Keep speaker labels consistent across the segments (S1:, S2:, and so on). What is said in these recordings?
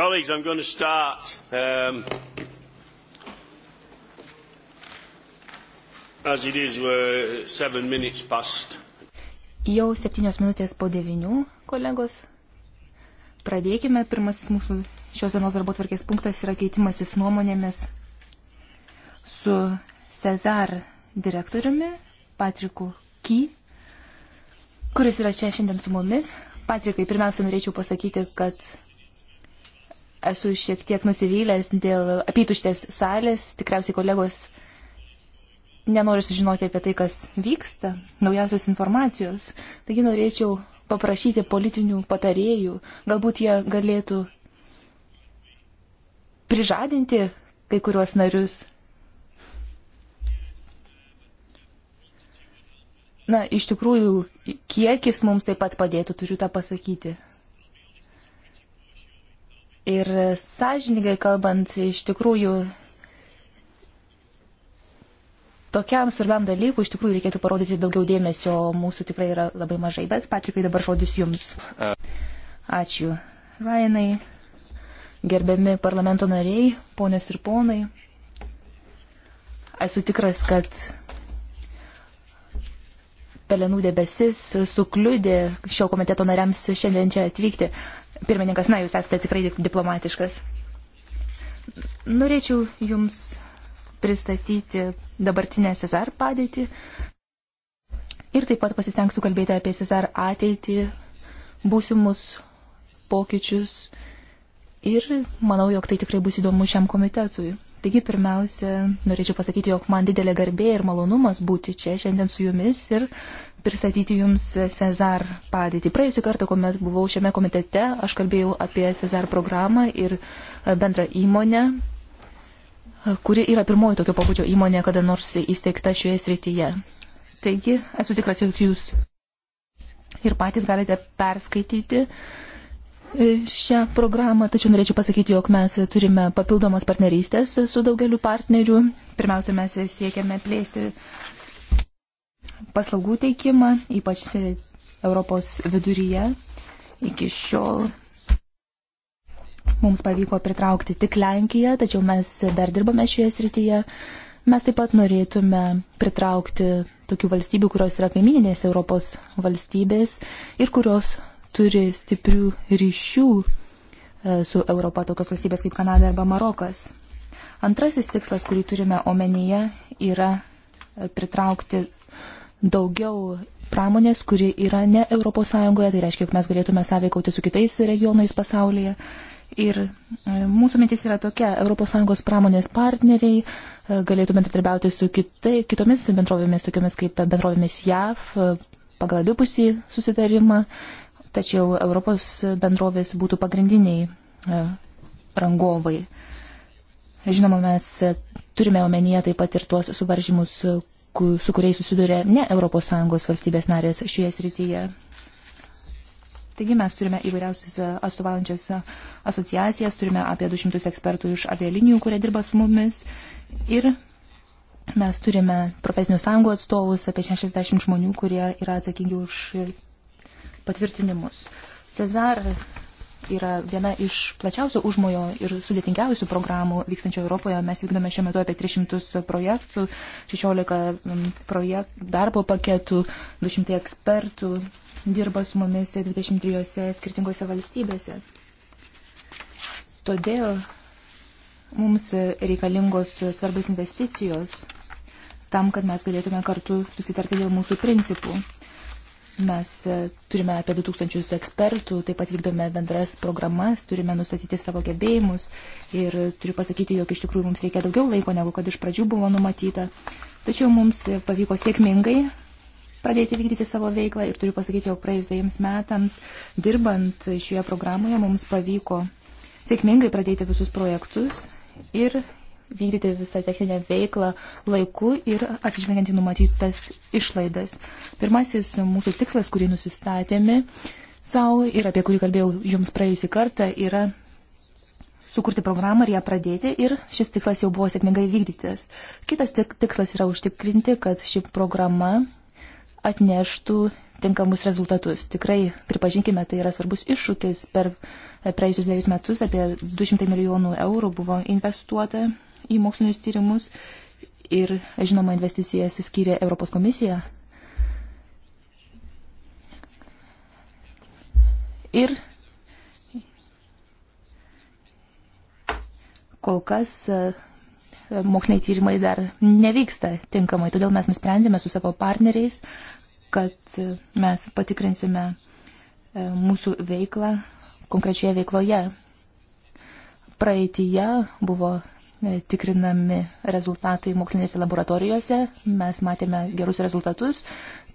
S1: Colleagues, I'm going to start. Um, as it is, we're seven minutes past.
S2: Jau septynios minutės po devinių, kolegos. Pradėkime. Pirmasis mūsų šios dienos darbo tvarkės punktas yra keitimasis nuomonėmis su Cezar direktoriumi Patriku Ky, kuris yra čia šiandien su mumis. Patrikai, pirmiausia, norėčiau pasakyti, kad esu šiek tiek nusivylęs dėl apytuštės salės. Tikriausiai kolegos nenori sužinoti apie tai, kas vyksta, naujausios informacijos. Taigi norėčiau paprašyti politinių patarėjų, galbūt jie galėtų prižadinti kai kuriuos narius. Na, iš tikrųjų, kiekis mums taip pat padėtų, turiu tą pasakyti. Ir sąžininkai kalbant, iš tikrųjų, tokiam svarbiam dalykui iš tikrųjų reikėtų parodyti daugiau dėmesio, mūsų tikrai yra labai mažai. Bet, Patrikai, dabar žodis jums. Ačiū. Ryanai, gerbiami parlamento nariai, ponios ir ponai. Esu tikras, kad pelenų debesis sukliudė šio komiteto nariams šiandien čia atvykti. Uh, Pirmininkas, na, jūs esate tikrai diplomatiškas. Norėčiau Jums pristatyti dabartinę Cezar padėtį ir taip pat pasistengsiu kalbėti apie Cezar ateitį, būsimus pokyčius ir manau, jog tai tikrai bus įdomu šiam komitetui. Taigi, pirmiausia, norėčiau pasakyti, jog man didelė garbė ir malonumas būti čia šiandien su jumis ir pristatyti Jums Cezar padėtį. Praėjusią kartą, kuomet buvau šiame komitete, aš kalbėjau apie Cezar programą ir e, bendrą įmonę, e, kuri yra pirmoji tokio pobūdžio įmonė kada nors įsteigta šioje srityje. Taigi, esu tikras, jog Jūs ir patys galite perskaityti e, šią programą, tačiau norėčiau pasakyti, jog mes turime papildomas partnerystės su daugeliu partnerių. Pirmiausia, mes siekiame plėsti paslaugų teikimą, ypač Europos viduryje. Iki šiol mums pavyko pritraukti tik Lenkiją, tačiau mes dar dirbame šioje srityje. Mes taip pat norėtume pritraukti tokių valstybių, kurios yra kaimininės Europos valstybės ir kurios turi stiprių ryšių e, su Europa, tokios valstybės kaip Kanada arba Marokas. Antrasis tikslas, kurį turime omenyje, yra e, pritraukti daugiau pramonės, kuri yra ne ES, tai reiškia, kad mes galėtume sąveikauti su kitais regionais pasaulyje. Ir e, mūsų mintis yra tokia, ES pramonės partneriai e, galėtume atarbiauti su kitai, kitomis bendrovėmis, tokiamis kaip bendrovėmis JAV, e, pagal abipusį susitarimą, tačiau Europos bendrovės būtų pagrindiniai rangovai. Žinoma, mes turime omenyje taip pat ir tuos suvaržymus, su kuriais susiduria ne ES valstybės narės šioje srityje. Taigi mes turime įvairiausias atstovaujančias asociacijas, turime apie 200 ekspertų iš avialinijų, kurie dirba su mumis ir mes turime profesinių sąjungų atstovus, apie 60 žmonių, kurie yra atsakingi už patvirtinimus. Cezar yra viena iš plačiausio užmojo ir sudėtingiausių programų vykstančio Europoje. Mes vykdome šiuo metu apie 300 projektų, 16 mm, projek darbo paketų, 200 ekspertų dirba su mumis 23 skirtingose valstybėse. Todėl mums reikalingos svarbios investicijos tam, kad mes galėtume kartu susitarti dėl mūsų principų. Mes e, turime apie 2000 ekspertų, taip pat vykdome bendras programas, turime nustatyti savo gebėjimus ir turiu pasakyti, jog iš tikrųjų mums reikia daugiau laiko, negu kad iš pradžių buvo numatyta. Tačiau mums e, pavyko sėkmingai pradėti vykdyti savo veiklą ir turiu pasakyti, jog praėjus dviejams metams dirbant šioje programoje mums pavyko sėkmingai pradėti visus projektus ir vykdyti visą techninę veiklą laiku ir atsižvelgiant į numatytas išlaidas. Pirmasis mūsų tikslas, kurį nusistatėme savo ir apie kurį kalbėjau jums praėjusį kartą, yra sukurti programą ir ją pradėti ir šis tikslas jau buvo sėkmingai vykdytas. Kitas tikslas yra užtikrinti, kad ši programa atneštų tinkamus rezultatus. Tikrai, pripažinkime, tai yra svarbus iššūkis. Per e, praėjusius dviejus metus apie 200 milijonų eurų buvo investuota į mokslinius tyrimus ir, žinoma, investicijas skyrė Europos komisija. Ir kol kas e, moksliniai tyrimai dar nevyksta tinkamai, todėl mes nusprendėme su savo partneriais, kad e, mes patikrinsime e, mūsų veiklą konkrečioje veikloje. Praeitįje buvo E, tikrinami rezultatai mokslinėse laboratorijose, mes matėme gerus rezultatus,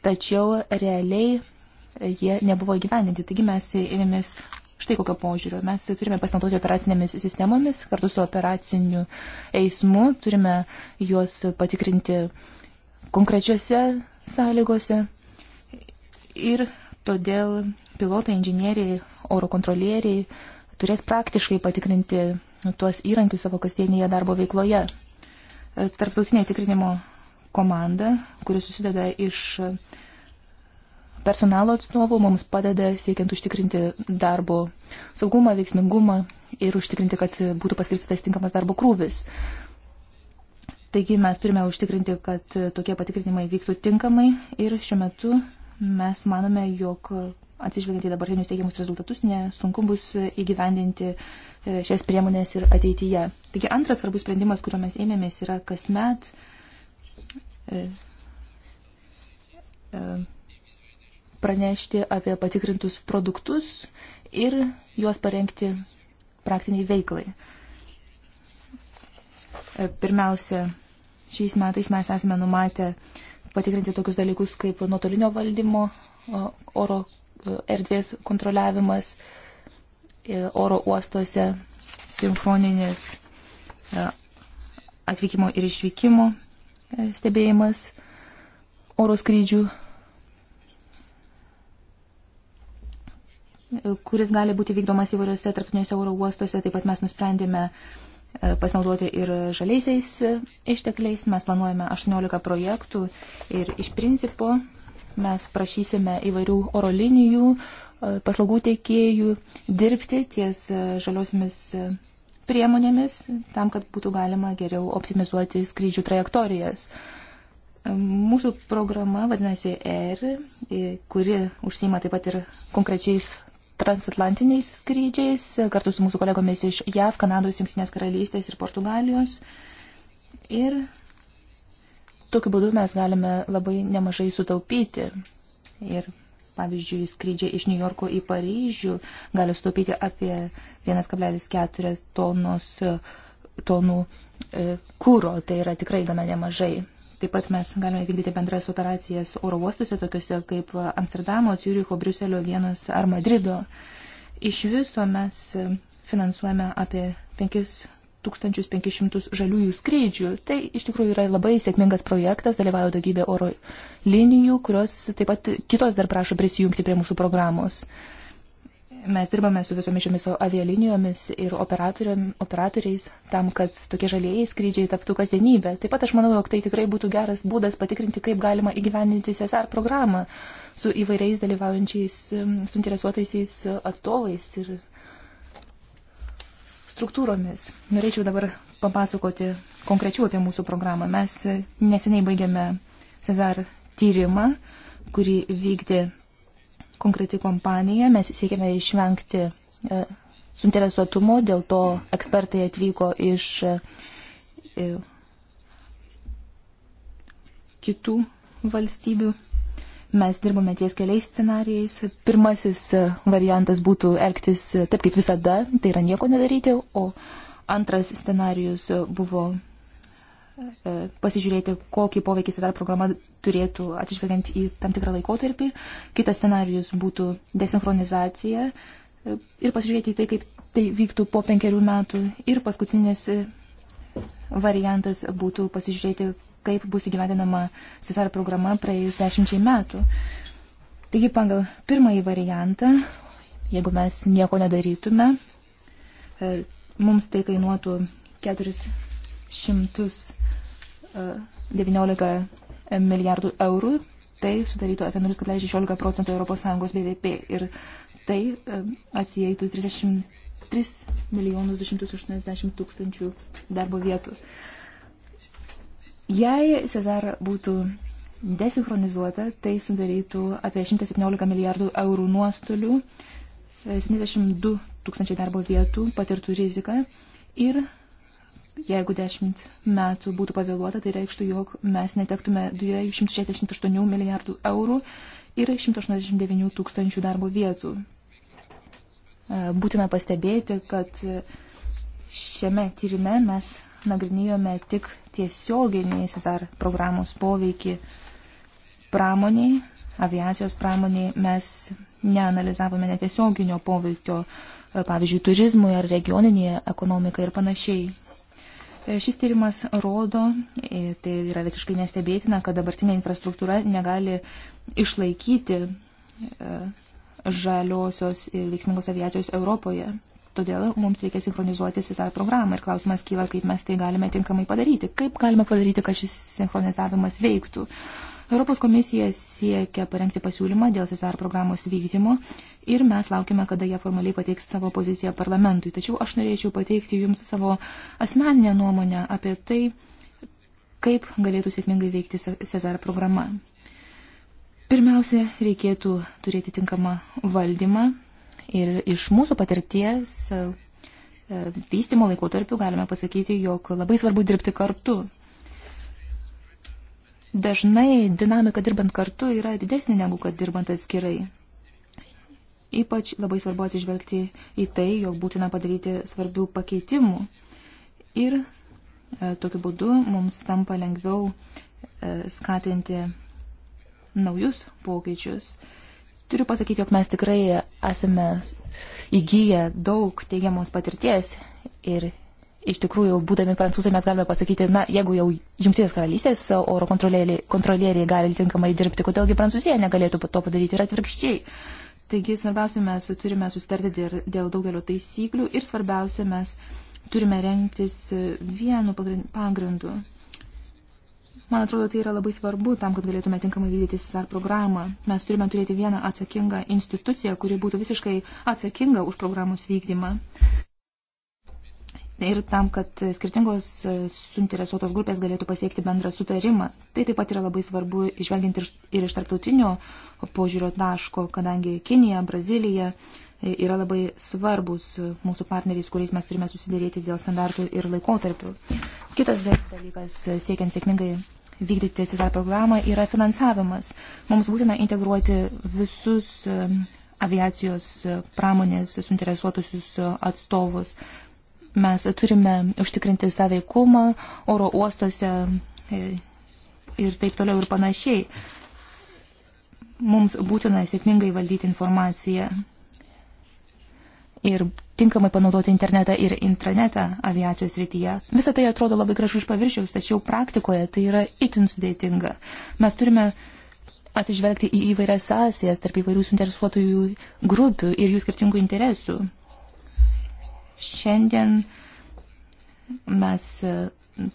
S2: tačiau realiai jie nebuvo įgyvendinti. Taigi mes ėmėmės štai kokio požiūrio. Mes turime pasinaudoti operacinėmis sistemomis, kartu su operaciniu eismu turime juos patikrinti konkrečiose sąlygose. Ir todėl pilotai, inžinieriai, oro kontrolieriai turės praktiškai patikrinti tuos įrankius savo kasdienėje darbo veikloje. E, tarptautinė tikrinimo komanda, kuri susideda iš personalo atstovų mums padeda siekiant užtikrinti darbo saugumą, veiksmingumą ir užtikrinti, kad būtų paskirstytas tinkamas darbo krūvis. Taigi mes turime užtikrinti, kad tokie patikrinimai vyktų tinkamai ir šiuo metu mes manome, jog atsižvelgiant į dabartinius teigiamus rezultatus, nesunku bus įgyvendinti e, šias priemonės ir ateityje. Taigi antras svarbus sprendimas, kuriuo mes ėmėmės, yra kasmet e, e, pranešti apie patikrintus produktus ir juos parengti praktiniai veiklai. Pirmiausia, šiais metais mes esame numatę patikrinti tokius dalykus kaip nuotolinio valdymo, oro erdvės kontroliavimas e, oro uostuose, sinchroninis e, atvykimo ir išvykimo e, stebėjimas, oro skrydžių, kuris gali būti vykdomas įvairiose tarptautiniuose oro uostuose. Taip pat mes nusprendėme pasinaudoti ir žaliaisiais ištekliais. Mes planuojame 18 projektų ir iš principo Mes prašysime įvairių oro linijų, e, paslaugų teikėjų dirbti ties e, žaliosiamis e, priemonėmis, tam, kad būtų galima geriau optimizuoti skrydžių trajektorijas. Mūsų programa vadinasi ER, kuri užsima taip pat ir konkrečiais transatlantiniais skrydžiais, kartu su mūsų kolegomis iš JAV, Kanados, Junktinės karalystės ir Portugalijos. Ir Tokiu būdu mes galime labai nemažai sutaupyti. Ir, pavyzdžiui, skrydžiai iš New Yorko į Paryžių gali sutaupyti apie 1,4 tonus, e, tonų e, kūro. Tai yra tikrai gana nemažai. Taip pat mes galime vykdyti bendras operacijas oro uostuose, tokiuose kaip Amsterdamo, Ciuricho, Briuselio, Vienos ar Madrido. Iš viso mes e, finansuojame apie 5 1500 žaliųjų skrydžių. Tai iš tikrųjų yra labai sėkmingas projektas, dalyvauja daugybė oro linijų, kurios taip pat kitos dar prašo prisijungti prie mūsų programos. Mes dirbame su visomis šiomis avialinijomis ir operatoriais tam, kad tokie žalieji skrydžiai taptų kasdienybė. Taip pat aš manau, jog tai tikrai būtų geras būdas patikrinti, kaip galima įgyveninti CSR programą su įvairiais dalyvaujančiais suinteresuotaisiais atstovais ir atstovais struktūromis. Norėčiau dabar papasakoti konkrečiau apie mūsų programą. Mes neseniai baigėme Cezar tyrimą, kurį vykdė konkreti kompanija. Mes siekėme išvengti e, suinteresuotumo, dėl to ekspertai atvyko iš e, kitų valstybių Mes dirbame ties keliais scenarijais. Pirmasis e, variantas būtų elgtis e, taip kaip visada, tai yra nieko nedaryti, o antras scenarijus e, buvo pasižiūrėti, kokį poveikį SEDAR programa turėtų atsižvelgiant į tam tikrą laikotarpį. Kitas scenarius būtų desinkronizacija ir pasižiūrėti į tai, kaip tai vyktų po penkerių metų. Ir paskutinis variantas būtų pasižiūrėti, kaip bus įgyvedinama CISAR programa praėjus dešimčiai metų. Taigi pagal pirmąjį variantą, jeigu mes nieko nedarytume, e, mums tai kainuotų 419 e, milijardų eurų, tai sudarytų apie 0,16 procentų ES BVP ir tai e, atsieitų 33 milijonus 280 tūkstančių darbo vietų. Jei Cezar būtų desinchronizuota, tai sudarytų apie 117 milijardų eurų nuostolių, 72 e, tūkstančiai darbo vietų patirtų riziką ir jeigu 10 metų būtų pavėluota, tai reikštų, jog mes netektume 268 milijardų eurų ir 189 tūkstančių darbo vietų. E, būtina pastebėti, kad e, šiame tyrime mes nagrinėjome tik tiesioginį Cezar programos poveikį pramoniai, aviacijos pramoniai. Mes neanalizavome netiesioginio poveikio, e, pavyzdžiui, turizmui ar regioninėje ekonomikai ir panašiai. E, šis tyrimas rodo, e, tai yra visiškai nestebėtina, kad dabartinė infrastruktūra negali išlaikyti žaliosios ir veiksmingos aviacijos Europoje. Todėl mums reikia sinchronizuoti CISAR programą ir klausimas kyla, kaip mes tai galime tinkamai padaryti. Kaip galime padaryti, kad šis sinchronizavimas veiktų? Europos komisija siekia parengti pasiūlymą dėl CSR programos vykdymo ir mes laukime, kada jie formaliai pateiks savo poziciją parlamentui. Tačiau aš norėčiau pateikti Jums savo asmeninę nuomonę apie tai, kaip galėtų sėkmingai veikti CSR programa. Pirmiausia, reikėtų turėti tinkamą valdymą Ir iš mūsų patirties e, e, vystimo laikotarpių galime pasakyti, jog labai svarbu dirbti kartu. Dažnai dinamika dirbant kartu yra didesnė negu kad dirbant atskirai. Ypač labai svarbu atsižvelgti į tai, jog būtina padaryti svarbių pakeitimų. Ir e, tokiu būdu mums tampa lengviau e, skatinti naujus pokyčius. E, turiu pasakyti, jog mes tikrai esame įgyję daug teigiamos patirties ir iš tikrųjų, būdami prancūzai, mes galime pasakyti, na, jeigu jau Junktinės karalystės oro kontrolieriai gali tinkamai dirbti, kodėlgi Prancūzija negalėtų to padaryti ir atvirkščiai. Taigi, svarbiausia, mes turime susitarti dėl daugelio taisyklių ir svarbiausia, mes turime renktis vienu pagrindu. Man atrodo, tai yra labai svarbu tam, kad galėtume tinkamai vykdyti CSR programą. Mes turime turėti vieną atsakingą instituciją, kuri būtų visiškai atsakinga už programos vykdymą. Ir tam, kad skirtingos e, suinteresuotos grupės galėtų pasiekti bendrą sutarimą. Tai taip pat yra labai svarbu išvelgiant ir, ir iš tarptautinio požiūrio taško, kadangi Kinija, Brazilija e, yra labai svarbus mūsų partneriais, kuriais mes turime susidėrėti dėl standartų ir laikotarpių. Kitas dalykas, siekiant sėkmingai vykdyti CISAR programą yra finansavimas. Mums būtina integruoti visus e, aviacijos e, pramonės suinteresuotusius e, atstovus. Mes turime užtikrinti saveikumą oro uostuose ir taip toliau ir panašiai. Mums būtina sėkmingai valdyti informaciją ir tinkamai panaudoti internetą ir intranetą aviacijos rytyje. Visą tai atrodo labai gražu iš paviršiaus, tačiau praktikoje tai yra itin sudėtinga. Mes turime atsižvelgti į įvairias sąsijas tarp įvairių suinteresuotųjų grupių ir jų skirtingų interesų. Šiandien mes,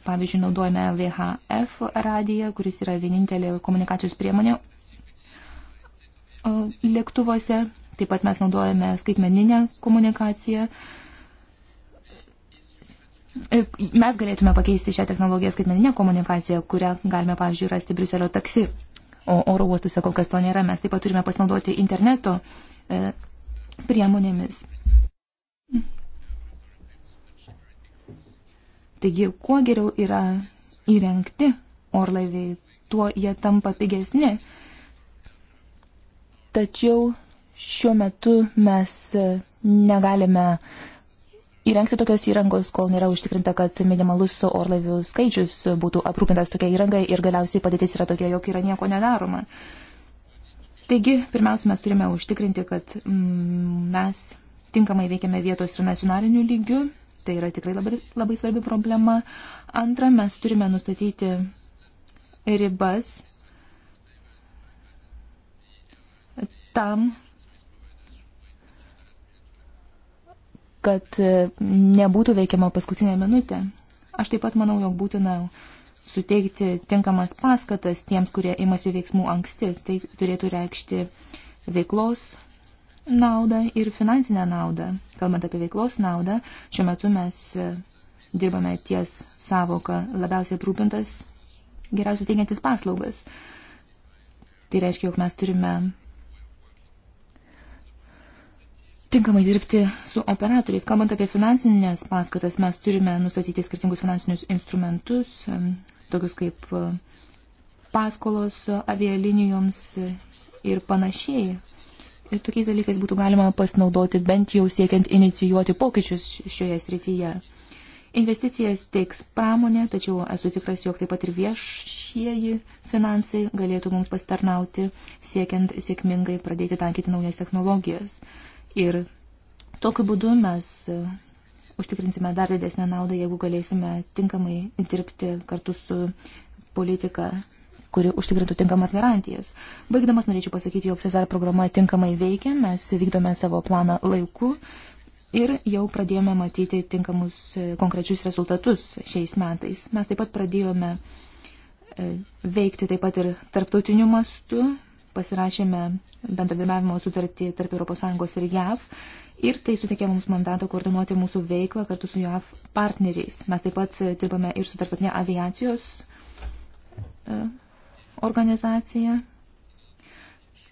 S2: pavyzdžiui, naudojame VHF radiją, kuris yra vienintelė komunikacijos priemonė e, lėktuvose Taip pat mes naudojame skaitmeninę komunikaciją. Mes galėtume pakeisti šią technologiją skaitmeninę komunikaciją, kurią galime, pavyzdžiui, rasti Briuselio taksi, o oro uostuose kol kas to nėra. Mes taip pat turime pasinaudoti interneto e, priemonėmis. Taigi, kuo geriau yra įrengti orlaiviai, tuo jie tampa pigesni. Tačiau Šiuo metu mes e, negalime įrengti tokios įrangos, kol nėra užtikrinta, kad minimalus orlaivių skaičius būtų aprūpintas tokia įranga ir galiausiai padėtis yra tokia, jog yra nieko nedaroma. Taigi, pirmiausia, mes turime užtikrinti, kad mm, mes tinkamai veikiame vietos ir nacionaliniu lygiu. Tai yra tikrai labai, labai svarbi problema. Antra, mes turime nustatyti ribas tam, kad e, nebūtų veikiama paskutinė minutė. Aš taip pat manau, jog būtina suteikti tinkamas paskatas tiems, kurie imasi veiksmų anksti. Tai turėtų reikšti veiklos naudą ir finansinę naudą. Kalbant apie veiklos naudą, šiuo metu mes e, dirbame ties savoką labiausiai aprūpintas geriausiai teikiantis paslaugas. Tai reiškia, jog mes turime tinkamai dirbti su operatoriais. Kalbant apie finansinės paskatas, mes turime nustatyti skirtingus finansinius instrumentus, tokius kaip e, paskolos avialinijoms ir panašiai. Ir tokiais dalykais būtų galima pasinaudoti bent jau siekiant inicijuoti pokyčius šioje srityje. Investicijas teiks pramonė, tačiau esu tikras, jog taip pat ir viešieji finansai galėtų mums pasitarnauti siekiant sėkmingai pradėti tankyti naujas technologijas. Ir tokiu būdu mes e, užtikrinsime dar didesnę naudą, jeigu galėsime tinkamai dirbti kartu su politika kuri užtikrintų tinkamas garantijas. Baigdamas norėčiau pasakyti, jog Cezar programa tinkamai veikia, mes vykdome savo planą laiku ir jau pradėjome matyti tinkamus e, konkrečius rezultatus šiais metais. Mes taip pat pradėjome e, veikti taip pat ir tarptautiniu mastu, pasirašėme bendradarbiavimo sutartį tarp ES ir JAV ir tai suteikia mums mandatą koordinuoti mūsų veiklą kartu su JAV partneriais. Mes taip pat dirbame ir su tarptautinė aviacijos e, organizacija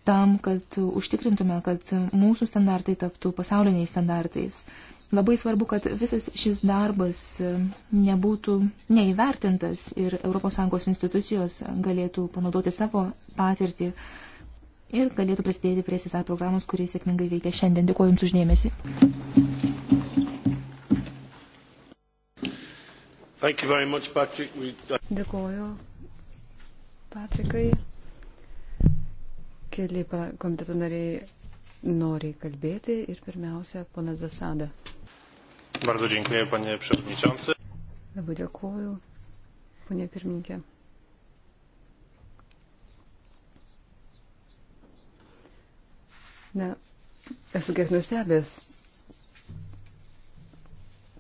S2: tam, kad užtikrintume, kad mūsų standartai taptų pasauliniais standartais. Labai svarbu, kad visas šis darbas e, nebūtų neįvertintas ir ES institucijos galėtų panaudoti savo patirtį ir galėtų prisidėti prie SISAR programos, kurie sėkmingai veikia šiandien. Dėkuoju Jums uždėmesi. Much,
S1: Patrick. We... Uh, dėkuoju, Patrikai. Keli komiteto nariai nori kalbėti ir pirmiausia, ponas Zasada.
S3: Bardzo dziękuję, panie przewodniczący.
S1: Labai dėkuoju, ponė pirmininkė. Na, esu kiek nustebęs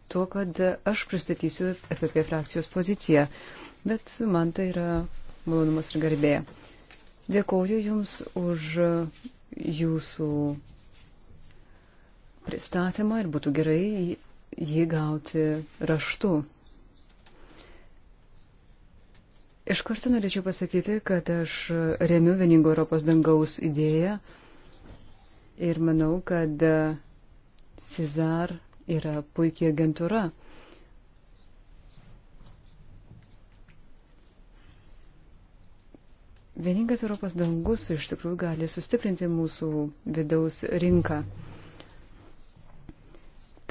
S1: tuo, kad aš pristatysiu EPP frakcijos poziciją, bet man tai yra malonumas ir garbė. Dėkoju Jums už Jūsų pristatymą ir būtų gerai jį gauti raštu. Iš karto norėčiau pasakyti, kad aš remiu vieningo Europos dangaus idėją Ir manau, kad e, Cezar yra puikia agentūra. Vieningas Europos dangus iš tikrųjų gali sustiprinti mūsų vidaus rinką.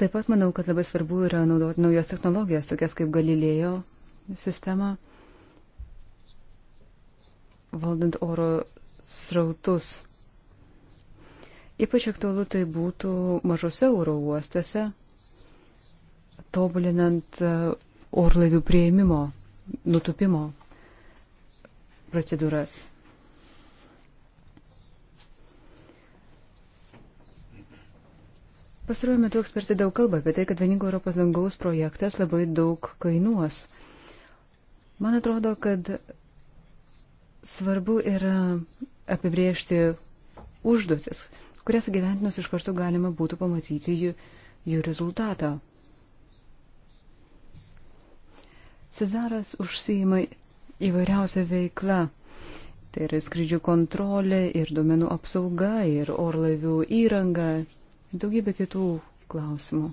S1: Taip pat manau, kad labai svarbu yra naudoti naujas technologijas, tokias kaip Galilėjo sistema, valdant oro srautus. Ypač aktualu tai būtų mažose oro uostuose, tobulinant e, orlaivių prieimimo, nutupimo procedūras. Pastaruoju metu ekspertai daug kalba apie tai, kad vieningo Europos dangaus projektas labai daug kainuos. Man atrodo, kad svarbu yra apibriežti užduotis, kurias gyventinus iš karto galima būtų pamatyti jų, jų rezultatą. Cezaras užsijima įvairiausią veiklą. Tai yra skrydžių kontrolė ir duomenų apsauga ir orlaivių įranga ir daugybė kitų klausimų.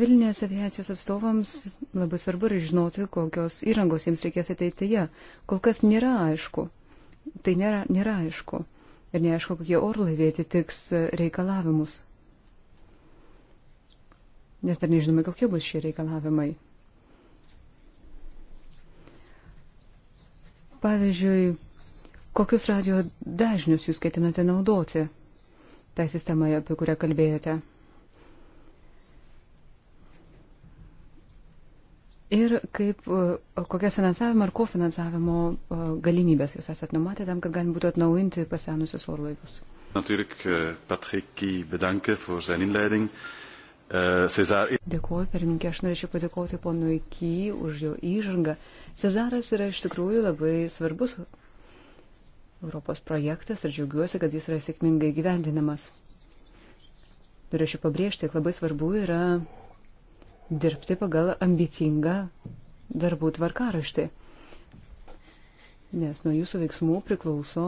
S1: civilinės aviacijos atstovams labai svarbu yra žinoti, kokios įrangos jiems reikės ateityje. Kol kas nėra aišku. Tai nėra, nėra aišku. Ir neaišku, kokie orlaiviai atitiks reikalavimus. Nes dar nežinome, kokie bus šie reikalavimai. Pavyzdžiui, kokius radio dažnius jūs ketinate naudoti, tą sistemą, apie kurią kalbėjote. Ir kaip, e, kokias finansavimo ar kofinansavimo e, galimybės jūs esat numatę tam, kad galim būtų atnaujinti pasenusius orlaivius?
S3: Natuurlijk eh, Patrikį bedankę už zijn inleiding. Eh, Cezar...
S1: Dėkuoju, pirmininkė, aš norėčiau padėkoti ponui Ky už jo įžangą. Cezaras yra iš tikrųjų labai svarbus Europos projektas ir džiaugiuosi, kad jis yra sėkmingai gyvendinamas. Norėčiau pabrėžti, kad labai svarbu yra dirbti pagal ambicingą darbų tvarkaraštį, nes nuo jūsų veiksmų priklauso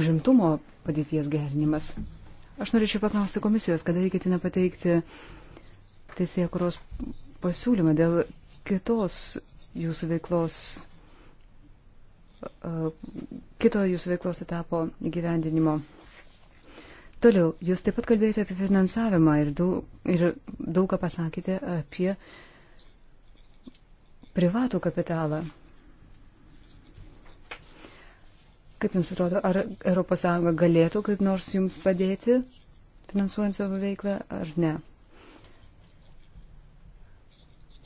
S1: užimtumo padėties gerinimas. Aš norėčiau paklausti komisijos, kada reikėtina pateikti teisėkuros pasiūlymą dėl kitos jūsų veiklos, kito jūsų veiklos etapo įgyvendinimo. Toliau, jūs taip pat kalbėjote apie finansavimą ir daug, ir daug ką pasakėte apie privatų kapitalą. Kaip jums atrodo, ar ES galėtų kaip nors jums padėti finansuojant savo veiklą ar ne?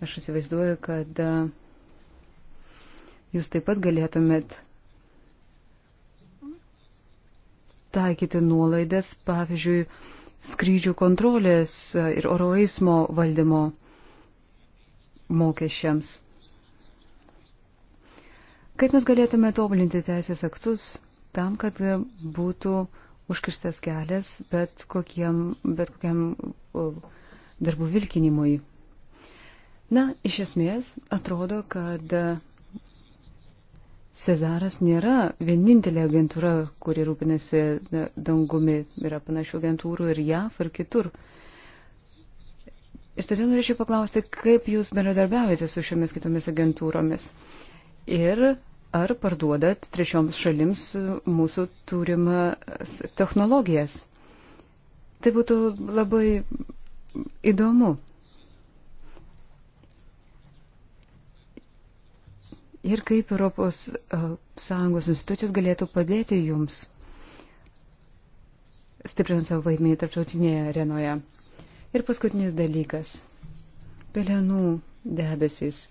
S1: Aš įsivaizduoju, kad jūs taip pat galėtumėt taikyti nuolaidas, pavyzdžiui, skrydžių kontrolės e, ir oro eismo valdymo mokesčiams. Kaip mes galėtume tobulinti teisės aktus tam, kad būtų užkirstas kelias bet kokiam, bet kokiam darbų vilkinimui? Na, iš esmės, atrodo, kad Cezaras nėra vienintelė agentūra, kuri rūpinasi dangumi. Yra panašių agentūrų ir JAF, ir kitur. Ir todėl norėčiau paklausti, kaip jūs bendradarbiavate su šiomis kitomis agentūromis ir ar parduodat trečioms šalims mūsų turimas technologijas. Tai būtų labai įdomu. ir kaip Europos e, Sąjungos institucijos galėtų padėti jums stiprinant savo vaidmenį tarptautinėje arenoje. Ir paskutinis dalykas - pelenų debesys.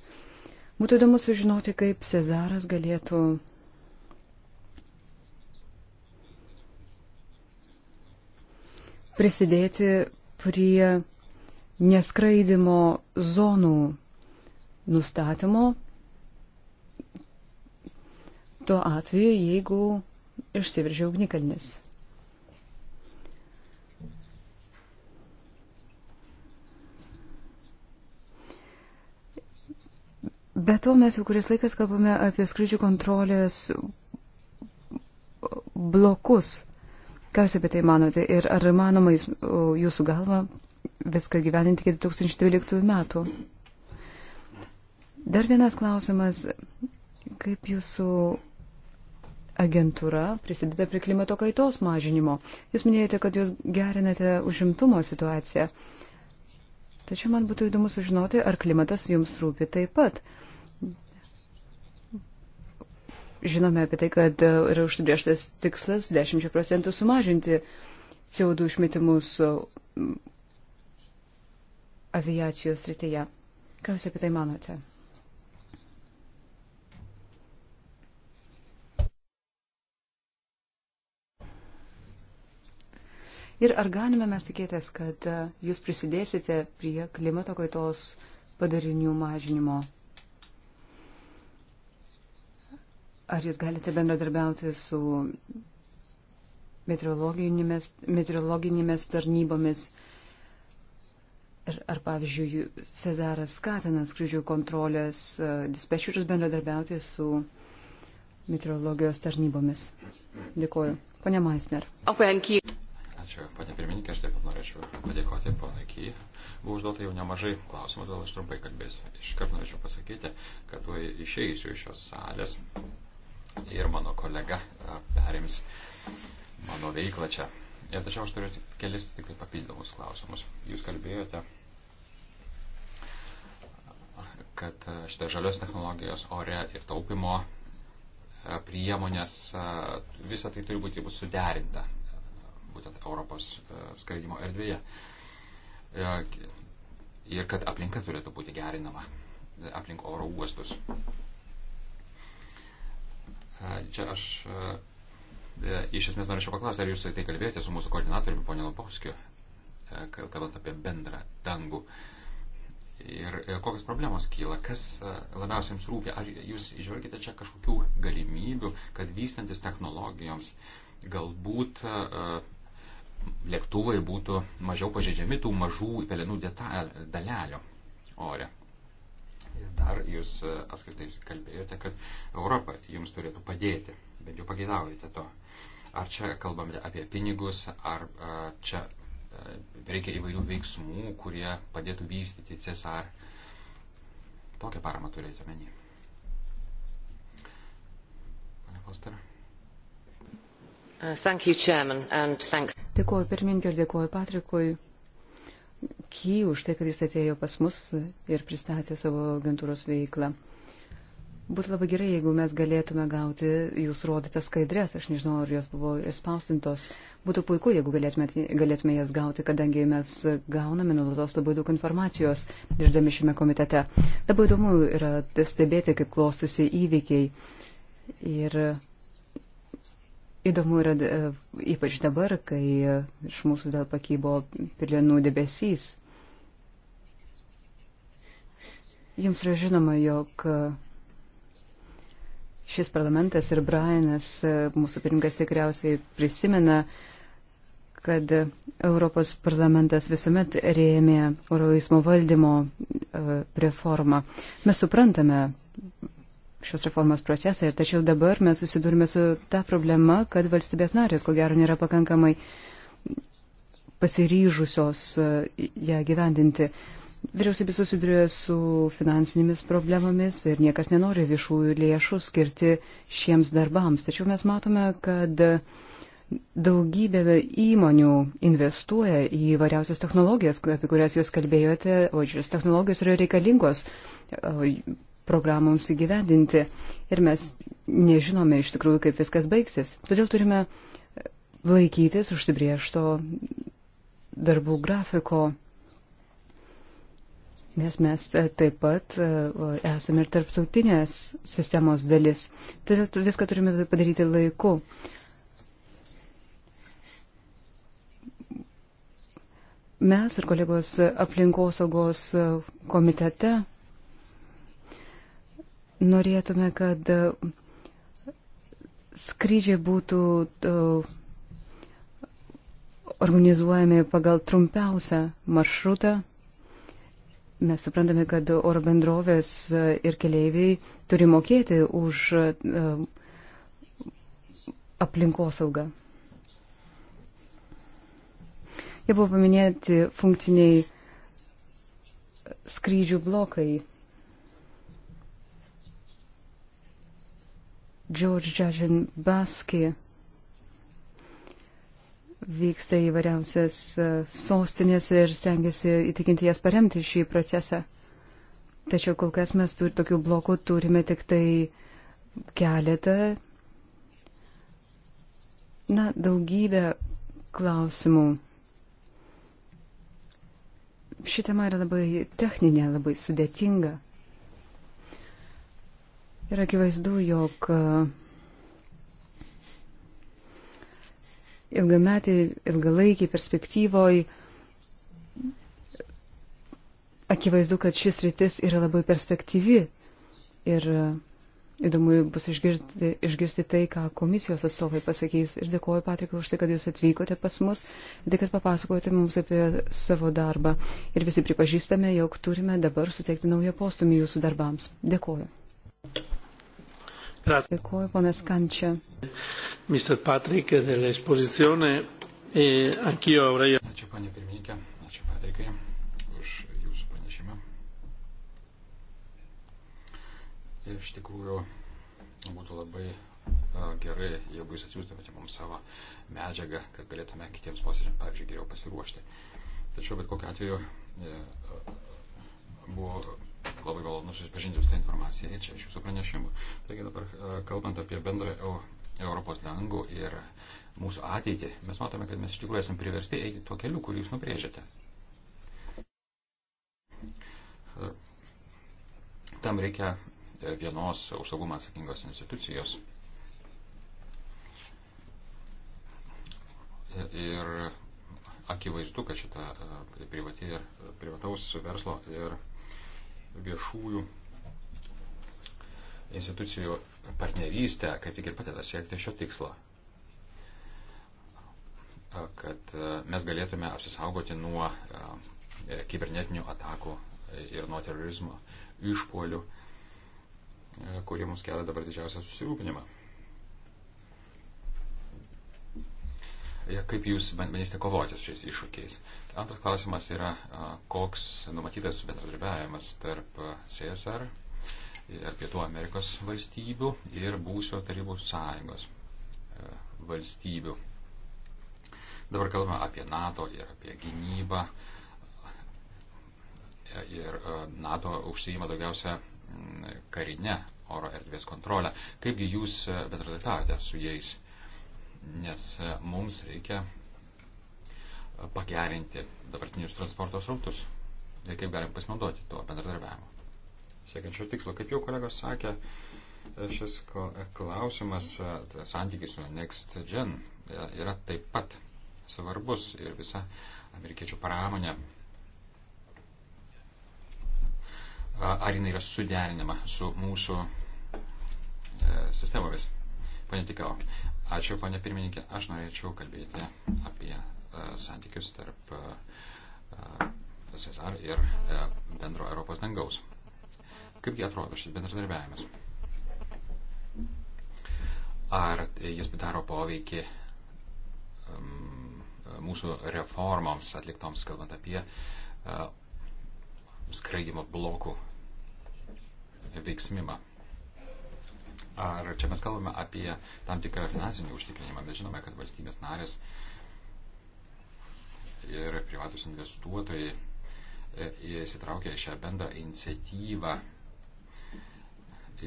S1: Būtų įdomu sužinoti, kaip Cezaras galėtų prisidėti prie neskraidimo zonų nustatymo tuo atveju, jeigu išsiveržia ugnikalnis. Be to mes jau kuris laikas kalbame apie skrydžių kontrolės blokus. Ką Jūs apie tai manote ir ar įmanoma Jūsų galva viską gyveninti iki 2012 metų? Dar vienas klausimas. Kaip Jūsų agentūra prisideda prie klimato kaitos mažinimo. Jūs minėjote, kad jūs gerinate užimtumo situaciją. Tačiau man būtų įdomu sužinoti, ar klimatas jums rūpi taip pat. Žinome apie tai, kad yra užsibrieštas tikslas 10 procentų sumažinti CO2 išmetimus aviacijos rytyje. Ką Jūs apie tai manote? Ir ar galime mes tikėtis, kad e, jūs prisidėsite prie klimato kaitos padarinių mažinimo? Ar jūs galite bendradarbiauti su meteorologinėmis, meteorologinėmis tarnybomis? Ar, ar pavyzdžiui, Cezaras skatina skrydžių kontrolės e, dispečerius bendradarbiauti su meteorologijos tarnybomis? Dėkuoju. Pone Maisner.
S3: Ačiū, panė pirmininkė, aš taip pat norėčiau padėkoti ponai Ky. Buvo užduota jau nemažai klausimų, todėl aš trumpai kalbėsiu. Iš karto norėčiau pasakyti, kad išeisiu iš šios salės ir mano kolega e, perims mano veiklą čia. Ir e, tačiau aš turiu kelis tik tai papildomus klausimus. Jūs kalbėjote, kad e, šitas žalios technologijos ore ir taupimo priemonės, visa tai turi būti bus suderinta būtent Europos e, skraidimo erdvėje. E, ir kad aplinka turėtų būti gerinama e, aplink oro uostus. Čia aš iš esmės norėčiau paklausti, ar jūs tai kalbėjote su mūsų koordinatoriumi, ponė Lopovskiu, kalbant apie bendrą dangų. Ir kokios problemos kyla, kas labiausiai jums rūpia, ar jūs išvelgite čia kažkokių galimybių, kad vystantis technologijoms galbūt lėktuvai būtų mažiau pažeidžiami tų mažų pelenų dalelių ore. Ir dar jūs e, apskritai kalbėjote, kad Europa jums turėtų padėti, bent jau pageidaujate to. Ar čia kalbame apie pinigus, ar e, čia e, reikia įvairių veiksmų, kurie padėtų vystyti CSR. Tokią paramą turėtų menį. Pane Foster.
S1: Uh, thank you, Chairman, and thanks. Dėkuoju pirmininkė ir dėkuoju Patrikui Ky už tai, kad jis atėjo pas mus ir pristatė savo agentūros veiklą. Būtų labai gerai, jeigu mes galėtume gauti jūs rodytas skaidrės, aš nežinau, ar jos buvo išspaustintos. Būtų puiku, jeigu galėtume, galėtume jas gauti, kadangi mes gauname nuolatos labai daug informacijos, dirbdami šiame komitete. Labai įdomu yra stebėti, kaip klostusi įvykiai. Ir Įdomu yra e, ypač dabar, kai iš mūsų dar pakybo pilienų debesys. Jums yra žinoma, jog šis parlamentas ir Brianas, e, mūsų pirmininkas tikriausiai prisimena, kad Europos parlamentas visuomet rėmė oroismo valdymo e, reformą. Mes suprantame šios reformos procesą. Ir tačiau dabar mes susidurime su ta problema, kad valstybės narės, ko gero, nėra pakankamai pasiryžusios e, ją gyvendinti. Vyriausybė susiduria su finansinėmis problemomis ir niekas nenori viešųjų lėšų skirti šiems darbams. Tačiau mes matome, kad daugybė įmonių investuoja į variausias technologijas, apie kurias jūs kalbėjote, o šios technologijos yra reikalingos programoms įgyvendinti. Ir mes nežinome iš tikrųjų, kaip viskas baigsis. Todėl turime laikytis užsibriežto darbų grafiko. Nes mes taip pat e, esame ir tarptautinės sistemos dalis. Todėl viską turime padaryti laiku. Mes ir kolegos aplinkosaugos komitete norėtume, kad e, skrydžiai būtų e, organizuojami pagal trumpiausią maršrutą. Mes suprantame, kad oro bendrovės e, ir keleiviai turi mokėti už aplinkosaugą. Jie buvo paminėti funkciniai skrydžių blokai George Jažin Baski vyksta įvairiausias e, sostinės ir stengiasi įtikinti jas paremti šį procesą. Tačiau kol kas mes turi, tokių blokų turime tik tai keletą. Na, daugybę klausimų. Ši tema yra labai techninė, labai sudėtinga. Ir akivaizdu, jog e, ilgametį, ilgalaikį perspektyvoj akivaizdu, kad šis rytis yra labai perspektyvi. Ir e, įdomu bus išgirsti, išgirsti tai, ką komisijos atstovai pasakys. Ir dėkuoju, Patrikai, už tai, kad jūs atvykote pas mus, tai, kad papasakojote mums apie savo darbą. Ir visi pripažįstame, jog turime dabar suteikti naują postumį jūsų darbams. Dėkuoju. Dėkuoju, ponas Kančia. Mr. Patrick,
S3: dell'esposizione, e anch'io avrei. Ačiū, ponė pirmininkė, ačiū, Patrikai, už jūsų pranešimą. Iš tikrųjų, būtų labai gerai, jeigu jūs atsiųstumėte mums savo medžiagą, kad galėtume kitiems posėdžiams, pavyzdžiui, geriau pasiruošti. Tačiau bet kokiu atveju e, buvo labai malonu susipažinti su tą informaciją čia iš jūsų pranešimų. Taigi dabar e, kalbant apie bendrą Europos dangų ir mūsų ateitį, mes matome, kad mes iš tikrųjų esame priversti eiti tuo keliu, kurį jūs nubrėžėte. E, tam reikia e, vienos už saugumą atsakingos institucijos. Ir akivaizdu, kad šita privati ir privataus verslo ir viešųjų institucijų partnerystė kaip tik ir padeda siekti šio tikslo. Kad e, mes galėtume apsisaugoti nuo e, kibernetinių atakų ir nuo terorizmo išpolių, e, kurie mums kelia dabar didžiausią susirūpinimą. Kaip jūs manysite kovoti su šiais iššūkiais? Antras klausimas yra, koks numatytas bendradarbiavimas tarp CSR ir Pietų Amerikos valstybių ir būsio tarybų sąjungos valstybių. Dabar kalbame apie NATO ir apie gynybą. Ir NATO užsijima daugiausia karinę oro erdvės kontrolę. Kaipgi jūs bendradarbiavote su jais? nes e, mums reikia e, pagerinti dabartinius transporto srautus ir kaip galim pasinaudoti tuo bendradarbiavimu. Siekiant šio tikslo, kaip jau kolegos sakė, e, šis klausimas, tai santykis su Next Gen yra taip pat svarbus ir visa amerikiečių pramonė. Ar jinai yra suderinama su mūsų sistemomis? Pane Tikau, Ačiū, ponė pirmininkė. Aš norėčiau kalbėti apie uh, santykius tarp uh, e, e, SSR ir uh, bendro Europos dangaus. Kaipgi atrodo šis bendradarbiavimas? Ar jis daro poveikį um, mūsų reformoms atliktoms, kalbant apie uh, skraidimo blokų veiksmimą? Ar čia mes kalbame apie tam tikrą finansinį užtikrinimą, bet žinome, kad valstybės narės ir privatus investuotojai e, e, įsitraukia į šią bendrą iniciatyvą.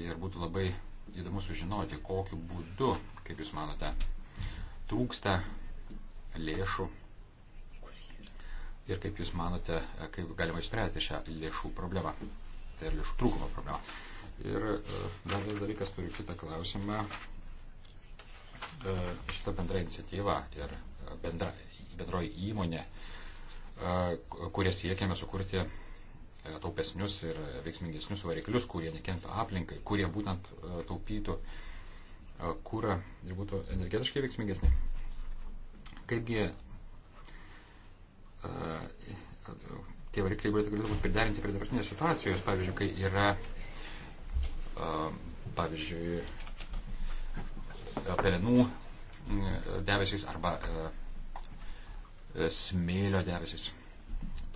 S3: Ir būtų labai įdomu sužinoti, kokiu būdu, kaip Jūs manote, trūksta lėšų ir kaip Jūs manote, e, kaip galima išspręsti šią lėšų problemą. Tai yra lėšų trūkumo problema. Ir e, dar vienas dalykas turiu kitą klausimą. E, Šitą bendrą iniciatyvą ir e, bendra, bendroji įmonė, kurie siekiame sukurti taupesnius ir veiksmingesnius variklius, kurie nekenkia aplinkai, kurie būtent taupytų kūrą ir būtų energetiškai veiksmingesni. Kaipgi tie varikliai galėtų būti priderinti prie dabartinės situacijos, pavyzdžiui, kai yra pavyzdžiui, pelenų debesys arba e, e, smėlio debesys.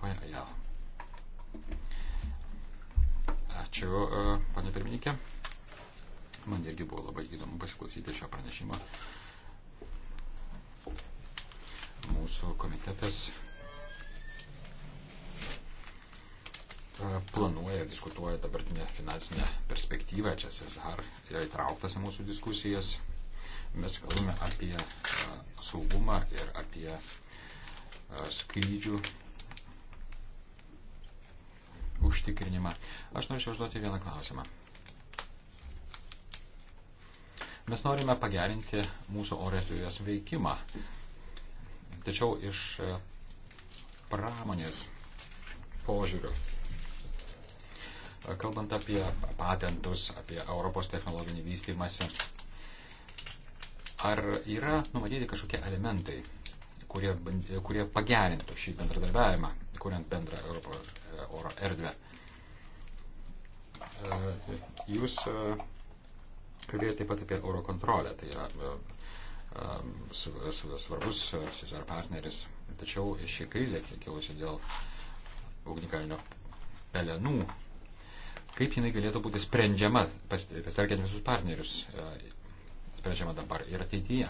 S3: Pane Ajala. Ačiū, e, pane pirmininkė. Man irgi buvo labai įdomu pasiklausyti šio pranešimo. Mūsų komitetas planuoja, diskutuoja dabartinę finansinę perspektyvą, čia CSR yra įtrauktas į mūsų diskusijas. Mes kalbame apie saugumą ir apie skrydžių užtikrinimą. Aš norėčiau užduoti vieną klausimą. Mes norime pagerinti mūsų oro erdvės veikimą. Tačiau iš pramonės požiūrių Kalbant apie patentus, apie Europos technologinį vystymąsi, ar yra numatyti kažkokie elementai, kurie, kurie pagerintų šį bendradarbiavimą, kuriant bendrą Europo, e, oro erdvę? E, jūs e, kalbėjote taip pat apie oro kontrolę, tai yra svarbus Cezar partneris. Tačiau ši krizė, kilusi dėl ugnikalnio pelenų, kaip jinai galėtų būti sprendžiama, pasitelkiant visus partnerius, e, sprendžiama dabar ir ateityje.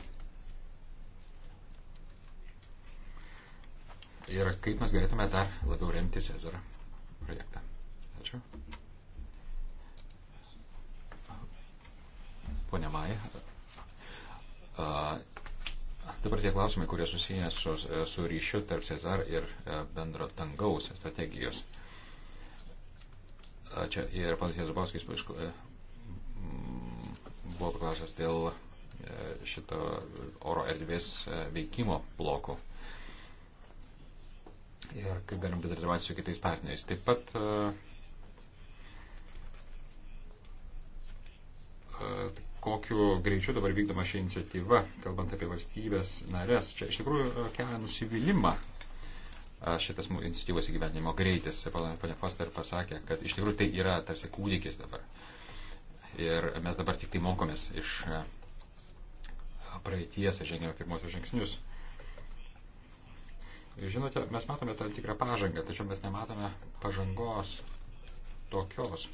S3: Ir kaip mes galėtume dar labiau remti Cezarą projektą. Ačiū. Pone Mai. Dabar tie klausimai, kurie susiję su, su ryšiu tarp Cezar ir e, bendro dangaus strategijos. A, Čia ir panas Jezubovskis e, buvo paklausęs dėl e, šito oro erdvės e, veikimo blokų ir kaip galim bendradarbiauti su kitais partneriais. Taip pat kokiu greičiu dabar vykdoma ši iniciatyva, kalbant apie valstybės narės, čia iš tikrųjų kelia nusivylimą šitas mūsų iniciatyvos įgyvendinimo greitis. Pane Foster pasakė, kad iš tikrųjų tai yra tarsi kūdikis dabar. Ir mes dabar tik tai mokomės iš praeities ir žengėme pirmosius žingsnius. Ir žinote, mes matome tam tikrą pažangą, tačiau mes nematome pažangos tokios,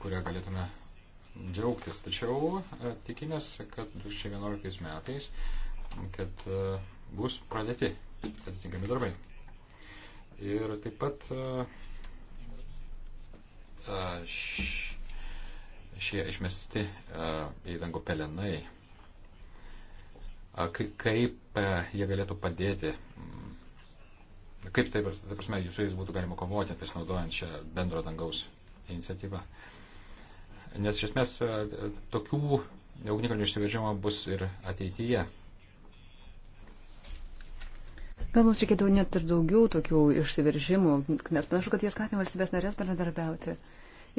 S3: kurią galėtume džiaugtis. Tačiau tikimės, kad 2011 metais, kad bus pradėti atitinkami darbai. Ir taip pat e, e, šie išmesti e, į dangų pelenai, kaip jie galėtų padėti, kaip tai, ta prasme, su jais būtų galima kovoti, pasinaudojant šią bendro dangaus iniciatyvą. Nes iš esmės tokių ugnikalnių išsiveržimo bus ir ateityje.
S1: Gal mums reikėtų net ir daugiau tokių išsiveržimų, nes panašu, kad jie skatina valstybės narės bendradarbiauti.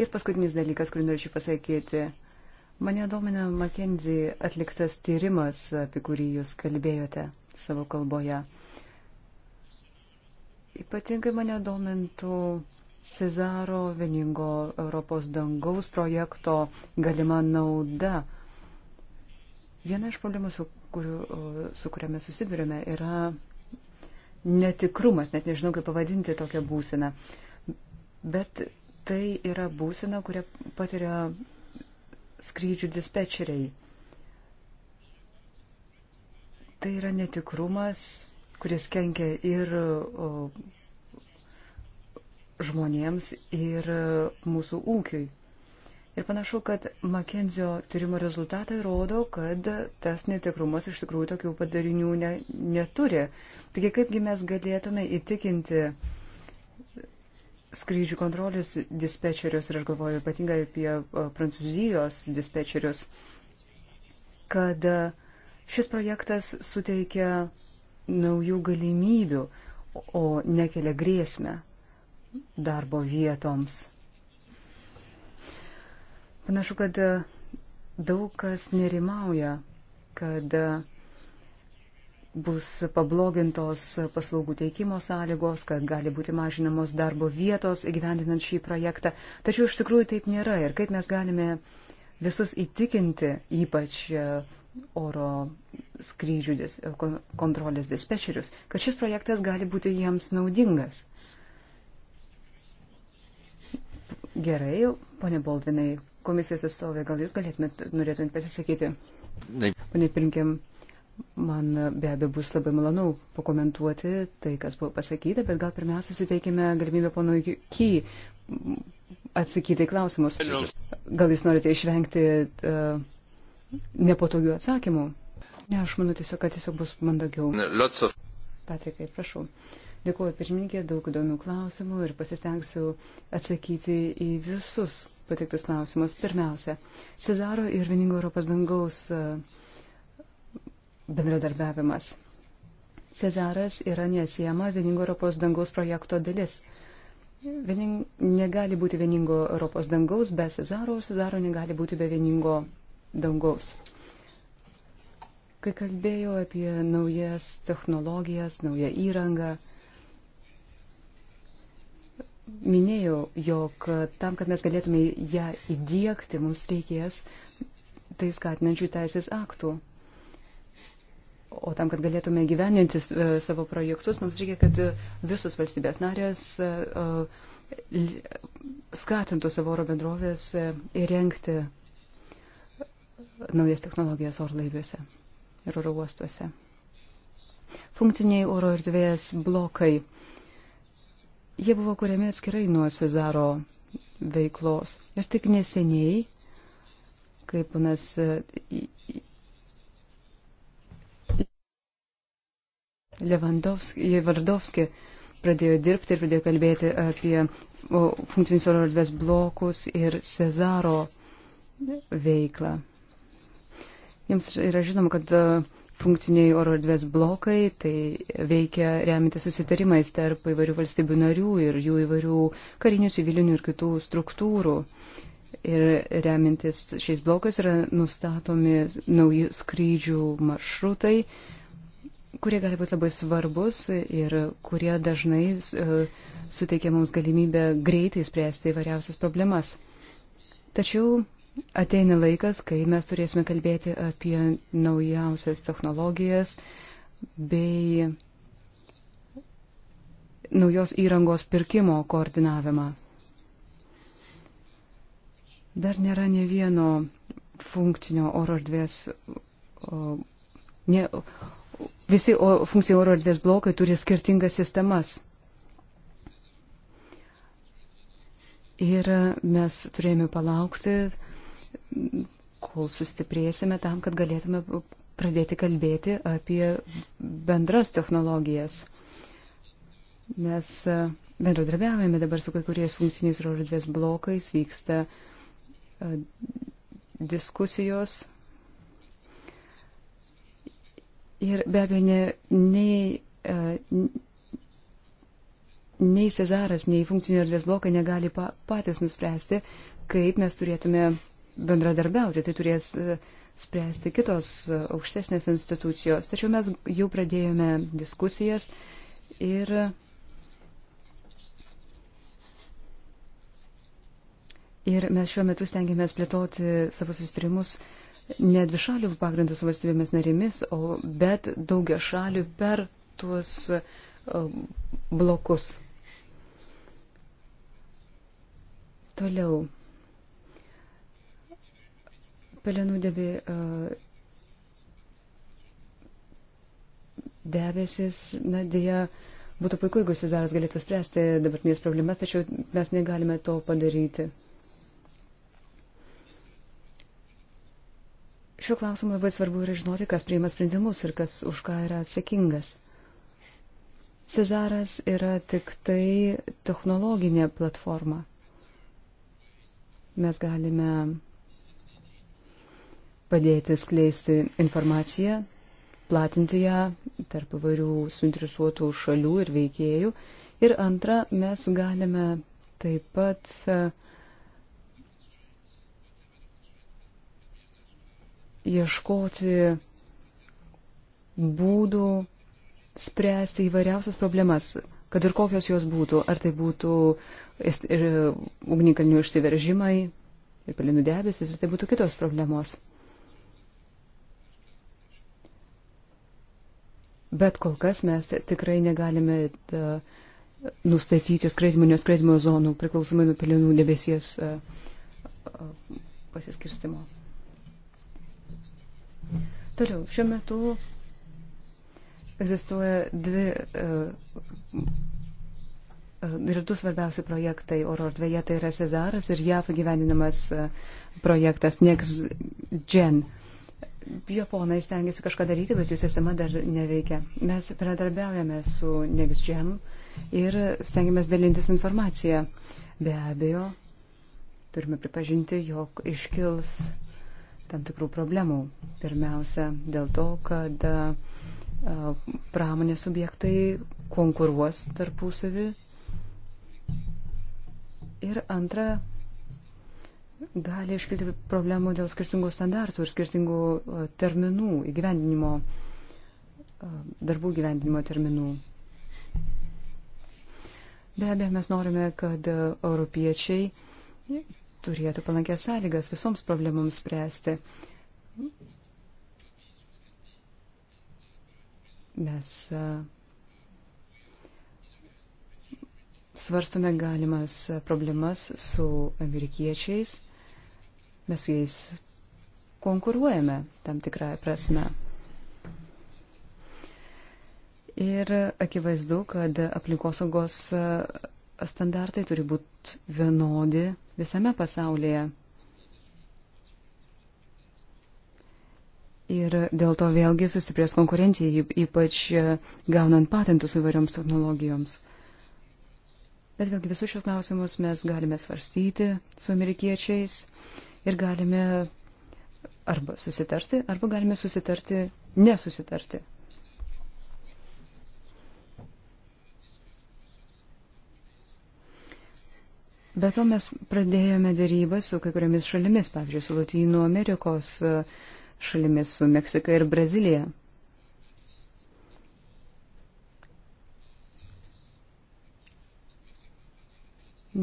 S1: Ir paskutinis dalykas, kurį norėčiau pasakyti. Mane domina McKenzie atliktas tyrimas, apie kurį jūs kalbėjote savo kalboje. Ypatingai mane domintų Cezaro vieningo Europos dangaus projekto galima nauda. Viena iš problemų, su, kur, su kuriamis susidurime, yra netikrumas, net nežinau, kaip pavadinti tokią būseną. Bet tai yra būsena, kurią patiria skrydžių dispečeriai. Tai yra netikrumas, kuris kenkia ir o, žmonėms, ir mūsų ūkiui. Ir panašu, kad Makenzio tyrimo rezultatai rodo, kad tas netikrumas iš tikrųjų tokių padarinių ne, neturi. Taigi kaipgi mes galėtume įtikinti skrydžių kontrolės dispečerius, ir aš galvoju ypatingai apie prancūzijos dispečerius, kad e, šis projektas suteikia naujų galimybių, o nekelia grėsmę darbo vietoms. Panašu, kad e, daug kas nerimauja, kad e, bus pablogintos paslaugų teikimo sąlygos, kad gali būti mažinamos darbo vietos įgyvendinant šį projektą. Tačiau iš tikrųjų taip nėra ir kaip mes galime visus įtikinti, ypač e, oro skrydžių kontrolės dispečerius, kad šis projektas gali būti jiems naudingas. Gerai, ponė Boldvinai, komisijos atstovė, gal jūs galėtumėt, norėtumėt pasisakyti? Pane Pirinkėm, man be abejo bus labai malonu pakomentuoti tai, kas buvo pasakyta, bet gal pirmiausia suteikime galimybę ponui Ky atsakyti klausimus. Gal jūs norite išvengti uh, nepatogių atsakymų? Ne, aš manau tiesiog, kad tiesiog bus mandagiau.
S3: Of...
S1: Patrikai, prašau. Dėkuoju pirmininkė, daug įdomių klausimų ir pasistengsiu atsakyti į visus patiktus klausimus. Pirmiausia, Cezaro ir vieningo Europos dangaus e, bendradarbiavimas. Cezaras yra neatsiejama vieningo Europos dangaus projekto dalis. Viening, negali būti vieningo Europos dangaus be Cezaro, Cezaro negali būti be vieningo dangaus. Kai kalbėjau apie naujas technologijas, naują įrangą, minėjau, jog tam, kad mes galėtume ją įdėkti, mums reikės tai skatinančių teisės aktų. O tam, kad galėtume gyveninti e, savo projektus, mums reikia, kad visos valstybės narės e, e, skatintų savo oro bendrovės įrengti naujas technologijas orlaiviuose ir oro uostuose. Funkciniai oro erdvės blokai Jie buvo kuriami atskirai nuo Cezaro veiklos. Ir tik neseniai, kaip panas e, Levandovski pradėjo dirbti ir pradėjo kalbėti apie funkcinius oro erdvės blokus ir Cezaro veiklą. Jums yra žinoma, kad uh, funkciniai oro erdvės blokai, tai veikia reminti susitarimais tarp įvairių valstybių narių ir jų įvairių karinių, civilinių ir kitų struktūrų. Ir remintis šiais blokais yra nustatomi nauji skrydžių maršrutai, kurie gali būti labai svarbus ir kurie dažnai e, suteikia mums galimybę greitai spręsti įvairiausias problemas. Tačiau ateina laikas, kai mes turėsime kalbėti apie naujausias technologijas bei naujos įrangos pirkimo koordinavimą. Dar nėra ne vieno funkcinio oro erdvės, o, ne, visi o, funkcinio oro erdvės blokai turi skirtingas sistemas. Ir mes turėjome palaukti kol sustiprėsime tam, kad galėtume pradėti kalbėti apie bendras technologijas. Mes e, bendradarbiavame dabar su kai kuriais funkciniais rodvės blokais, vyksta e, diskusijos. Ir be abejo, ne, nei, e, nei Cezaras, nei funkcinio erdvės blokai negali pa, patys nuspręsti, kaip mes turėtume bendradarbiauti, tai turės e, spręsti kitos e, aukštesnės institucijos. Tačiau mes jau pradėjome diskusijas ir Ir mes šiuo metu stengiamės plėtoti savo susitarimus ne dvišalių pagrindų su valstybėmis narimis, o bet daugia šalių per tuos e, blokus. Toliau pelenų debė, debesis, na dėja, būtų puiku, jeigu Cezaras galėtų spręsti dabartinės problemas, tačiau mes negalime to padaryti. Šiuo klausimu labai svarbu yra žinoti, kas priima sprendimus ir kas už ką yra atsakingas. Cezaras yra tik tai technologinė platforma. Mes galime padėti skleisti informaciją, platinti ją tarp įvairių suinteresuotų šalių ir veikėjų. Ir antra, mes galime taip pat e, ieškoti būdų spręsti įvairiausias problemas, kad ir kokios jos būtų, ar tai būtų ugnikalnių išsiveržimai ir pelinų debesis, ar tai būtų kitos problemos. Bet kol kas mes tikrai negalime da, e, nustatyti skraidimo, neskraidimo zonų priklausomai nuo pelenų debesies e, e, pasiskirstimo. Toliau, šiuo metu egzistuoja dvi, yra du svarbiausi projektai oro erdvėje, tai yra Cezaras ir JAF gyveninamas projektas NextGen. Uh, Japonai stengiasi kažką daryti, bet jų sistema dar neveikia. Mes bendradarbiaujame su NextGen ir stengiamės dalintis informaciją. Be abejo, turime pripažinti, jog iškils tam tikrų problemų. Pirmiausia, dėl to, kad pramonės subjektai konkuruos tarpusavį. Ir antra, gali iškilti problemų dėl skirtingų standartų ir skirtingų e, terminų įgyvendinimo, e, darbų gyvendinimo terminų. Be abejo, mes norime, kad europiečiai turėtų palankęs sąlygas visoms problemams spręsti. Mes e, svarstome galimas problemas su amerikiečiais Mes su jais konkuruojame tam tikrą prasme. Ir akivaizdu, kad aplinkosaugos standartai turi būti vienodi visame pasaulyje. Ir dėl to vėlgi sustiprės konkurencija, ypač e, gaunant patentus įvairioms technologijoms. Bet vėlgi visus šios klausimus mes galime svarstyti su amerikiečiais. Uh, ir galime arba susitarti, arba galime susitarti, nesusitarti. Be to mes pradėjome dėrybą su kai kuriamis šalimis, pavyzdžiui, su Latino Amerikos šalimis, su Meksika ir Brazilija.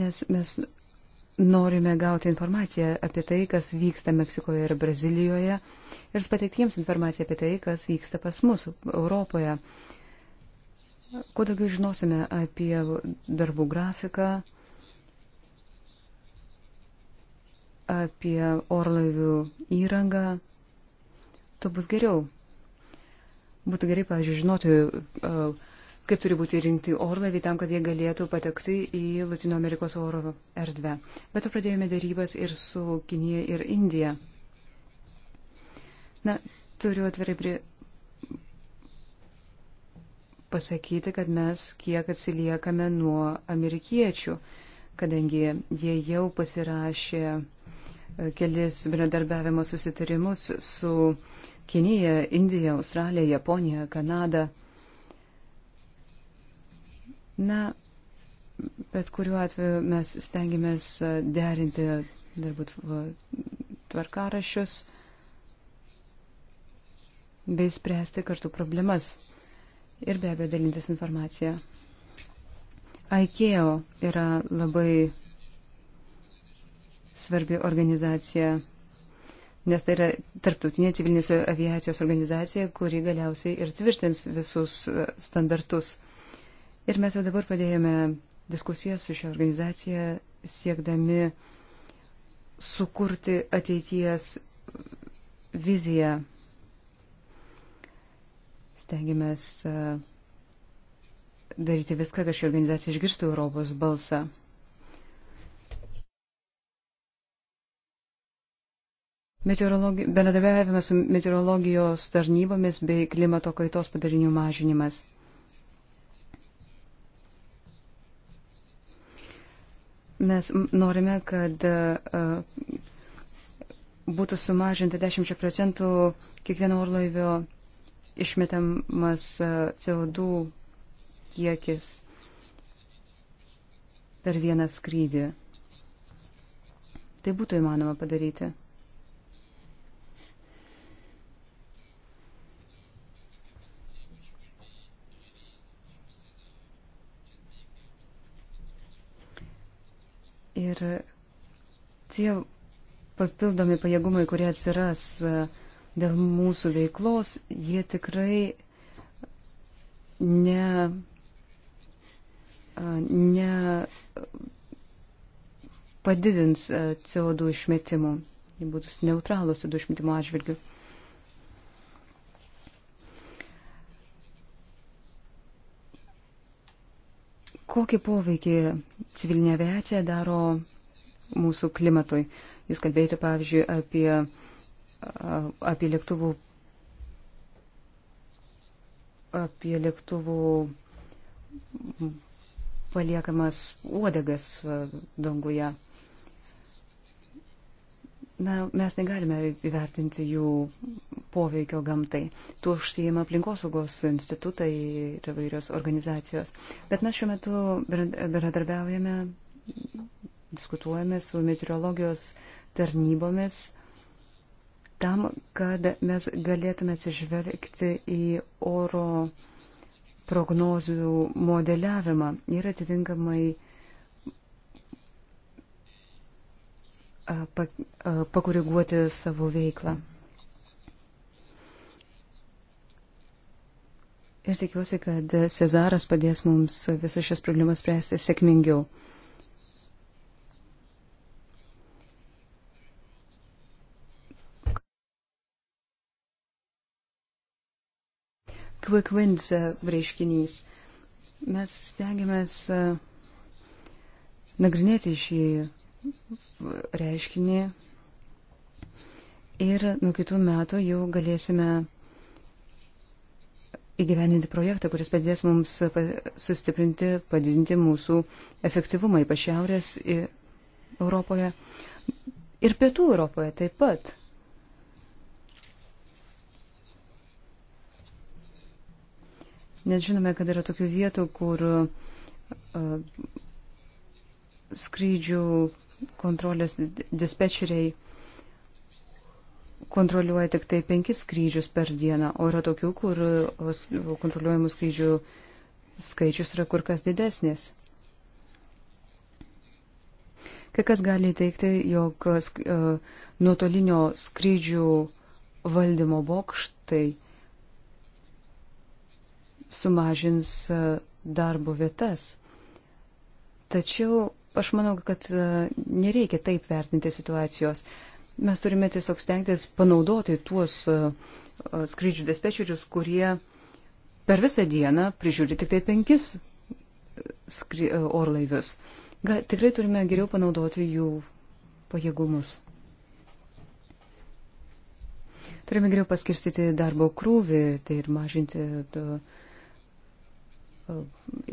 S1: Nes mes norime gauti informaciją apie tai, kas vyksta Meksikoje ir Brazilijoje ir pateikti jiems informaciją apie tai, kas vyksta pas mus Europoje. Kuo daugiau žinosime apie darbų grafiką, apie orlaivių įrangą, to bus geriau. Būtų gerai, pažiūrėjau, žinoti, kaip turi būti rinkti orlaiviai tam, kad jie galėtų patekti į Latino Amerikos oro erdvę. Bet to pradėjome darybas ir su Kinija ir Indija. Na, turiu atvirai prie pasakyti, kad mes kiek atsiliekame nuo amerikiečių, kadangi jie jau pasirašė e, kelis bendradarbiavimo susitarimus su Kinija, Indija, Australija, Japonija, Kanada. Na, bet kuriuo atveju mes stengiamės uh, derinti darbų tvarkarašius bei spręsti kartu problemas ir be abejo dalintis informaciją. IKEO yra labai svarbi organizacija, nes tai yra tarptautinė civilinės aviacijos organizacija, kuri galiausiai ir tvirtins visus uh, standartus. Ir mes jau dabar pradėjome diskusijas su šia organizacija siekdami sukurti ateities viziją. Stengiamės e, daryti viską, kad ši organizacija išgirstų Europos balsą. Bendradarbiavimas su meteorologijos tarnybomis bei klimato kaitos padarinių mažinimas. Mes norime, kad e, e, būtų sumažinta 10 procentų kiekvieno orlaivio išmetamas e, CO2 kiekis per vieną skrydį. Tai būtų įmanoma padaryti. Ir tie papildomi pajėgumai, kurie atsiras e, dėl mūsų veiklos, jie tikrai ne, e, ne padidins e, CO2 išmetimų, jie būtų neutralūs CO2 išmetimo atžvilgių. kokį poveikį civilinė aviacija daro mūsų klimatui. Jūs kalbėjote, pavyzdžiui, apie, apie lėktuvų, apie lėktuvų paliekamas uodegas danguje na, mes negalime įvertinti jų poveikio gamtai. Tuo užsijima aplinkosaugos institutai ir įvairios organizacijos. Bet mes šiuo metu bendradarbiaujame, diskutuojame su meteorologijos tarnybomis tam, kad mes galėtume atsižvelgti į oro prognozių modeliavimą ir atitinkamai uh, pakoreguoti savo veiklą. Ir tikiuosi, kad Cezaras padės mums visas šias problemas spręsti sėkmingiau. Quick wins reiškinys. Mes stengiamės nagrinėti šį reiškinį ir nuo kitų metų jau galėsime įgyveninti projektą, kuris padės mums sustiprinti, padidinti mūsų efektyvumą, ypač Šiaurės Europoje ir Pietų Europoje taip pat. Nes žinome, kad yra tokių vietų, kur uh, skrydžių kontrolės dispečeriai kontroliuoja tik tai penkis skrydžius per dieną, o yra tokių, kur kontroliuojamų skrydžių skaičius yra kur kas didesnis. Kai kas gali teikti, jog e, nuotolinio skrydžių valdymo bokštai sumažins e, darbo vietas. Tačiau aš manau, kad e, nereikia taip vertinti situacijos. Mes turime tiesiog stengtis panaudoti tuos e, e, skrydžių dispečerius, kurie per visą dieną prižiūri tik tai penkis skry, orlaivius. Ga, tikrai turime geriau panaudoti jų pajėgumus. Turime geriau paskirstyti darbo krūvį tai ir mažinti to,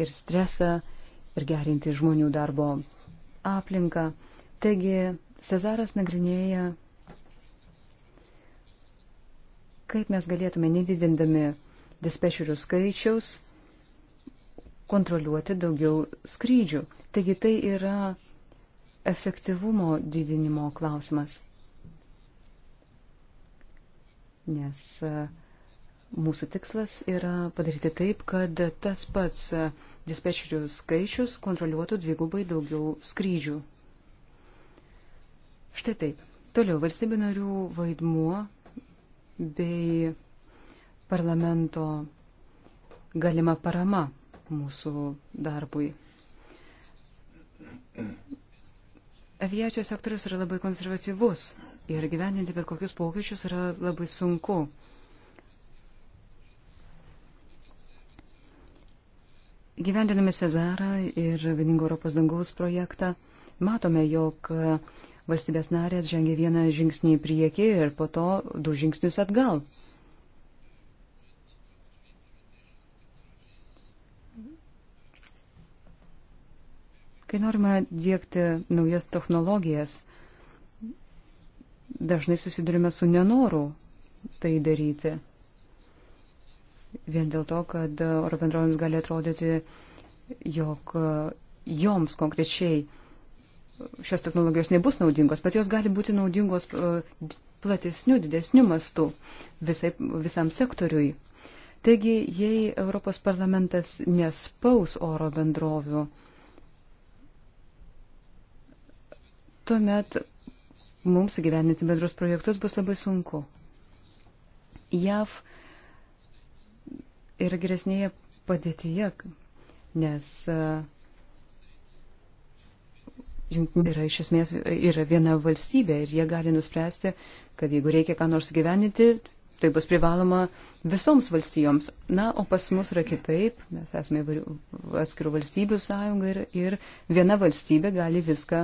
S1: ir stresą ir gerinti žmonių darbo aplinką. Taigi, Cezaras nagrinėja, kaip mes galėtume, nedidindami dispečerių skaičiaus, kontroliuoti daugiau skrydžių. Taigi tai yra efektyvumo didinimo klausimas. Nes e, mūsų tikslas yra padaryti taip, kad tas pats e, dispečerių skaičius kontroliuotų dvigubai daugiau skrydžių. Štai taip. Toliau valstybių narių vaidmuo bei parlamento galima parama mūsų darbui. Aviacijos sektorius yra labai konservatyvus ir gyveninti bet kokius pokyčius yra labai sunku. Gyvendinami Cezarą ir Vieningo Europos dangaus projektą, matome, jog valstybės narės žengia vieną žingsnį į priekį ir po to du žingsnius atgal. Kai norime dėkti naujas technologijas, dažnai susidurime su nenoru tai daryti vien dėl to, kad oro bendrovėms gali atrodyti, jog e, joms konkrečiai šios technologijos nebus naudingos, bet jos gali būti naudingos e, platesniu, didesniu mastu visai, visam sektoriui. Taigi, jei Europos parlamentas nespaus oro bendrovių, tuomet mums įgyveninti bendrus projektus bus labai sunku. JAV uh, yra geresnėje padėtyje, nes yra iš esmės yra viena valstybė ir jie gali nuspręsti, kad jeigu reikia ką nors gyveninti, tai bus privaloma visoms valstijoms. Na, o pas mus yra kitaip, mes esame atskirų valstybių sąjunga ir, ir viena valstybė gali viską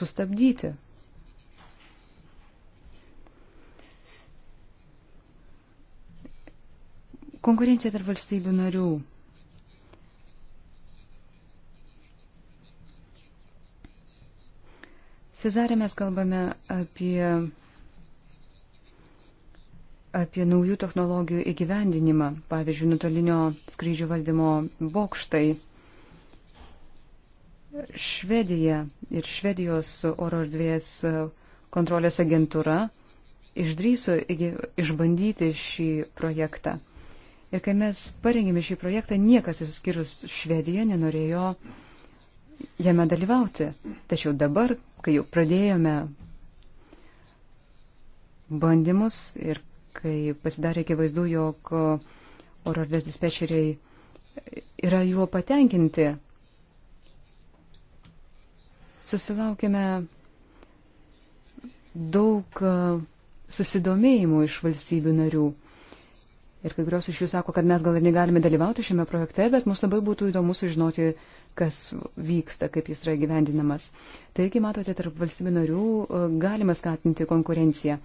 S1: sustabdyti. Konkurencija tarp valstybių narių. Cezarė mes kalbame apie, apie naujų technologijų įgyvendinimą, pavyzdžiui, nutolinio skrydžių valdymo bokštai. Švedija ir Švedijos oro erdvės kontrolės agentūra išdryso išbandyti šį projektą. Ir kai mes parengėme šį projektą, niekas išskyrus Švediją nenorėjo jame dalyvauti. Tačiau dabar, kai jau pradėjome bandymus ir kai pasidarė akivaizdu, jog oro erdvės dispečeriai yra juo patenkinti, susilaukėme daug susidomėjimų iš valstybių narių. Ir kai kurios iš jų sako, kad mes gal ir negalime dalyvauti šiame projekte, bet mums labai būtų įdomu sužinoti, kas vyksta, kaip jis yra gyvendinamas. Taigi, matote, tarp valstybių narių e, galima skatinti konkurenciją.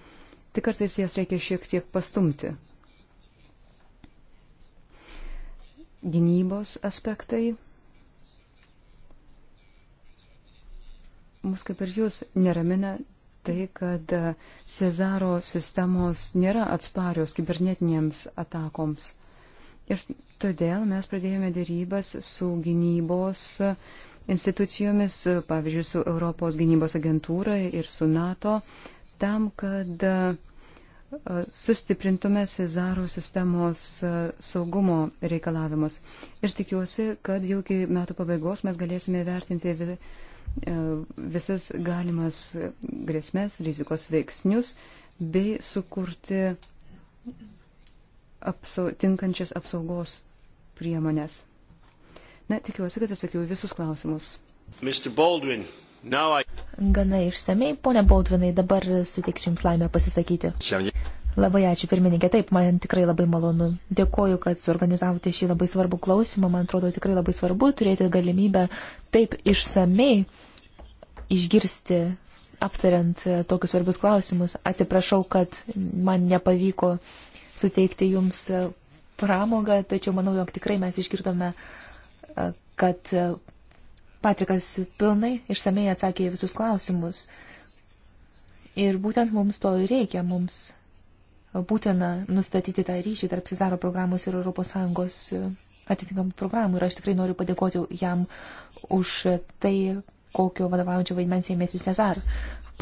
S1: Tik kartais jas reikia šiek tiek pastumti. Gynybos aspektai. Mus kaip ir jūs neramina tai, kad e, Cezaro sistemos nėra atsparios kibernetinėms atakoms. Ir todėl mes pradėjome dėrybas su gynybos institucijomis, pavyzdžiui, su Europos gynybos agentūra ir su NATO, tam, kad e, sustiprintume Cezaro sistemos e, saugumo reikalavimus. Ir tikiuosi, kad jau iki metų pabaigos mes galėsime vertinti E, visas galimas grėsmės, rizikos veiksnius bei sukurti apsau, tinkančias apsaugos priemonės. Na, tikiuosi, kad atsakiau visus klausimus. Baldwin, I... Gana išsamei,
S2: ponia Baldvinai, dabar suteiksiu Jums laimę pasisakyti. Šiandien. Labai ačiū pirmininkė, taip, man tikrai labai malonu. Dėkoju, kad suorganizavote šį labai svarbų klausimą. Man atrodo tikrai labai svarbu turėti galimybę taip išsamei išgirsti, aptariant e, tokius svarbius klausimus. Atsiprašau, kad man nepavyko suteikti jums e, pramogą, tačiau manau, jog tikrai mes išgirdome, e, kad Patrikas pilnai išsamei atsakė į visus klausimus. Ir būtent mums to ir reikia, mums būtina nustatyti tą ryšį tarp Cezaro programos ir ES e, atitinkamų programų. Ir aš tikrai noriu padėkoti jam už tai, kokio vadovaujančio vaidmens ėmėsi Cezar,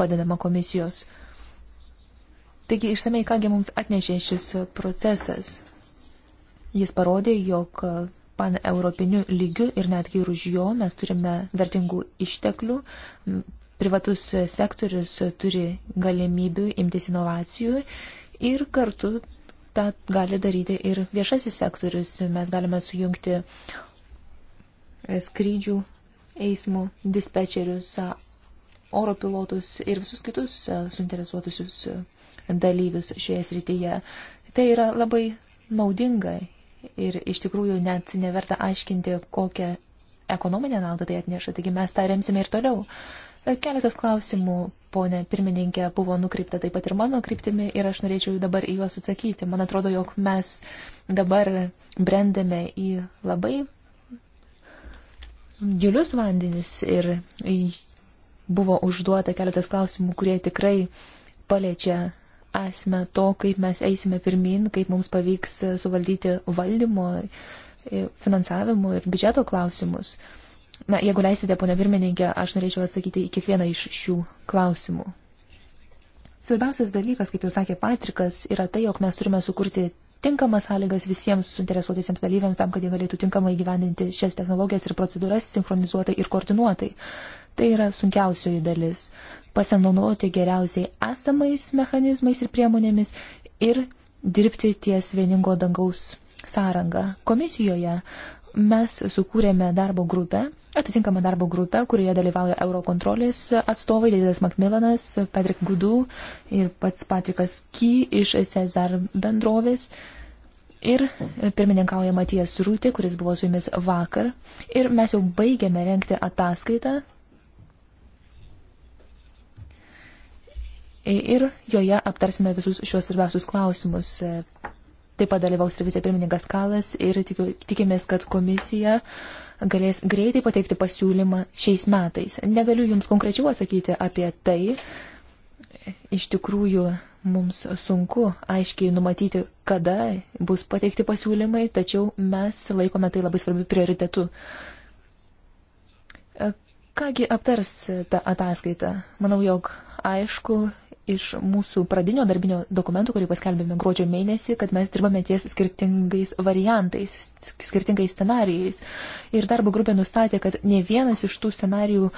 S2: padedama komisijos. Taigi išsamei, kągi mums atnešė šis procesas. Jis parodė, jog paneuropiniu lygiu ir netgi ir už jo mes turime vertingų išteklių. Privatus sektorius turi galimybių imtis inovacijų ir kartu tą gali daryti ir viešasis sektorius. Mes galime sujungti e, skrydžių eismo dispečerius, e, oro pilotus ir visus kitus e, suinteresuotusius dalyvius šioje srityje. Tai yra labai naudinga ir iš tikrųjų net neverta aiškinti, kokią ekonominę naudą tai atneša. Taigi mes tą remsime ir toliau. Keletas klausimų, ponė pirmininkė, buvo nukreipta taip pat ir mano kryptimi ir aš norėčiau dabar į juos atsakyti. Man atrodo, jog mes dabar brendame į labai gilius vandenis ir buvo užduota keletas klausimų, kurie tikrai paliečia esmę to, kaip mes eisime pirmin, kaip mums pavyks suvaldyti valdymo, e, finansavimo ir biudžeto klausimus. Uh, Na, jeigu leisite, ponia pirmininkė, aš norėčiau atsakyti į kiekvieną iš šių klausimų. Svarbiausias dalykas, kaip jau sakė Patrikas, yra tai, jog mes turime sukurti tinkamas sąlygas visiems suinteresuotisiems dalyviams tam, kad jie galėtų tinkamai gyvendinti šias technologijas ir procedūras sinchronizuotai ir koordinuotai. Tai yra sunkiausioji dalis - pasinaudoti geriausiai esamais mechanizmais ir priemonėmis ir dirbti ties vieningo dangaus sąranga. Komisijoje mes sukūrėme darbo grupę, atitinkamą darbo grupę, kurioje dalyvauja Eurokontrolės atstovai, Deidas Makmilanas, Patrick Gudu ir pats Patrikas Ky iš Cezar bendrovės. Ir pirmininkauja Matijas Rūtė, kuris buvo su jumis vakar. Ir mes jau baigėme renkti ataskaitą. Ir joje aptarsime visus šiuos svarbiausius klausimus Taip pat dalyvaus ir vicepirmininkas Kalas ir tikimės, kad komisija galės greitai pateikti pasiūlymą šiais metais. Negaliu Jums konkrečiau atsakyti apie tai. Iš tikrųjų, mums sunku aiškiai numatyti, kada bus pateikti pasiūlymai, tačiau mes laikome tai labai svarbiu prioritetu. Kągi aptars tą ataskaitą? Manau, jog aišku, iš mūsų pradinio darbinio dokumento, kurį paskelbėme gruodžio mėnesį, kad mes dirbame ties skirtingais variantais, skirtingais scenarijais. Ir darbo grupė nustatė, kad ne vienas iš tų scenarijų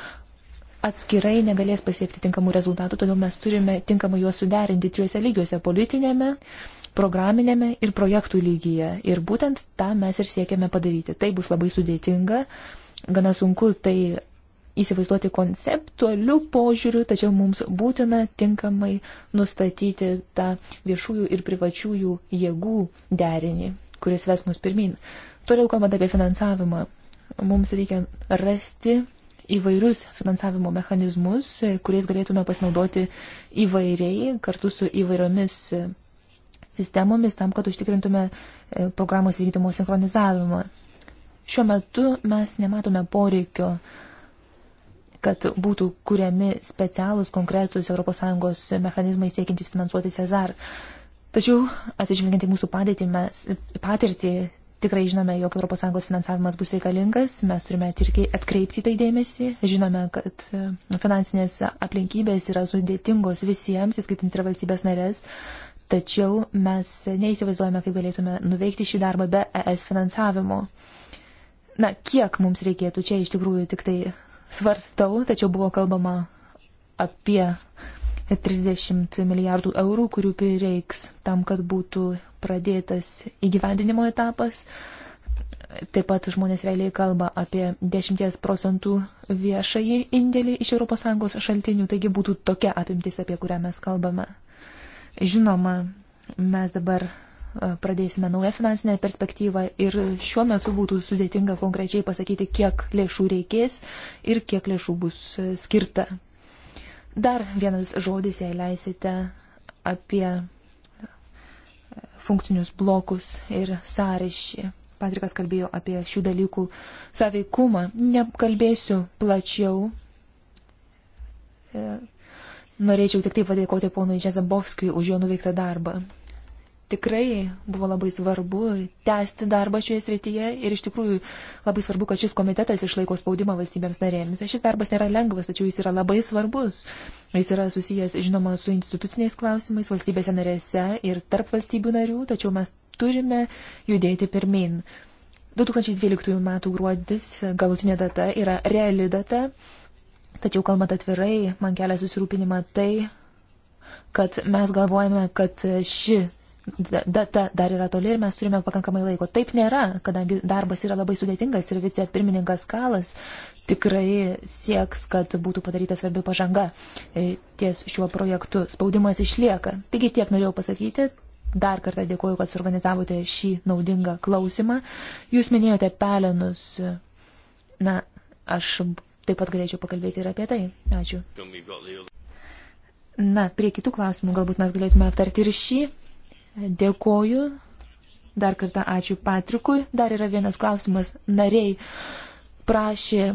S2: atskirai negalės pasiekti tinkamų rezultatų, todėl mes turime tinkamai juos suderinti trijuose lygiuose - politinėme, programinėme ir projektų lygyje. Ir būtent tą mes ir siekiame padaryti. Tai bus labai sudėtinga, gana sunku tai įsivaizduoti konceptualiu požiūriu, tačiau mums būtina tinkamai nustatyti tą viešųjų ir privačiųjų jėgų derinį, kuris ves mus pirmin. Toliau kalbant apie finansavimą, mums reikia rasti įvairius finansavimo mechanizmus, kuriais galėtume pasinaudoti įvairiai kartu su įvairiomis sistemomis tam, kad užtikrintume e, programos vykdymo sinchronizavimą. Šiuo metu mes nematome poreikio uh, kad būtų kuriami specialūs konkretūs ES mechanizmai siekiantys finansuoti Cezar. Tačiau, atsižvelgiant į mūsų padėtį, mes, patirtį, tikrai žinome, jog ES finansavimas bus reikalingas, mes turime atkreipti tai dėmesį, žinome, kad e, finansinės aplinkybės yra sudėtingos visiems, įskaitant ir valstybės narės, tačiau mes neįsivaizduojame, kaip galėtume nuveikti šį darbą be ES finansavimo. Na, kiek mums reikėtų čia iš tikrųjų tik tai svarstau, tačiau buvo kalbama apie 30 milijardų eurų, kurių prireiks tam, kad būtų pradėtas įgyvendinimo etapas. Taip pat žmonės realiai kalba apie 10 procentų viešąjį indėlį iš ES šaltinių, taigi būtų tokia apimtis, apie kurią mes kalbame. Žinoma, mes dabar E, pradėsime naują finansinę perspektyvą ir šiuo metu būtų sudėtinga konkrečiai pasakyti, kiek lėšų reikės ir kiek lėšų bus e, skirta. Dar vienas žodis, jei leisite, apie e, funkcinius blokus ir sąryšį. Patrikas kalbėjo apie šių dalykų saveikumą. Nekalbėsiu plačiau. Norėčiau tik taip padėkoti ponui Džezabovskijui už jo nuveiktą darbą tikrai buvo labai svarbu tęsti darbą šioje srityje ir iš tikrųjų labai svarbu, kad šis komitetas išlaiko spaudimą valstybėms narėms. Šis darbas nėra lengvas, tačiau jis yra labai svarbus. Jis yra susijęs, žinoma, su instituciniais klausimais valstybėse narėse ir tarp valstybių narių, tačiau mes turime judėti pirmin. 2012 m. gruodis galutinė data yra reali data, tačiau kalbant atvirai, man kelia susirūpinimą tai, kad mes galvojame, kad ši data dar yra toli ir mes turime pakankamai laiko. Taip nėra, kadangi darbas yra labai sudėtingas ir vice pirmininkas Kalas tikrai sieks, kad būtų padaryta svarbi pažanga e, ties šiuo projektu. Spaudimas išlieka. Taigi tiek norėjau pasakyti. Dar kartą dėkuoju, kad suorganizavote šį naudingą klausimą. Jūs minėjote pelenus. Na, aš taip pat galėčiau pakalbėti ir apie tai. Ačiū. Na, prie kitų klausimų galbūt mes galėtume aptarti ir šį. Dėkoju. Dar kartą ačiū Patrikui. Dar yra vienas klausimas. Nariai prašė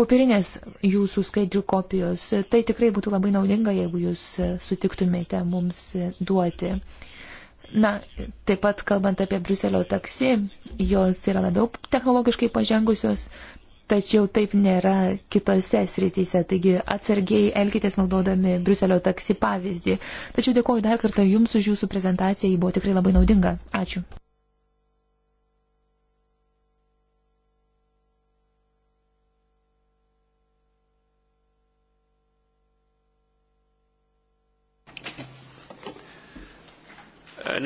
S2: popierinės jūsų skaidrių kopijos. Tai tikrai būtų labai naudinga, jeigu jūs sutiktumėte mums duoti. Na, taip pat kalbant apie Bruselio taksi, jos yra labiau technologiškai pažengusios, tačiau taip nėra kitose srityse, taigi atsargiai elkitės naudodami Bruselio taksi pavyzdį. Tačiau dėkoju dar kartą Jums už Jūsų prezentaciją, ji buvo tikrai labai naudinga. Ačiū. Uh,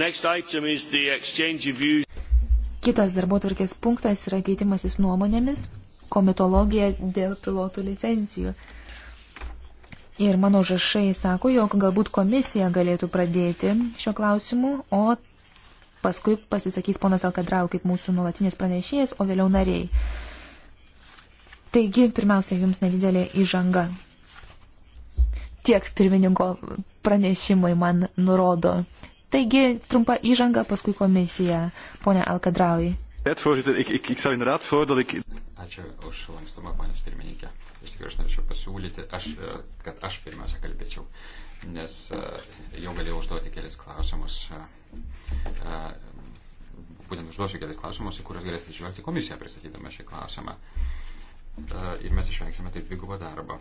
S2: Kitas darbo tvarkės punktas yra keitimasis nuomonėmis komitologiją dėl pilotų licencijų. Ir mano žašai sako, jog galbūt komisija galėtų pradėti šio klausimu, o paskui pasisakys ponas Alkadrau kaip mūsų nulatinis pranešėjas, o vėliau nariai. Taigi, pirmiausia, jums nedidelė įžanga. Tiek pirmininko pranešimai man nurodo. Taigi, trumpa įžanga, paskui komisija, ponia Alkadraui.
S3: Het, voorzitter, ik, ik, ik zou inderdaad voor dat ik. Ačiū už lankstumą, panas pirmininkė. Iš tikrųjų, aš norėčiau pasiūlyti, aš, e, kad aš pirmiausia kalbėčiau, nes e, jau galėjau užduoti kelis klausimus. E, būtent užduosiu kelis klausimus, į kuriuos galės išvelgti komisija pristatydama šį klausimą. Ir mes išvengsime taip dvigubą darbą.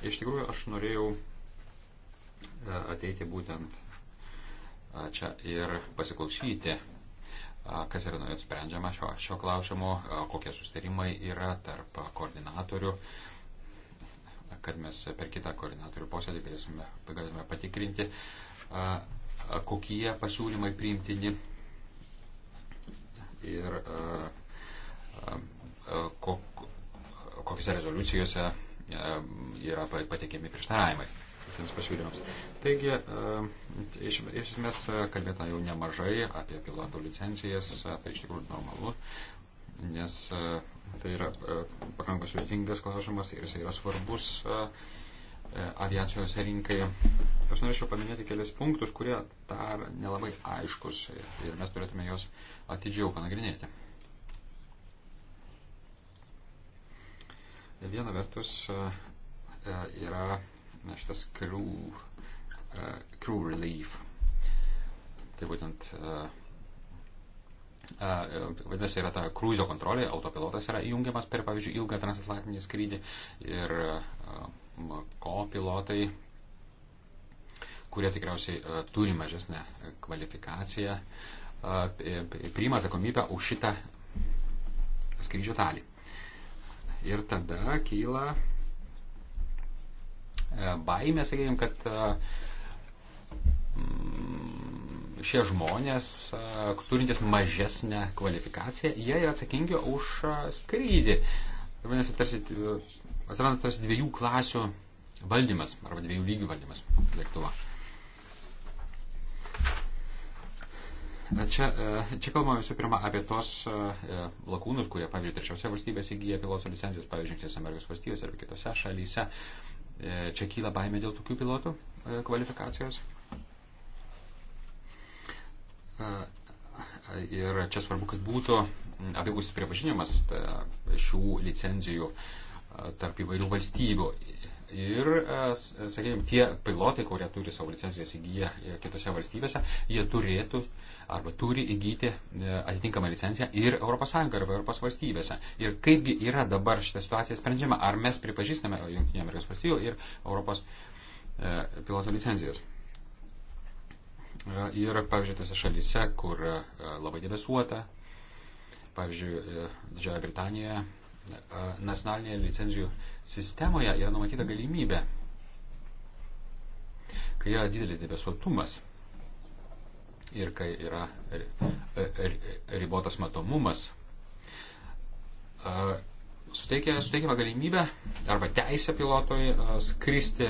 S3: Iš tikrųjų, aš norėjau ateiti būtent čia ir pasiklausyti kas yra nuo sprendžiama šio, šio klausimo, kokie sustarimai yra tarp koordinatorių, kad mes per kitą koordinatorių posėdį galėsime, galėsime patikrinti, kokie pasiūlymai priimtini ir kokiuose rezoliucijose yra pateikiami prieštaravimai šiems pasiūlymams. Taigi, e, iš, iš esmės e, kalbėta jau nemažai apie pilotų licencijas, tai iš tikrųjų normalu, nes e, tai yra pakankamai sudėtingas klausimas ir jis yra svarbus aviacijos rinkai. Aš norėčiau paminėti kelias punktus, kurie dar nelabai aiškus ir mes turėtume juos atidžiau panagrinėti. Viena vertus yra Nu, šitas crew, uh, crew relief. Tai būtent, uh, uh, vadinasi, yra ta krūzio kontrolė, autopilotas yra įjungiamas per, pavyzdžiui, ilgą transatlantinį skrydį ir uh, kopilotai, kurie tikriausiai uh, turi mažesnę kvalifikaciją, uh, priima atsakomybę už šitą skrydžio dalį. Ir tada kyla uh, E, baimė, sakykime, kad e, mm, šie žmonės, e, turintys mažesnę kvalifikaciją, jie yra atsakingi už skrydį. Tai vadinasi, tarsi, atsiranda tarsi dviejų klasių valdymas arba dviejų lygių valdymas lėktuvo. Čia, čia kalbame visų pirma apie tos lakūnus, kurie, pavyzdžiui, trečiose valstybėse įgyja piloto licencijas, pavyzdžiui, Junktinės Amerikos valstybėse ar kitose šalyse. E, čia kyla baimė dėl tokių pilotų e, kvalifikacijos. E, ir čia svarbu, kad būtų abipusis pripažinimas šių licenzijų tarp įvairių valstybių. Ir, sakykime, tie pilotai, kurie turi savo licencijas įgyję kitose valstybėse, jie turėtų uh, arba turi įgyti e, atitinkamą licenciją ir ES arba Europos valstybėse. Ir kaipgi yra dabar šitą situaciją sprendžiama, ar mes pripažįstame Junktinė Amerikos valstybių ir Europos e, piloto licencijas. E, ir, pavyzdžiui, tose šalyse, kur labai debesuota, pavyzdžiui, Didžiojo Britanijoje, nacionalinėje licenzijų sistemoje yra numatyta galimybė, kai yra didelis debesuotumas, ir kai yra e, e, ribotas matomumas, suteikia, suteikiama galimybė arba teisė pilotui skristi,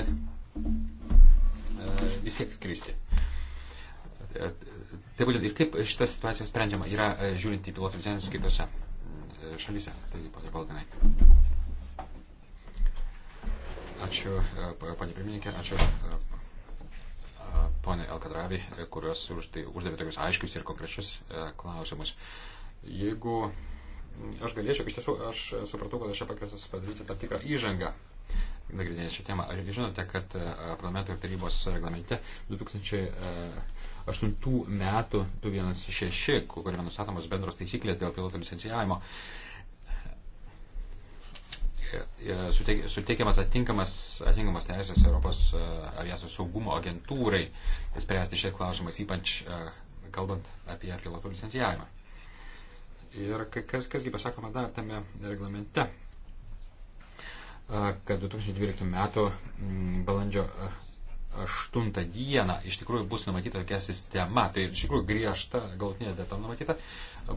S3: vis tiek skristi. Tai būtent ir kaip šitą situaciją sprendžiama yra žiūrinti į pilotų licencijas kitose šalyse. Taigi, ponė Balganai. Ačiū, ponė pirmininkė, ačiū, ponė Elkadravi, e, kurios už tai uždavė tokius aiškius ir konkrečius e, klausimus. Jeigu aš galėčiau, iš tiesų aš supratau, kad aš čia pakviesas padaryti tam tikrą įžangą. Nagrinėjant šią temą, ar žinote, kad e, parlamento ir tarybos reglamente 2008 metų 216, kuriame nustatomos bendros taisyklės dėl pilotų licencijavimo, uh, E, e, suteikiamas atinkamas, atinkamas teisės Europos e, aviacijos saugumo agentūrai spręsti šiais klausimais, ypač kalbant apie pilotų licencijavimą. Ir kas, kasgi pasakoma dar tame reglamente, kad 2012 metų balandžio 8 dieną iš tikrųjų bus numatyta tokia sistema, tai iš tikrųjų griežta galutinė data numatyta,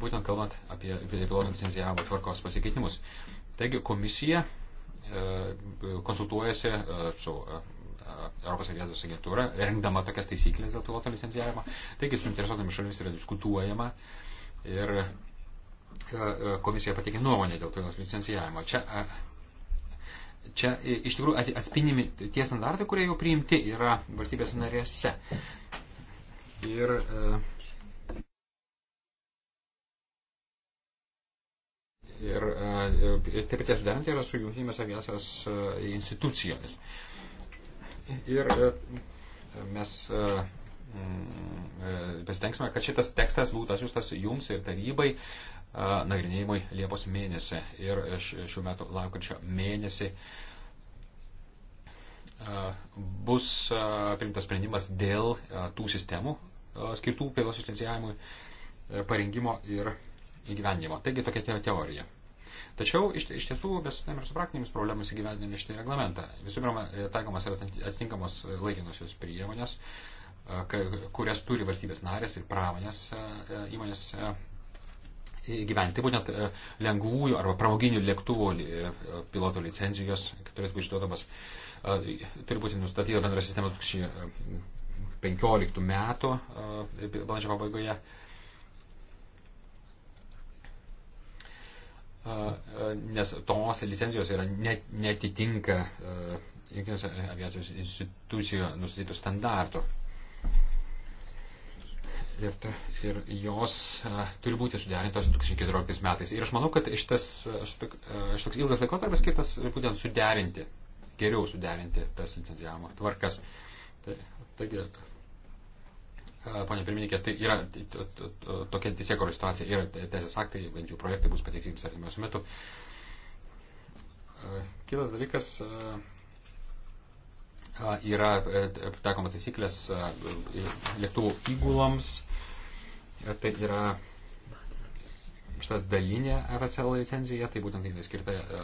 S3: būtent kalbant apie pilotų licencijavimo tvarkos pasikeitimus. Uh, Taigi komisija e, konsultuojasi e, su e, Europos aviacijos agentūra, rengdama tokias taisyklės dėl piloto licencijavimo. Taigi su interesuotomis šalimis yra diskutuojama ir komisija pateikė nuomonę dėl piloto licencijavimo. Čia, čia iš tikrųjų atspinimi tie standartai, kurie jau priimti yra valstybės narėse. Ir uh, Ir, e, ir taip pat sudarant yra su jungtinėmis aviacijos e, institucijomis. Ir e, mes mm, pasitengsime, kad šitas tekstas būtų atsiųstas jums ir tarybai nagrinėjimui Liepos mėnesį ir šių metų laukančio mėnesį bus priimtas sprendimas dėl tų sistemų skirtų pilotų licencijavimui parengimo ir įgyvendimo. Taigi tokia teorija. Tačiau iš, iš tiesų mes sutarėme ir su praktinėmis problemomis įgyvendinami šitą reglamentą. Visų pirma, e, taikomas yra atitinkamos laikinosios priemonės, e, kurias turi valstybės narės ir pramonės e, įmonės įgyventi. Tai būtent lengvųjų arba pramoginių lėktuvų pilotų licenzijos, kad turėtų būti išduodamas, turi būti nustatyta bendra sistema 2015 metų balandžio pabaigoje. nes tos licencijos yra net, netitinka Junktinės aviacijos institucijų nustatytų standartų. Ir, ir jos uh, turi būti suderintos 2014 metais. Ir aš manau, kad šitas, šitoks ilgas laikotarpis skirtas būtent suderinti, geriau suderinti tas licencijavimo tvarkas. Tai, taigi, Pone pirmininkė, tai yra tokia teisėkoro situacija, yra teisės aktai, bent jau projektai bus pateikti artimiausiu metu. Kitas dalykas yra e, taikomas taisyklės lėktuvų įguloms, e, tai yra šitą dalinę RCL licenciją, tai būtent tai skirta e,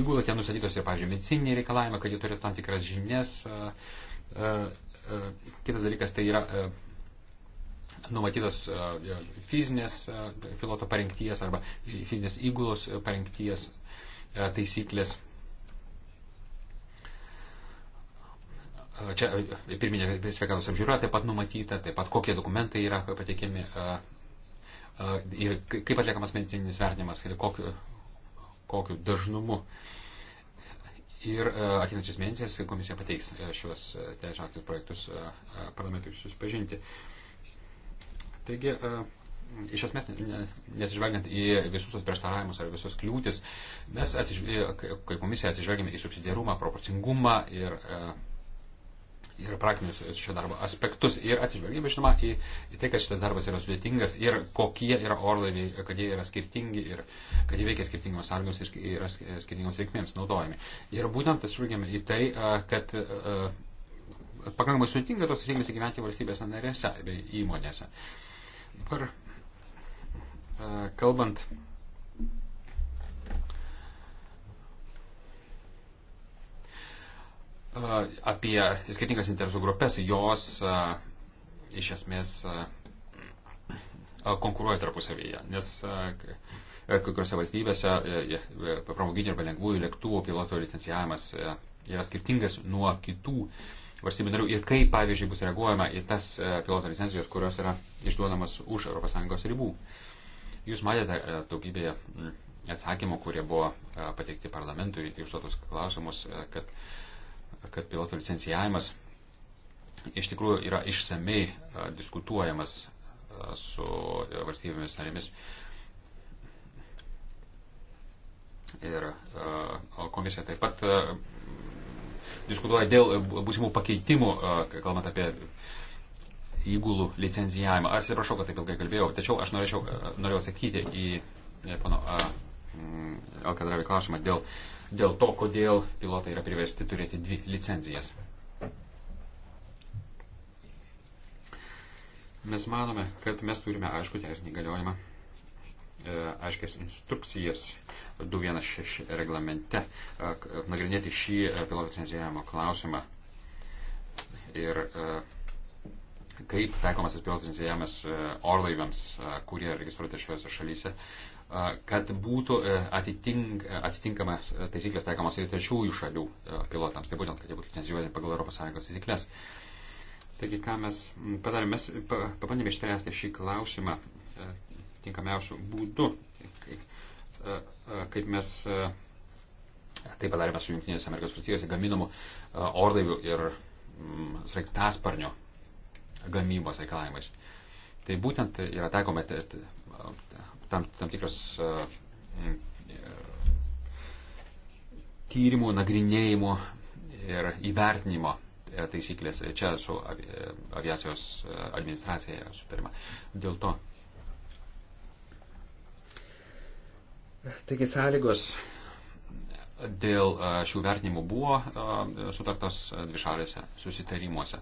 S3: įgulą, ten nustatytos ir, pavyzdžiui, medicininiai reikalavimai, kad jie turi tam tikras žinias. Kitas dalykas tai yra numatytos e, e, fizinės e, piloto parengties arba fizinės įgulos parengties taisyklės. Čia pirminė sveikatos apžiūra taip pat numatyta, taip pat kokie dokumentai yra pateikiami ir kaip atliekamas medicininis vertinimas, kokiu, kokiu dažnumu. Ir ateinančiais mėnesiais komisija pateiks šios teisės aktų projektus parlamentui susipažinti. Uh, Taigi, e, iš esmės, nesižvelgiant į visus tos prieštaravimus ar visus kliūtis, mes, kaip komisija, atsižvelgiame į subsidiarumą, proporcingumą ir, e, ir praktinius šio darbo aspektus. Ir atsižvelgiame, žinoma, į, į tai, kad šitas darbas yra sudėtingas ir kokie yra orlaiviai, kad jie yra skirtingi ir kad jie veikia skirtingos sąlygos ir yra skirtingos reikmėms naudojami. Ir būtent atsižvelgiame į tai, e, kad pakankamai sudėtinga tos taisyklės įgyventi valstybės narėse bei įmonėse. Uh, Dabar e, kalbant. E, apie skirtingas interesų grupės, jos e, iš esmės konkuruoja tarpusavyje, nes kai kuriuose valstybėse pramoginių arba lengvųjų lėktuvų piloto licencijavimas yra skirtingas nuo kitų uh, valstybių narių ir kaip, pavyzdžiui, bus reaguojama į tas e, piloto licencijos, kurios yra išduodamas už ES ribų. Jūs matėte e, daugybėje mm, atsakymų, kurie buvo e, pateikti parlamentui išduotus klausimus, kad, kad piloto licencijavimas iš tikrųjų yra išsamei diskutuojamas su valstybėmis narėmis. Ir komisija taip pat diskutuoja dėl e, būsimų pakeitimų, e, kalbant apie įgulų licenzijavimą. Aš atsiprašau, kad taip ilgai kalbėjau, tačiau aš norėčiau, e, norėjau atsakyti į pano mm, Alkadravį klausimą dėl, dėl to, kodėl pilotai yra priversti turėti dvi licenzijas. Mes manome, kad mes turime aišku teisinį galiojimą E, aiškias instrukcijas 216 reglamente e, nagrinėti šį e, pilotų licenzijavimo klausimą. Ir kaip taikomas pilotų licenzijavimas orlaiviams, kurie registruoti šiuose šalyse, kad būtų atitink, atitinkama taisyklės taikomas ir trečiųjų šalių pilotams, tai būtent, kad jie būtų licenzijuojami pagal ES taisyklės. Taigi, ką mes padarėme, mes pabandėme išspręsti šį klausimą tinkamiausių būdų, kaip e, e, mes e, tai padarėme su Junktinėse Amerikos valstijose gaminamų orlaivių ir mm, sraigtasparnių gamybos reikalavimais. Tai būtent yra taikoma tam, tam tikras mm, tyrimų, nagrinėjimo ir įvertinimo taisyklės. Čia su aviacijos administracija yra sutarima. Dėl to Taigi sąlygos dėl šių vertinimų buvo sutartas dvišalėse susitarimuose.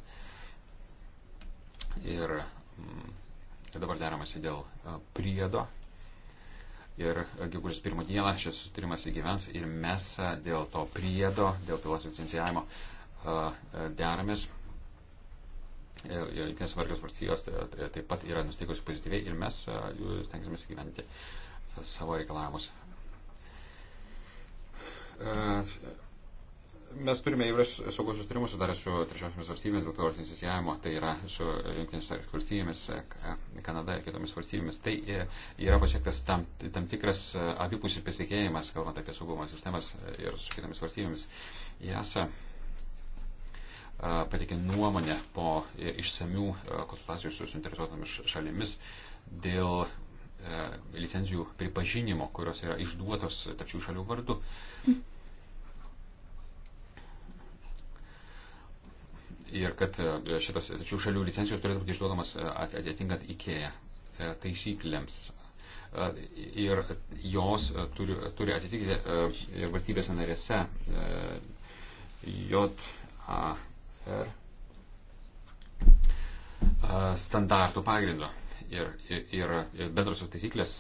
S3: Ir mm, dabar deramasi dėl priedo. Ir gegužės pirmą dieną šis susitarimas įgyvens ir mes dėl to priedo, dėl pilos licencijavimo deramės. Junktinės Amerikos valstijos taip pat yra nusteikusi pozityviai ir mes stengsime įgyventi uh, savo reikalavimus. E, mes turime įvairius saugos sustarimus sudarę su trečiosiomis valstybėmis dėl teorinės įsijavimo, tai yra su Junktinėmis valstybėmis, Kanada ir kitomis valstybėmis. Tai e, yra pasiektas tam, tam tikras e, abipusis pasitikėjimas, kalbant apie saugumo sistemas ir su kitomis valstybėmis. JASA pateikė nuomonę po išsamių konsultacijų su suinteresuotomis šalimis dėl E, licenzijų pripažinimo, kurios yra išduotos tačių šalių vardu. Ir kad e, šitos tačių šalių licencijos turėtų būti išduodamas e, atitinkant IKEA taisyklėms. Ir jos turi, turi atitikti ir valstybės narėse JAR standartų pagrindo ir, ir, ir bendrosios taisyklės,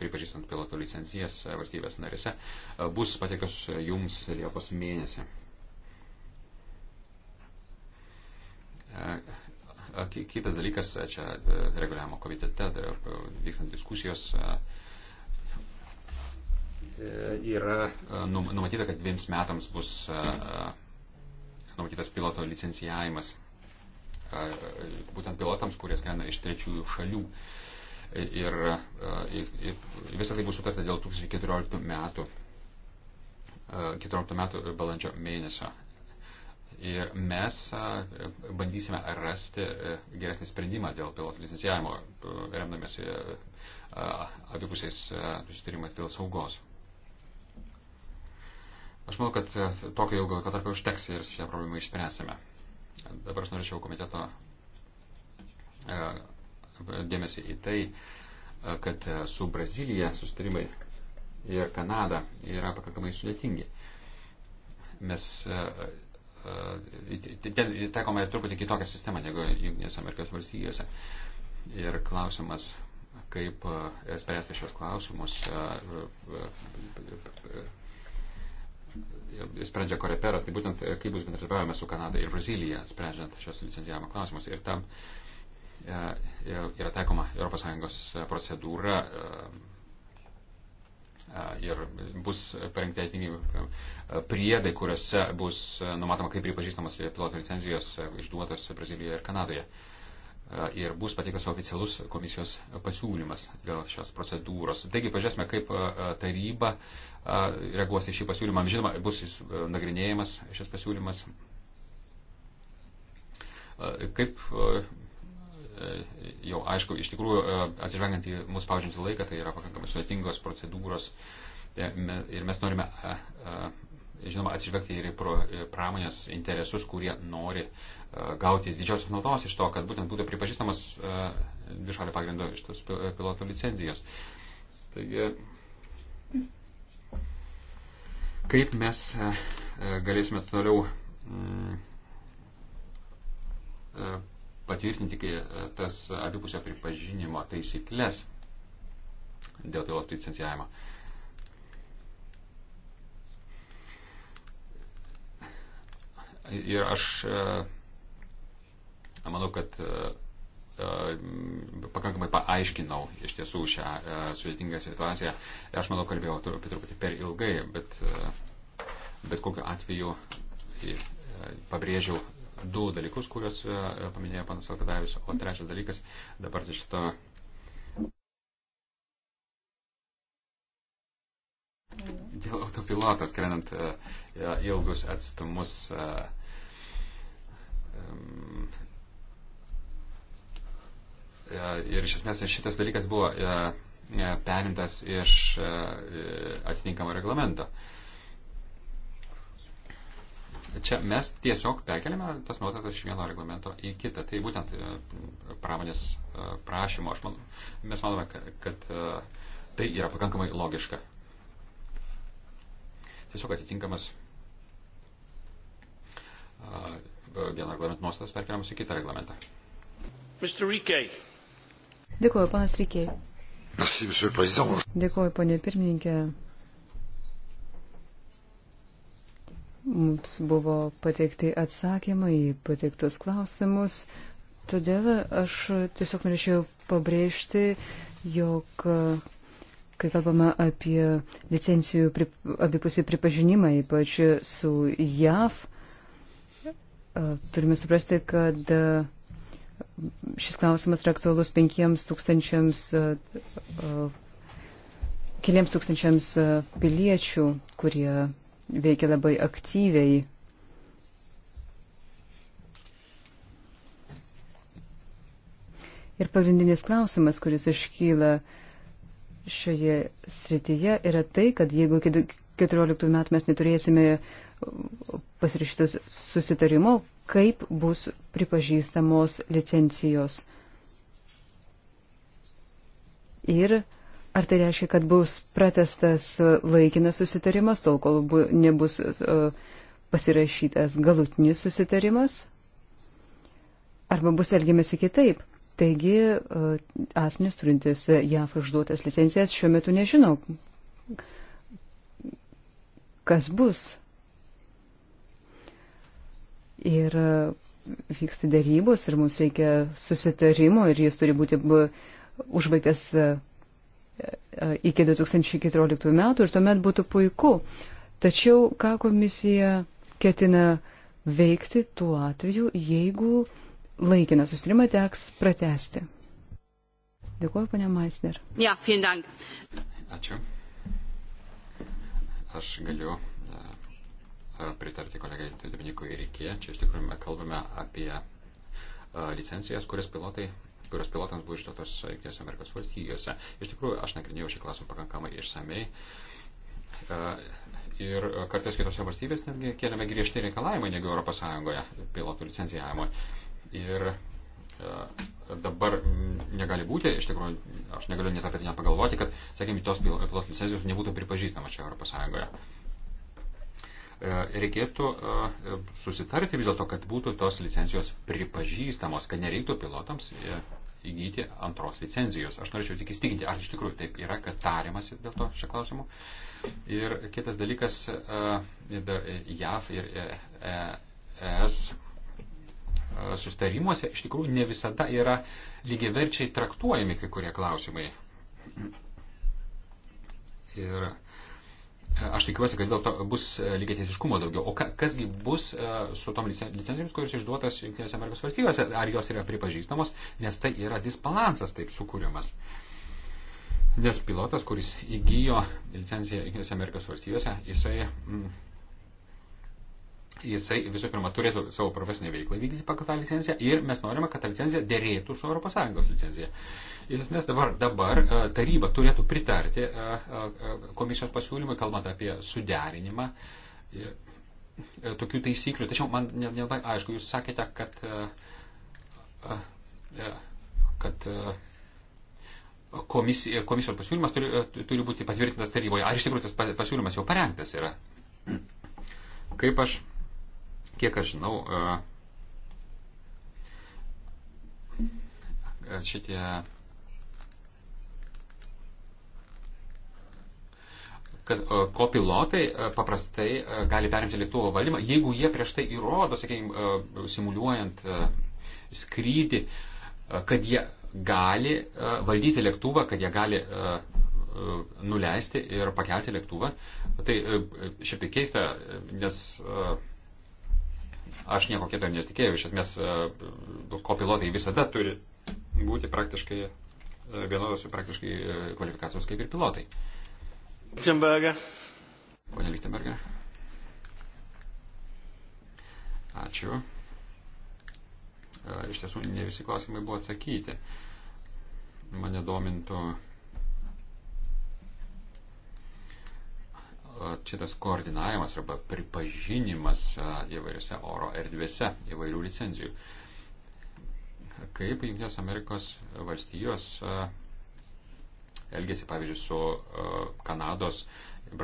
S3: pripažįstant pilotų licencijas valstybės narėse, bus patektos jums Liepos mėnesį. Kitas dalykas, čia e, reguliavimo komitete vykstant diskusijos e, yra e, numatyta, kad dviems metams bus numatytas piloto licencijavimas būtent pilotams, kurie skrenda iš trečiųjų šalių. Ir, ir, ir visą tai bus sutarta dėl 2014 metų, 14 metų balandžio mėnesio. Ir mes bandysime rasti geresnį sprendimą dėl pilotų licencijavimo, remdamėsi abipusiais susitarimais dėl saugos. Aš manau, kad tokio ilgo laiko tarp užteks ir šią problemą išspręsime. Dabar aš norėčiau komiteto e, dėmesį į tai, e, kad e, su Brazilija sustarimai ir Kanada yra pakankamai sudėtingi. Mes ten taikoma truputį kitokią sistemą negu Junktinės Amerikos valstijose. Ir klausimas, kaip spręsti šios klausimus, sprendžia koreperas, tai būtent e, kaip bus bendradarbiavime su Kanada ir Brazilija, sprendžiant šios licenzijavimo klausimus. Ir tam e, e, yra taikoma ES procedūra ir bus parengti atitinkami priedai, kuriuose bus numatoma, kaip pripažįstamas piloto licenzijos išduotos Brazilijoje ir Kanadoje. Ir bus pateiktas oficialus komisijos pasiūlymas dėl šios procedūros. Taigi pažiūrėsime, kaip taryba uh, reaguos į šį pasiūlymą. Žinoma, bus jis e, nagrinėjimas šis pasiūlymas. Kaip e, e, jau aišku, iš tikrųjų, atsižvelgiant į mūsų spaudžiantį laiką, tai yra pakankamai sudėtingos procedūros ir mes norime, žinoma, atsižvelgti ir į pramonės interesus, kurie nori gauti didžiausios naudos iš to, kad būtent būtų pripažįstamas dvišalio pagrindo iš tos piloto licenzijos. Taigi, kaip mes e, e, galėsime toliau mm, e, patvirtinti tas abipusio pripažinimo taisyklės dėl pilotų licencijavimo. Ir aš manau, kad E, pakankamai paaiškinau iš tiesų šią e, sudėtingą situaciją. Aš manau, kalbėjau apie truputį per ilgai, bet, e, bet kokiu atveju pabrėžiau du dalykus, kuriuos paminėjo panas Alkadavis, o trečias dalykas dabar tai šito. Dėl autopiloto skrendant ilgus atstumus E, ir iš esmės šitas dalykas buvo e, e, perimtas iš atitinkamo reglamento. Čia mes tiesiog perkeliame tas nuotraukas iš vieno reglamento į kitą. Tai būtent pramonės prašymo, aš manau, mes manome, kad, kad tai yra pakankamai logiška. Tiesiog atitinkamas vieno reglamento nuostatas perkeliamas į kitą reglamentą. Mr. Rike.
S1: Dėkuoju, panas Rykėjai.
S3: Dėkuoju,
S1: ponė pirmininkė. Mums buvo pateikti atsakymai į pateiktus klausimus, todėl aš tiesiog norėčiau pabrėžti, jog kai kalbama apie licencijų pri, abipusį pripažinimą, ypač su JAV, turime suprasti, kad šis klausimas yra aktualus penkiems tūkstančiams, e, e, keliams tūkstančiams e, piliečių, kurie veikia labai aktyviai. Ir pagrindinis klausimas, kuris iškyla šioje srityje, yra tai, kad jeigu 14 metų mes neturėsime pasirašytos susitarimo, kaip bus pripažįstamos licencijos. Ir ar tai reiškia, kad bus pratestas laikinas susitarimas, tol kol bu, nebus uh, pasirašytas galutinis susitarimas, arba bus elgiamasi kitaip. Taigi uh, asmenys turintis JAF išduotas licencijas šiuo metu nežino, kas bus Ir e, vyksta dėrybos ir mums reikia susitarimo ir jis turi būti užbaigtas e, e, iki 2014 metų ir tuomet būtų puiku. Tačiau ką komisija ketina veikti tuo atveju, jeigu laikiną sustarimą teks pratesti? Dėkuoju, ponia Maisner.
S3: Ja, Ačiū. Aš galiu E, pritarti kolegai Dominikui Reikė. Čia iš tikrųjų kalbame apie e, licencijas, kurias pilotai kurios pilotams buvo išduotos Junktinėse Amerikos valstijose. Iš tikrųjų, aš nagrinėjau šį klausimą pakankamai išsamei. E, ir kartais kitose valstybės netgi keliame griežti reikalavimai negu ES pilotų licencijavimo. Ir dabar negali būti, iš tikrųjų, aš negaliu net apie tai nepagalvoti, kad, sakykime, tos pilotų licencijos nebūtų pripažįstamos čia ES. E, reikėtų e, susitarti vis dėlto, kad būtų tos licencijos pripažįstamos, kad nereiktų pilotams e, įgyti antros licencijos. Aš norėčiau tik įstikinti, ar iš tikrųjų taip yra, kad tariamas dėl to šio klausimu. Ir kitas dalykas, JAV ir ES sustarimuose iš tikrųjų ne visada yra lygiaverčiai traktuojami kai kurie klausimai. Ir aš tikiuosi, kad dėl to bus e, lygiai teisiškumo daugiau. O ka, kasgi bus e, su tom licencijomis, kurios išduotas Junktinėse Amerikos valstybėse, ar jos yra pripažįstamos, nes tai yra disbalansas taip sukūriamas. Nes pilotas, kuris įgyjo licenciją Junktinėse Amerikos valstybėse, jisai. Mm, jisai visų pirma turėtų savo profesinę veiklą vykdyti pagal tą licenciją ir mes norime, kad ta licencija dėrėtų su ES licencija. Iš esmės dabar, dabar e, taryba turėtų pritarti e, e, komisijos pasiūlymui, kalbant apie suderinimą tokių taisyklių. Tačiau man nelabai aišku, jūs sakėte, kad, kad komisijos, komisijos pasiūlymas turi, turi būti patvirtintas taryboje. Ar iš tikrųjų tas pasiūlymas jau parengtas yra? Kaip aš Kiek aš žinau, e, e, šitie. kad e, kopilotai paprastai gali perimti lėktuvo valdymą, jeigu jie prieš tai įrodo, sakykime, simuliuojant skrydį, kad jie gali valdyti lėktuvą, kad jie gali nuleisti ir pakelti lėktuvą. Tai šiaip tai keista, nes Aš nieko kito nesitikėjau. Iš esmės, e, kopilotai visada turi būti praktiškai e, vienodos praktiškai e, kvalifikacijos kaip ir pilotai. Lichtenberger. Pone Lichtenberger. Ačiū. Iš tiesų, ne visi klausimai buvo atsakyti. Mane domintų čia tas koordinavimas arba pripažinimas įvairiose oro erdvėse įvairių licenzijų. Kaip Junktinės Amerikos valstijos elgėsi, pavyzdžiui, su Kanados,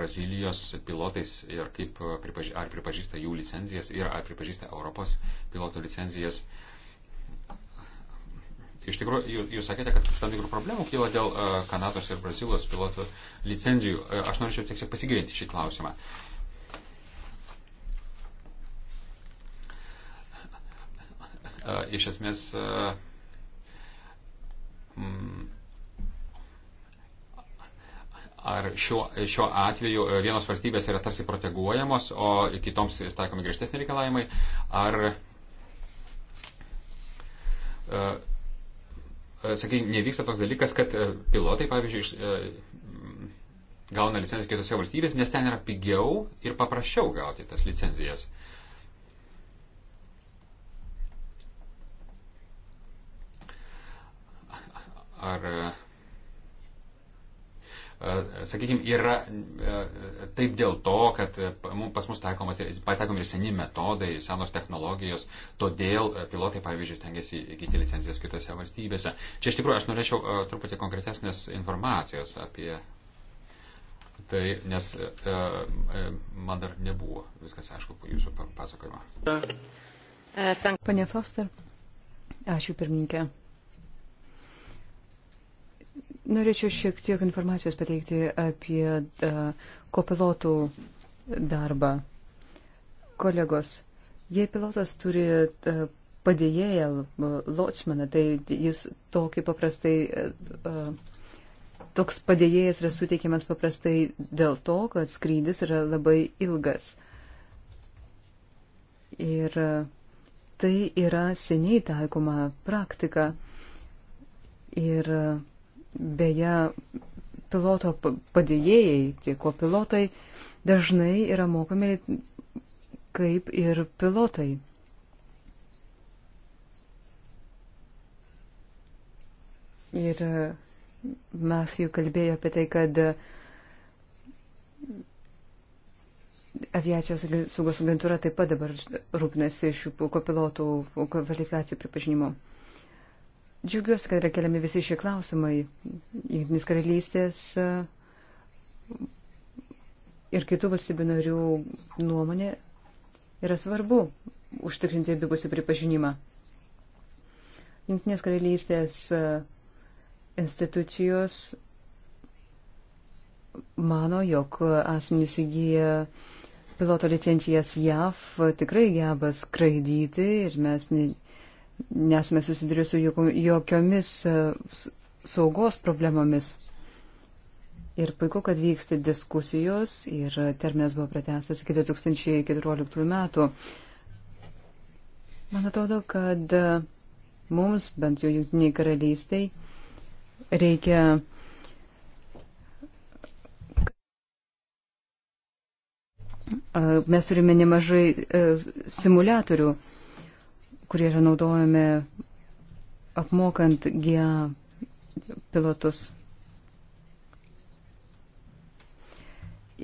S3: Brazilijos pilotais ir kaip, ar pripažįsta jų licenzijas ir ar pripažįsta Europos pilotų licenzijas. Uh, Iš tikrųjų, jūs, jūs sakėte, kad tam tikrų problemų kyla dėl uh, Kanados ir Brazilos pilotų licenzijų. Uh, e, aš norėčiau tiek pasigilinti šį klausimą. Uh, iš esmės. Uh, mm, ar šiuo, šiuo atveju vienos valstybės yra tarsi proteguojamos, o kitoms taikomi griežtesni reikalavimai, ar E, sakykime, nevyksta toks dalykas, kad e, pilotai, pavyzdžiui, iš, e, gauna licencijas kitose valstybėse, nes ten yra pigiau ir paprasčiau gauti tas licencijas. Ar sakykime, yra taip dėl to, kad e, pas mus taikomas, pataikom ir seni metodai, senos technologijos, todėl e, pilotai, pavyzdžiui, stengiasi įgyti licencijas kitose valstybėse. Čia iš tikrųjų aš norėčiau e, truputį konkretesnės informacijos apie tai, nes man dar nebuvo viskas aišku po jūsų pasakojimo.
S1: Pane Foster, ačiū pirmininkė. Norėčiau šiek tiek informacijos pateikti apie uh, kopilotų darbą. Kolegos, jei pilotas turi uh, padėjėją uh, lotsmaną, tai jis tokį paprastai, uh, toks padėjėjas yra suteikiamas paprastai dėl to, kad skrydis yra labai ilgas. Ir uh, tai yra seniai taikoma praktika. Ir uh, Beje, piloto padėjėjai, tie ko pilotai, dažnai yra mokomi kaip ir pilotai. Ir e, mes jau kalbėjome apie tai, kad e, aviacijos saugos agentūra taip pat dabar rūpinasi šių kopilotų kvalifikacijų pripažinimu. Džiugiuosi, kad yra keliami visi šie klausimai. Jungtinės karalystės e, ir kitų valstybių narių nuomonė yra svarbu užtikrinti abipusį pripažinimą. Jungtinės karalystės e, institucijos mano, jog asmenys įgyja piloto licencijas JAV tikrai geba skraidyti ir mes nesame susidurę su jokiomis e, saugos problemomis. Ir puiku, kad vyksta diskusijos ir terminas buvo pratęstas iki 2014 metų. Man atrodo, kad mums, bent jau jungtiniai karalystiai, reikia mes turime nemažai e, simuliatorių kurie yra naudojami apmokant GIA pilotus.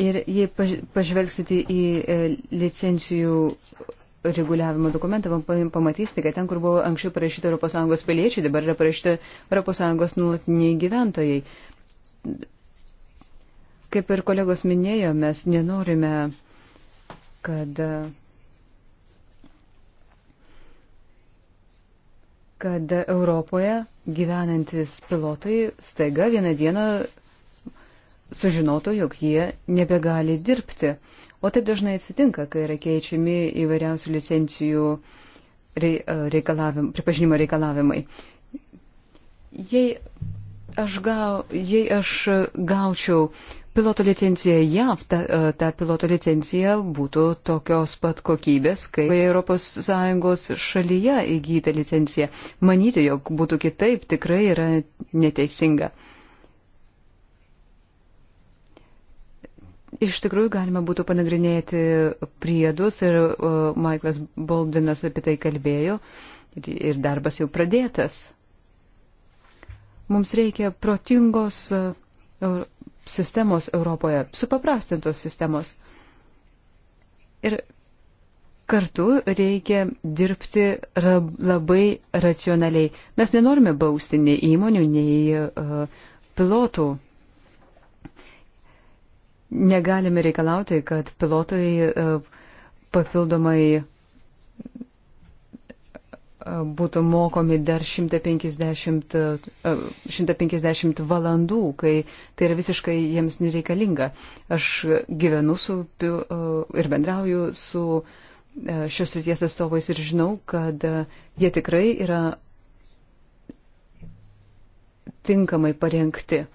S1: Ir jei pažvelgsite į e, licencijų reguliavimo dokumentą, pamatysite, kad ten, kur buvo anksčiau parašyta ES piliečiai, dabar yra parašyta ES nulatiniai gyventojai. Kaip ir kolegos minėjo, mes nenorime, kad kad Europoje gyvenantis pilotai staiga vieną dieną sužinotų, jog jie nebegali dirbti. O taip dažnai atsitinka, kai yra keičiami įvairiausių licencijų reikalavim, pripažinimo reikalavimai. Jei aš gau, jei aš gaučiau piloto licenciją JAV, ta, e, ta piloto licencija būtų tokios pat kokybės, kaip ES šalyje įgyta licencija. Manyti, jog būtų kitaip, tikrai yra neteisinga. Iš tikrųjų, galima būtų panagrinėti priedus ir uh, Michaelas Boldinas apie tai kalbėjo ir, ir darbas jau pradėtas. Mums reikia protingos e, sistemos Europoje, supaprastintos sistemos. Ir kartu reikia dirbti labai racionaliai. Mes nenorime bausti nei įmonių, nei uh, pilotų. Negalime reikalauti, kad pilotai uh, papildomai būtų mokomi dar 150, 150 e, valandų, kai tai yra visiškai jiems nereikalinga. Aš gyvenu su e, ir bendrauju su e, šios ryties atstovais ir žinau, kad jie tikrai yra tinkamai parengti.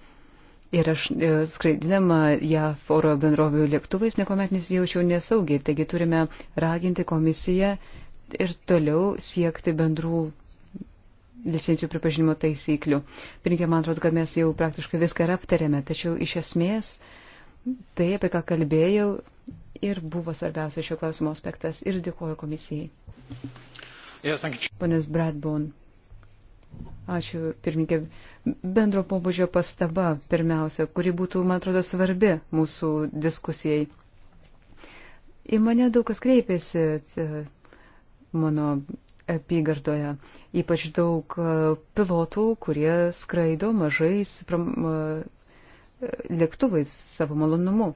S1: Ir aš skraidinama JAF oro bendrovių lėktuvais niekuomet nesijaučiau nesaugiai, taigi turime raginti komisiją ir toliau siekti bendrų licencijų pripažinimo taisyklių. Pirinkė, man atrodo, kad mes jau praktiškai viską ir aptarėme, tačiau iš esmės tai, apie ką kalbėjau, ir buvo svarbiausias šio klausimo aspektas ir dėkoju komisijai. Yes, Ponas Bradbone. Ačiū, pirmininkė. Bendro pobūdžio pastaba pirmiausia, kuri būtų, man atrodo, svarbi mūsų diskusijai. Į mane daug kas kreipėsi mano apygardoje. Ypač daug e, pilotų, kurie skraido mažais e, lėktuvais savo malonumu.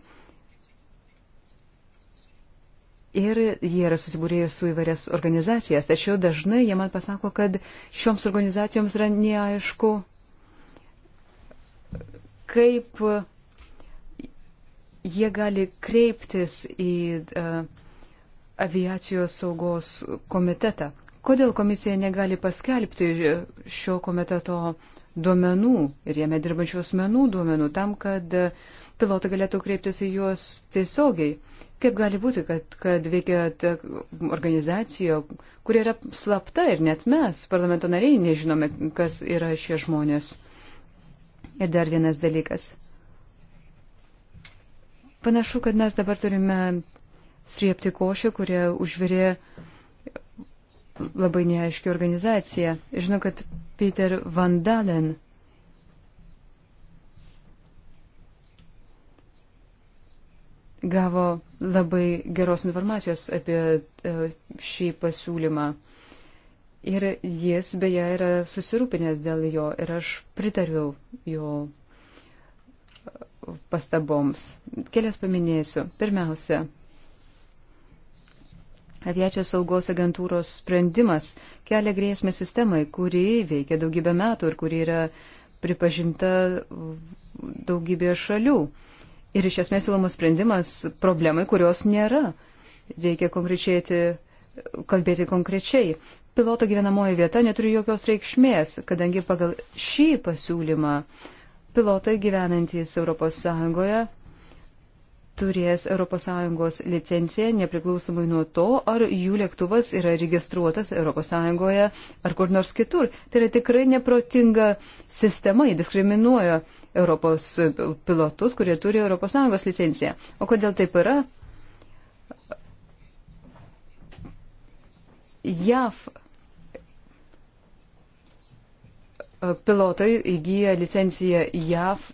S1: Ir jie yra susibūrėję su įvairias organizacijas, tačiau dažnai jie man pasako, kad šioms organizacijoms yra neaišku, kaip jie gali kreiptis į uh, aviacijos saugos komitetą. Kodėl komisija negali paskelbti šio komiteto duomenų ir jame dirbančių asmenų duomenų tam, kad pilotai galėtų kreiptis į juos tiesiogiai? Kaip gali būti, kad, kad veikia organizacija, kuri yra slapta ir net mes, parlamento nariai, nežinome, kas yra šie žmonės? Ir dar vienas dalykas. Panašu, kad mes dabar turime sriepti košę, kurie užvirė labai neaiški organizacija. Žinau, kad Peter Van Dalen gavo labai geros informacijos apie e, šį pasiūlymą. Ir jis beje yra susirūpinęs dėl jo ir aš pritariu jo pastaboms. Kelias paminėsiu. Pirmiausia, aviacijos saugos agentūros sprendimas kelia grėsmę sistemai, kuri veikia daugybę metų ir kuri yra pripažinta daugybė šalių. Ir iš esmės siūlomas sprendimas problemai, kurios nėra. Reikia konkrečiai, kalbėti konkrečiai. Piloto gyvenamoji vieta neturi jokios reikšmės, kadangi pagal šį pasiūlymą pilotai gyvenantys ES turės ES licenciją nepriklausomai nuo to, ar jų lėktuvas yra registruotas ES ar kur nors kitur. Tai yra tikrai neprotinga sistema, ji diskriminuoja Europos pilotus, kurie turi ES licenciją. O kodėl taip yra? JAV pilotai įgyja licenciją JAV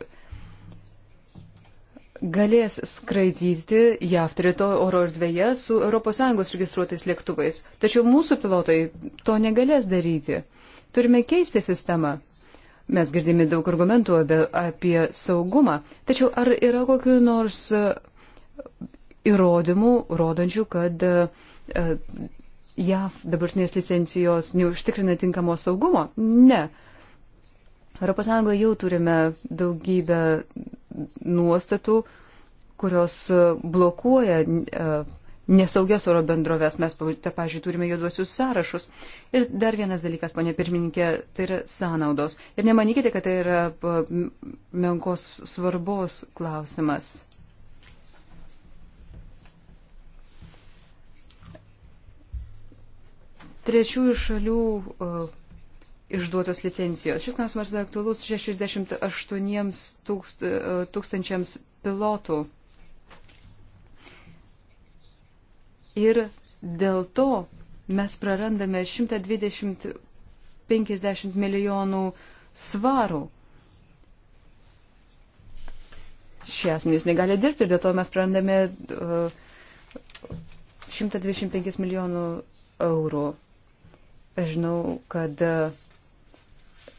S1: galės skraidyti JAV teritorijoje oro erdvėje su ES registruotais lėktuvais. Tačiau mūsų pilotai to negalės daryti. Turime keisti sistemą. Mes girdime daug argumentų apie, apie saugumą. Tačiau ar yra kokiu nors e, įrodymų, rodančių, kad e, e, JAV dabartinės licencijos neužtikrina tinkamo saugumo? Ne. ES jau turime daugybę nuostatų, kurios e, blokuoja e, nesaugios oro bendrovės. Mes, ta, pažiūrėjau, turime juoduosius sąrašus. Ir dar vienas dalykas, ponė pirmininkė, tai yra sąnaudos. Ir nemanykite, kad tai yra menkos svarbos klausimas. Trečiųjų šalių uh, išduotos licencijos. Šis klausimas yra aktualus 68 tūkst, e, tūkstančiams pilotų. Ir dėl to mes prarandame 120-50 milijonų svarų. Šie asmenys negali dirbti ir dėl to mes prarandame uh, e, 125 milijonų eurų. Aš žinau, kad uh,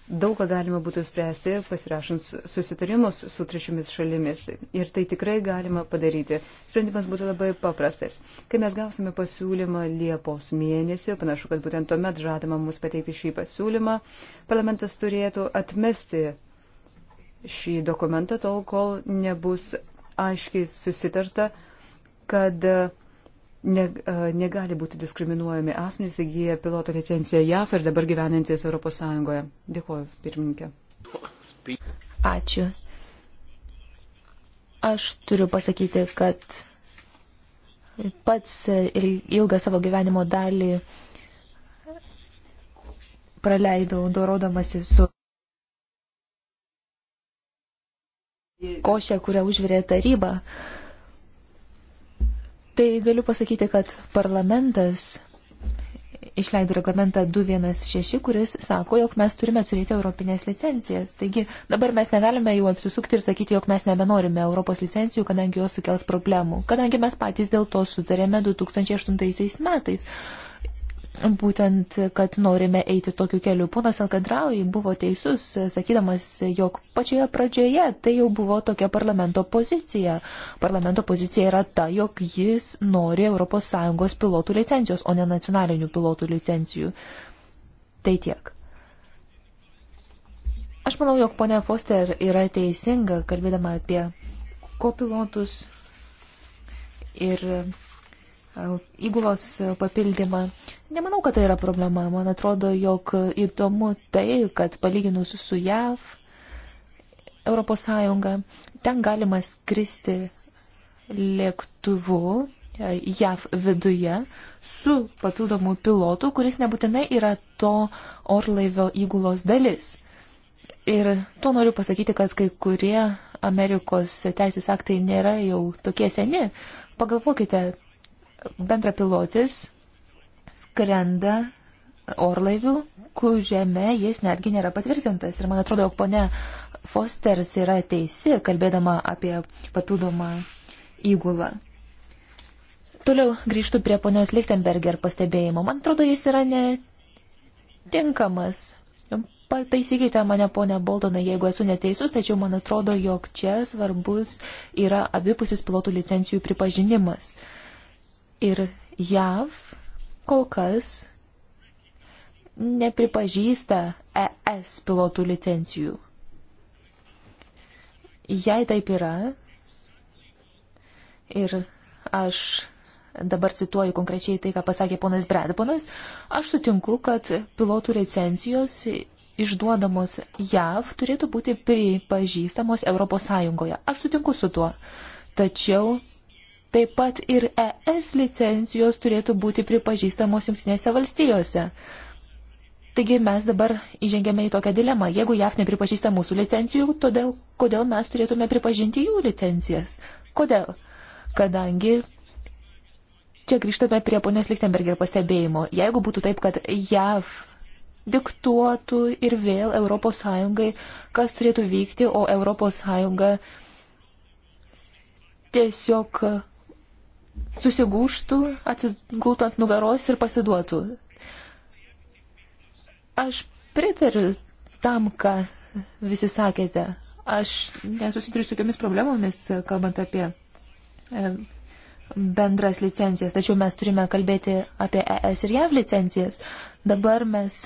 S1: daug ką galima būtų spręsti pasirašant susitarimus su trečiomis šalimis. Ir tai tikrai galima padaryti. Sprendimas būtų labai paprastas. Kai mes gausime pasiūlymą Liepos mėnesį, panašu, kad būtent tuomet žadama mums pateikti šį pasiūlymą, parlamentas turėtų atmesti šį dokumentą tol, kol nebus aiškiai susitarta, kad ne, negali būti diskriminuojami asmenys įgyję piloto licenciją JAF ir dabar gyvenantis ES. Dėkuoju, pirmininkė. Ačiū. Aš turiu pasakyti, kad pats
S2: ilgą savo gyvenimo dalį praleidau dorodamasi su košė, kurią užvirė taryba. Uh, tai galiu pasakyti, kad parlamentas išleido reglamentą 216, kuris sako, jog mes turime turėti europinės licencijas. Taigi dabar mes negalime jau apsisukti ir sakyti, jog mes nebenorime Europos licencijų, kadangi jos sukels problemų. Kadangi mes patys dėl to sutarėme 2008 metais būtent, kad norime eiti tokiu keliu. Ponas Alkadraui buvo teisus, sakydamas, jog pačioje pradžioje tai jau buvo tokia parlamento pozicija. Parlamento pozicija yra ta, jog jis nori ES pilotų licencijos, o ne nacionalinių pilotų licencijų. Tai tiek. Aš manau, jog ponia Foster yra teisinga, kalbėdama apie kopilotus ir įgulos papildymą. Nemanau, kad tai yra problema. Man atrodo, jog įdomu tai, kad palyginus su JAV, ES, ten galima skristi lėktuvu e, JAV viduje su papildomu pilotu, kuris nebūtinai yra to orlaivio įgulos dalis. Ir tuo noriu pasakyti, kad kai kurie Amerikos teisės aktai nėra jau tokie seni. Pagalvokite, bendrapilotis skrenda orlaivių, kuriame jis netgi nėra patvirtintas. Ir man atrodo, jog ponia Fosters yra teisi, kalbėdama apie papildomą įgulą. Toliau grįžtu prie ponios Lichtenberger pastebėjimo. Man atrodo, jis yra netinkamas. Pataisykite mane, ponia Boldonai, jeigu esu neteisus, tačiau man atrodo, jog čia svarbus yra abipusis pilotų licencijų pripažinimas. Uh, ir JAV kol kas nepripažįsta ES pilotų licencijų. Jei taip yra, ir aš dabar cituoju konkrečiai tai, ką pasakė ponas Bredponas, aš sutinku, kad pilotų licencijos išduodamos JAV turėtų būti pripažįstamos ES. Aš sutinku su tuo. Tačiau Taip pat ir ES licencijos turėtų būti pripažįstamos jungtinėse valstijose. Taigi mes dabar įžengėme į tokią dilemą. Jeigu JAF nepripažįsta mūsų licencijų, todėl kodėl mes turėtume pripažinti jų licencijas? Kodėl? Kadangi čia grįžtame prie ponios Lichtenberger pastebėjimo. Jeigu būtų taip, kad JAV diktuotų ir vėl ES, kas turėtų vykti, o ES tiesiog susigūštų, atsigultų ant nugaros ir pasiduotų. Aš pritariu tam, ką visi sakėte. Aš nesusiduriu su tokiamis problemomis, kalbant apie e, bendras licencijas, tačiau mes turime kalbėti apie ES ir JAV licencijas. Dabar mes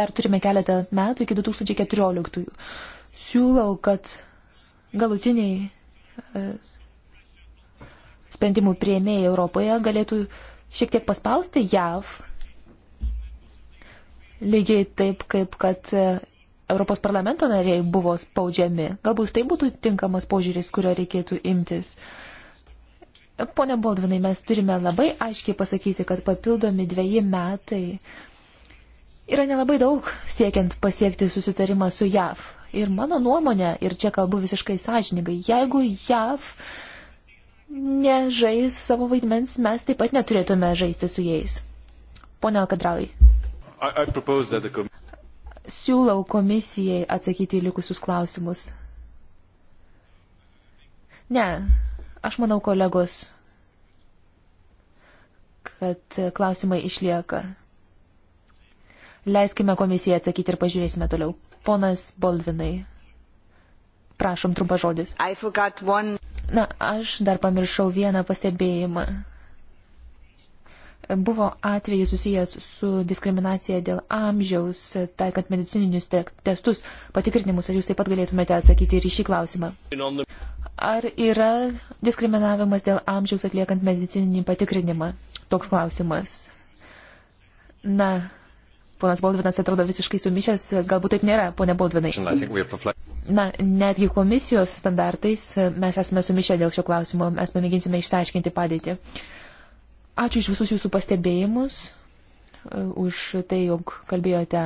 S2: dar turime keletą metų iki 2014. Siūlau, kad galutiniai e, sprendimų prieimėjai Europoje galėtų šiek tiek paspausti JAV, lygiai taip, kaip kad e, Europos parlamento nariai buvo spaudžiami. Galbūt tai būtų tinkamas požiūris, kurio reikėtų imtis. Pone Boldvinai, mes turime labai aiškiai pasakyti, kad papildomi dviejai metai yra nelabai daug siekiant pasiekti susitarimą su JAV. Ir mano nuomonė, ir čia kalbu visiškai sąžiningai, jeigu JAV uh, nežais savo vaidmens, mes taip pat neturėtume žaisti su jais. Pone Alkadraui. Siūlau komisijai atsakyti į likusius klausimus. Ne, aš manau, kolegos, kad klausimai išlieka. Leiskime komisijai atsakyti ir pažiūrėsime toliau. Ponas Boldvinai, prašom trumpa žodis. One... Na, aš dar pamiršau vieną pastebėjimą. Buvo atvejai susijęs su diskriminacija dėl amžiaus, taikant medicininius te testus, patikrinimus. Ar jūs taip pat galėtumėte atsakyti ir į šį klausimą? Ar yra diskriminavimas dėl amžiaus atliekant medicininį patikrinimą? Toks klausimas. Na, ponas Baldvinas atrodo visiškai sumišęs, galbūt taip nėra, ponė Baldvinai. Na, netgi komisijos standartais e, mes esame sumišę dėl šio klausimo, mes pamėginsime išsiaiškinti padėtį. Ačiū iš visus jūsų pastebėjimus, e, už tai, jog kalbėjote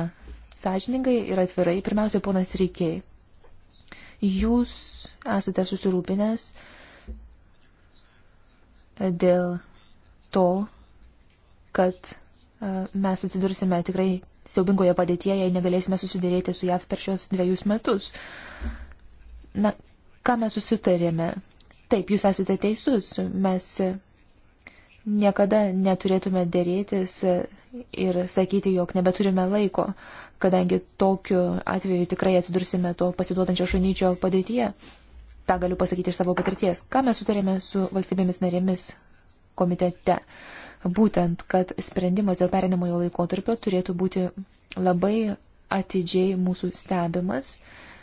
S2: sąžiningai ir atvirai. Pirmiausia, ponas Reikiai, jūs esate susirūpinęs dėl to, kad e, mes atsidursime tikrai siaubingoje padėtyje, jei negalėsime susidėrėti su JAV per šios dviejus metus. Uh, Na, ką mes susitarėme? Taip, jūs esate teisus, mes niekada neturėtume dėrėtis ir sakyti, jog nebeturime laiko, kadangi tokiu atveju tikrai atsidursime to pasiduodančio šunyčio padėtyje. Ta galiu pasakyti iš savo patirties. Ką mes sutarėme su valstybėmis narėmis komitete? Būtent, kad sprendimas dėl perinamojo laikotarpio turėtų būti labai atidžiai mūsų stebimas, uh,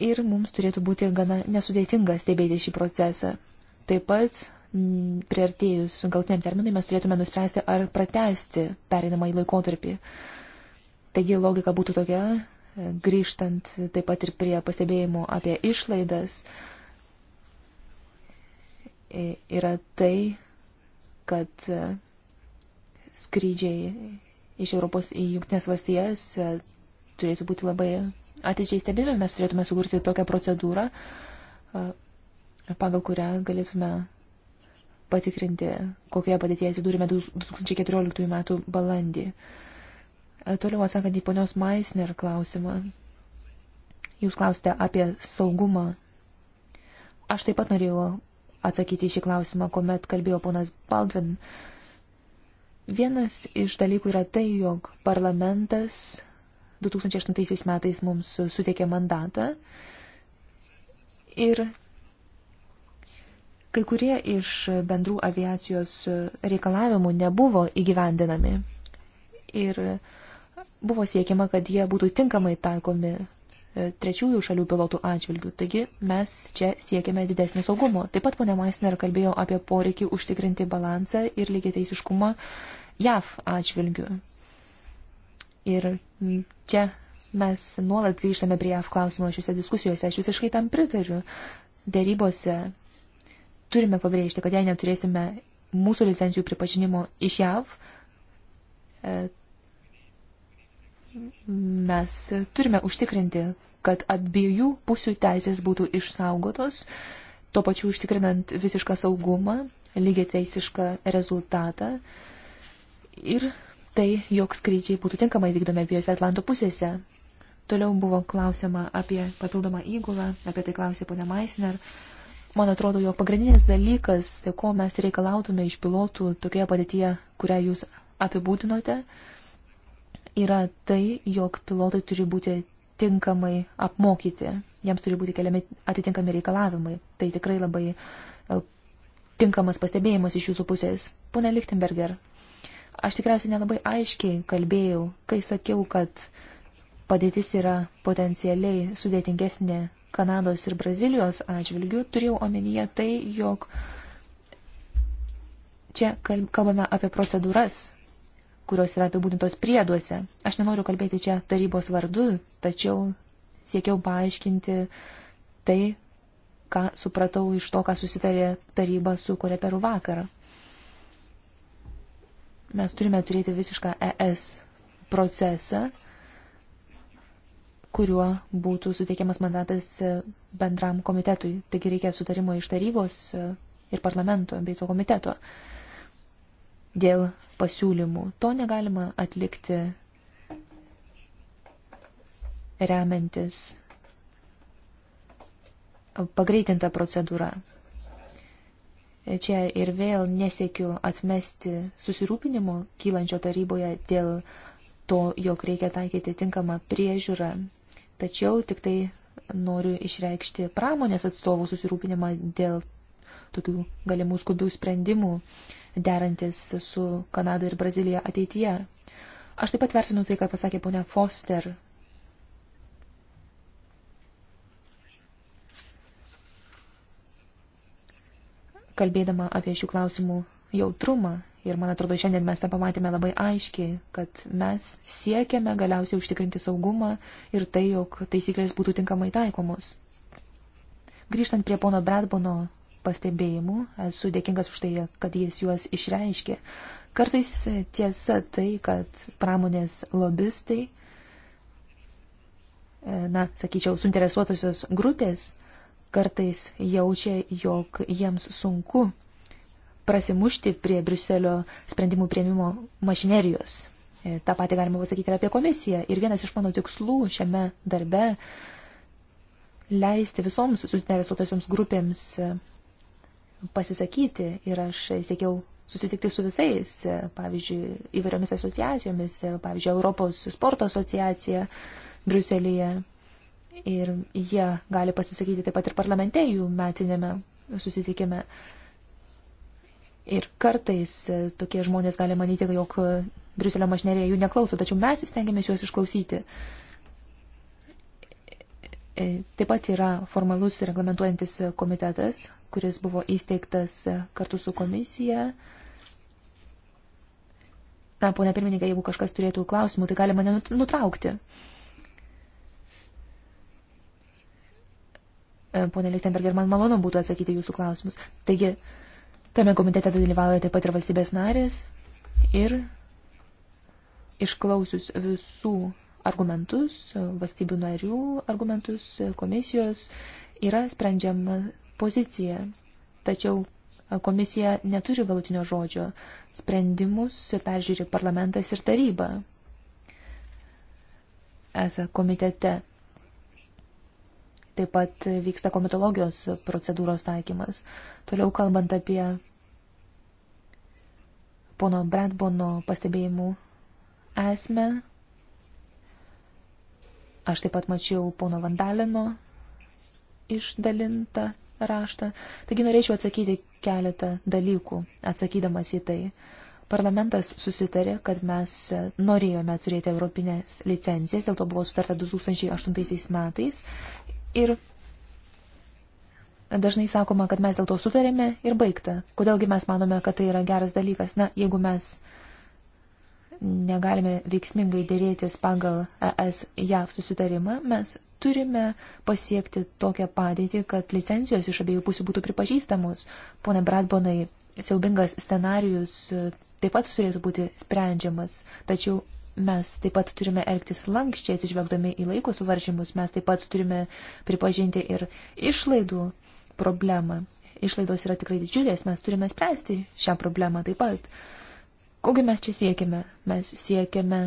S2: ir mums turėtų būti gana nesudėtinga stebėti šį procesą. Taip pat, priartėjus galtiniam terminui, mes turėtume nuspręsti, ar pratesti pereinamąjį laikotarpį. Taigi logika būtų tokia, grįžtant taip pat ir prie pastebėjimų apie išlaidas, yra tai, kad e, skrydžiai iš Europos į Junktinės valstijas e, turėtų būti labai atidžiai stebėme, mes turėtume sukurti tokią procedūrą, e, pagal kurią galėtume patikrinti, kokioje padėtyje atsidūrėme 2014 m. balandį. E, toliau atsakant į ponios Maisner klausimą. Jūs klausite apie saugumą. Aš taip pat norėjau atsakyti į šį klausimą, kuomet kalbėjo ponas Baldvin. Vienas iš dalykų yra tai, jog parlamentas 2008 metais mums suteikė mandatą ir kai kurie iš bendrų aviacijos reikalavimų nebuvo įgyvendinami ir buvo siekiama, kad jie būtų tinkamai taikomi e, trečiųjų šalių pilotų atžvilgių. Taigi mes čia siekiame didesnio saugumo. Taip pat ponia Maisner kalbėjo apie poreikį užtikrinti balansą ir lygiateisiškumą JAV atžvilgių. Ir čia mes nuolat grįžtame prie JAV klausimo šiuose diskusijuose. Aš visiškai tam pritariu. Dėrybose turime pabrėžti, kad jei neturėsime mūsų licencijų pripažinimo iš JAV, e, mes turime užtikrinti, kad abiejų pusių teisės būtų išsaugotos, tuo pačiu užtikrinant visišką saugumą, lygiai teisišką rezultatą ir tai, jog skrydžiai būtų tinkamai vykdomi abiejose Atlanto pusėse. Toliau buvo klausima apie papildomą įgulą, apie tai klausė ponia Maisner. Man atrodo, jog pagrindinis dalykas, ko mes reikalautume iš pilotų tokioje padėtyje, kurią jūs apibūdinote, yra tai, jog pilotai turi būti tinkamai apmokyti, jiems turi būti keliami atitinkami reikalavimai. Tai tikrai labai e, tinkamas pastebėjimas iš jūsų pusės. Pone Lichtenberger, Aš tikriausiai nelabai aiškiai kalbėjau, kai sakiau, kad padėtis yra potencialiai sudėtingesnė Kanados ir Brazilijos atžvilgių, turėjau omenyje tai, jog čia kalbame apie procedūras, kurios yra apibūdintos prieduose. Aš nenoriu kalbėti čia tarybos vardu, tačiau siekiau paaiškinti tai, ką supratau iš to, ką susitarė taryba su Koreperu vakarą. Mes turime turėti visišką ES procesą, kuriuo būtų suteikiamas mandatas bendram komitetui. Taigi reikia sutarimo iš tarybos ir parlamento bei to komiteto dėl pasiūlymų. To negalima atlikti remiantis pagreitinta procedūra čia ir vėl nesiekiu atmesti susirūpinimo kylančio taryboje dėl to, jog reikia taikyti tinkamą priežiūrą. Tačiau tik tai noriu išreikšti pramonės atstovų susirūpinimą dėl tokių galimų skubių sprendimų derantis su Kanada ir Brazilija ateityje. Aš taip pat vertinu tai, ką pasakė ponia Foster kalbėdama apie šių klausimų jautrumą. Ir man atrodo, šiandien mes tą pamatėme labai aiškiai, kad mes siekiame galiausiai užtikrinti saugumą ir tai, jog taisyklės būtų tinkamai taikomos. Grįžtant prie pono Bradbono pastebėjimų, esu dėkingas už tai, kad jis juos išreiškė. Kartais tiesa tai, kad pramonės lobistai, e, na, sakyčiau, suinteresuotosios grupės kartais jaučia, jog jiems sunku prasimušti prie Briuselio sprendimų prieimimo mašinerijos. E, Ta pati galima pasakyti ir apie komisiją. Ir vienas iš mano tikslų šiame darbe leisti visoms suinteresuotosioms grupėms e, pasisakyti. Ir aš siekiau susitikti su visais, e, pavyzdžiui, įvairiomis asociacijomis, pavyzdžiui, Europos sporto asociacija Briuselėje, ir jie gali pasisakyti taip pat ir parlamente jų metinėme susitikime. Ir kartais e, tokie žmonės gali manyti, jog e, Briuselio mašnerija jų neklauso, tačiau mes stengiamės juos išklausyti. E, taip pat yra formalus reglamentuojantis komitetas, kuris buvo įsteigtas kartu su komisija. Na, ponia pirmininkė, jeigu kažkas turėtų klausimų, tai gali mane nutraukti. Uh, E, pone Lichtenberger, man malonu būtų atsakyti jūsų klausimus. Taigi, tame komitete dalyvauja taip pat ir valstybės narės ir išklausius visų argumentus, valstybių narių argumentus, komisijos, yra sprendžiama pozicija. Tačiau komisija neturi galutinio žodžio. Sprendimus peržiūri parlamentas ir taryba. Esa komitete. Taip pat vyksta komitologijos procedūros taikymas. Toliau kalbant apie pono Bradbono pastebėjimų esmę, aš taip pat mačiau pono Vandalino išdalintą raštą. Taigi norėčiau atsakyti keletą dalykų, atsakydamas į tai. Parlamentas susitarė, kad mes norėjome turėti europinės licencijas, dėl to buvo sutarta 2008 metais Ir dažnai sakoma, kad mes dėl to sutarėme ir baigta. Kodėlgi mes manome, kad tai yra geras dalykas? Na, jeigu mes negalime veiksmingai dėrėtis pagal ES-JAV susitarimą, mes turime pasiekti tokią padėtį, kad licencijos iš abiejų pusių būtų pripažįstamos. Pone Bradbonai, siaubingas scenarius taip pat turėtų būti sprendžiamas, tačiau Mes taip pat turime elgtis lankščiai, atsižvelgdami į laiko suvaržymus, mes taip pat turime pripažinti ir išlaidų problemą. Išlaidos yra tikrai didžiulės, mes turime spręsti šią problemą taip pat. Kogi mes čia siekime? Mes siekime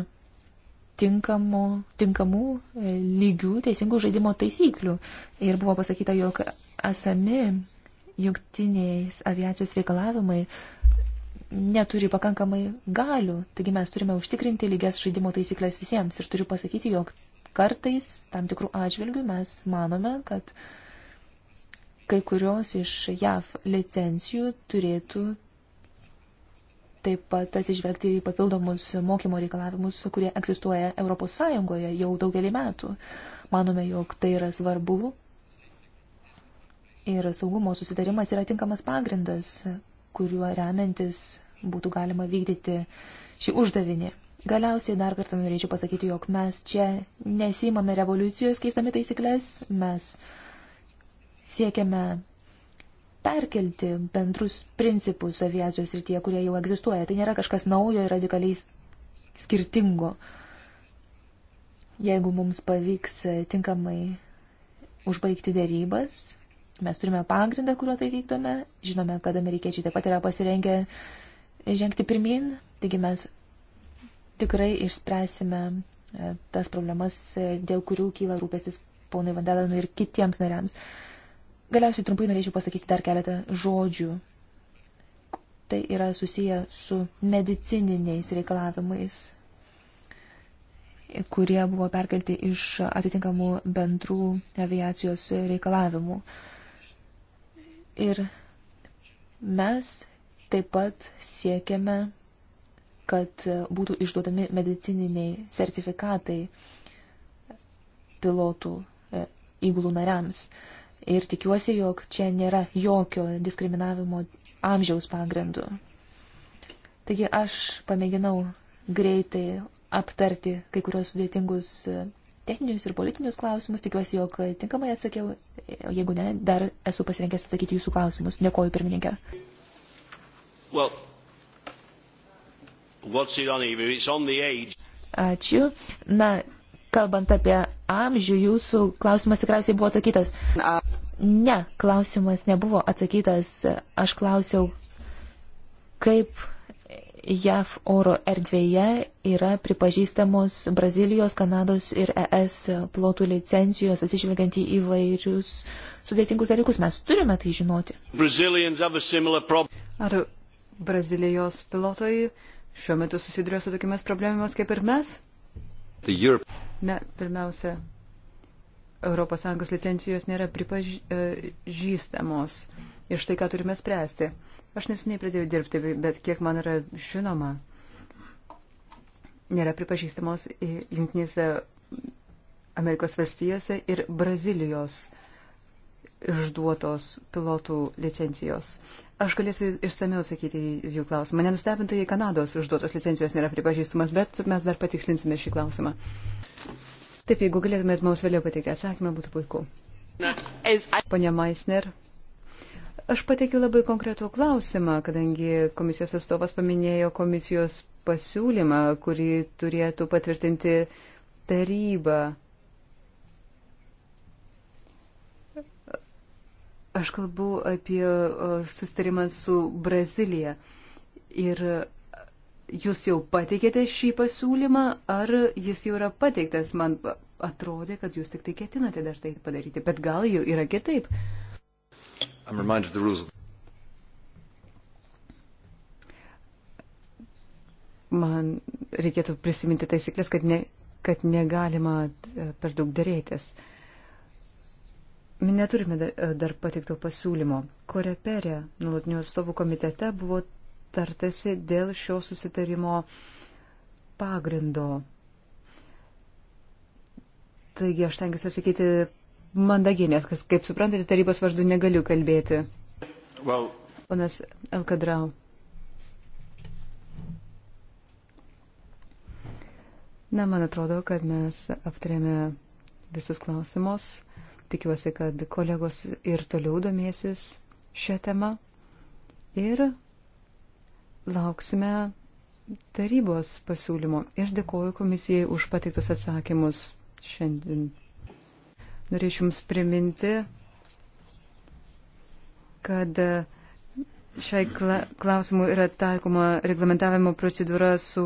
S2: tinkamų, tinkamų e, lygių teisingų žaidimo taisyklių. Ir buvo pasakyta, jog esami jungtiniais aviacijos reikalavimai neturi pakankamai galių, taigi mes turime užtikrinti lygias žaidimo taisyklės visiems. Ir turiu pasakyti, jog kartais tam tikrų atžvilgių mes manome, kad kai kurios iš JAV licencijų turėtų taip pat atsižvelgti į papildomus mokymo reikalavimus, kurie egzistuoja ES jau daugelį metų. Manome, jog tai yra svarbu ir saugumo susidarimas yra tinkamas pagrindas kuriuo remiantis būtų galima vykdyti šį uždavinį. Galiausiai dar kartą norėčiau pasakyti, jog mes čia nesimame revoliucijos keistami taisyklės, mes siekiame perkelti bendrus principus aviacijos rytyje, kurie jau egzistuoja. Tai nėra kažkas naujo ir radikaliai skirtingo. Jeigu mums pavyks tinkamai užbaigti dėrybas, Mes turime pagrindą, kuriuo tai vykdome. Žinome, kad amerikiečiai taip pat yra pasirengę žengti pirmin. Taigi mes tikrai išspręsime e, tas problemas, e, dėl kurių kyla rūpestis ponui Vandelenui ir kitiems nariams. Galiausiai trumpai norėčiau pasakyti dar keletą žodžių. Tai yra susiję su medicininiais reikalavimais, kurie buvo perkelti iš atitinkamų bendrų aviacijos reikalavimų. Uh, Ir mes taip pat siekiame, kad būtų išduodami medicininiai sertifikatai pilotų e, įgulų nariams. Ir tikiuosi, jog čia nėra jokio diskriminavimo amžiaus pagrindų. Taigi aš pamėginau greitai aptarti kai kurios sudėtingus e, techninius ir politinius klausimus. Tikiuosi, jog tinkamai atsakiau. Jeigu ne, dar esu pasirinkęs atsakyti jūsų klausimus. Dėkoju, pirmininkė. Well, Ačiū. Na, kalbant apie amžių, jūsų klausimas tikriausiai buvo atsakytas. Ne, klausimas nebuvo atsakytas. Aš klausiau, kaip JAV oro erdvėje yra pripažįstamos Brazilijos, Kanados ir ES plotų licencijos atsižvelgiant į įvairius sudėtingus dalykus. Mes turime
S1: tai žinoti. Ar Brazilijos pilotai šiuo metu susiduria su tokiamis problemėmis kaip ir mes?
S3: Ne,
S1: pirmiausia, ES licencijos nėra pripažįstamos. Iš tai, ką turime spręsti. Aš nesiniai pradėjau dirbti, bet kiek man yra žinoma, nėra pripažįstamos Junktinėse Amerikos valstijose ir Brazilijos išduotos pilotų licencijos. Aš galėsiu išsameu atsakyti jų klausimą. Mane nustebintų, jei Kanados išduotos licencijos nėra pripažįstamas, bet mes dar patikslinsime šį klausimą. Taip, jeigu galėtumėt mums vėliau pateikti atsakymą, būtų puiku. Pone Maisner. Aš pateikiu labai konkretų klausimą, kadangi komisijos atstovas paminėjo komisijos pasiūlymą, kurį turėtų patvirtinti taryba. Aš kalbu apie sustarimą su Brazilija. Ir jūs jau pateikėte šį pasiūlymą, ar jis jau yra pateiktas? Man atrodė, kad jūs tik tai ketinate dar tai padaryti, bet gal jau yra kitaip. Uh,
S3: I'm reminded of the rules.
S1: Man reikėtų prisiminti taisyklės, kad, ne, kad negalima e, per daug dėrėtis. Neturime e, dar patikto pasiūlymo. Koreperė nulatinių atstovų komitete buvo tartasi dėl šio susitarimo pagrindo. Taigi aš tengiuosi sakyti mandagiai, nes, kaip suprantate, tarybos vardu negaliu kalbėti. Well. Ponas Elkadrau. Na, man atrodo, kad mes aptarėme visus klausimus. Tikiuosi, kad kolegos ir toliau domėsis šią temą. Ir lauksime tarybos pasiūlymo. Ir dėkoju komisijai už pateiktus atsakymus šiandien. Norėčiau Jums priminti, kad šiai klausimui yra taikoma reglamentavimo procedūra su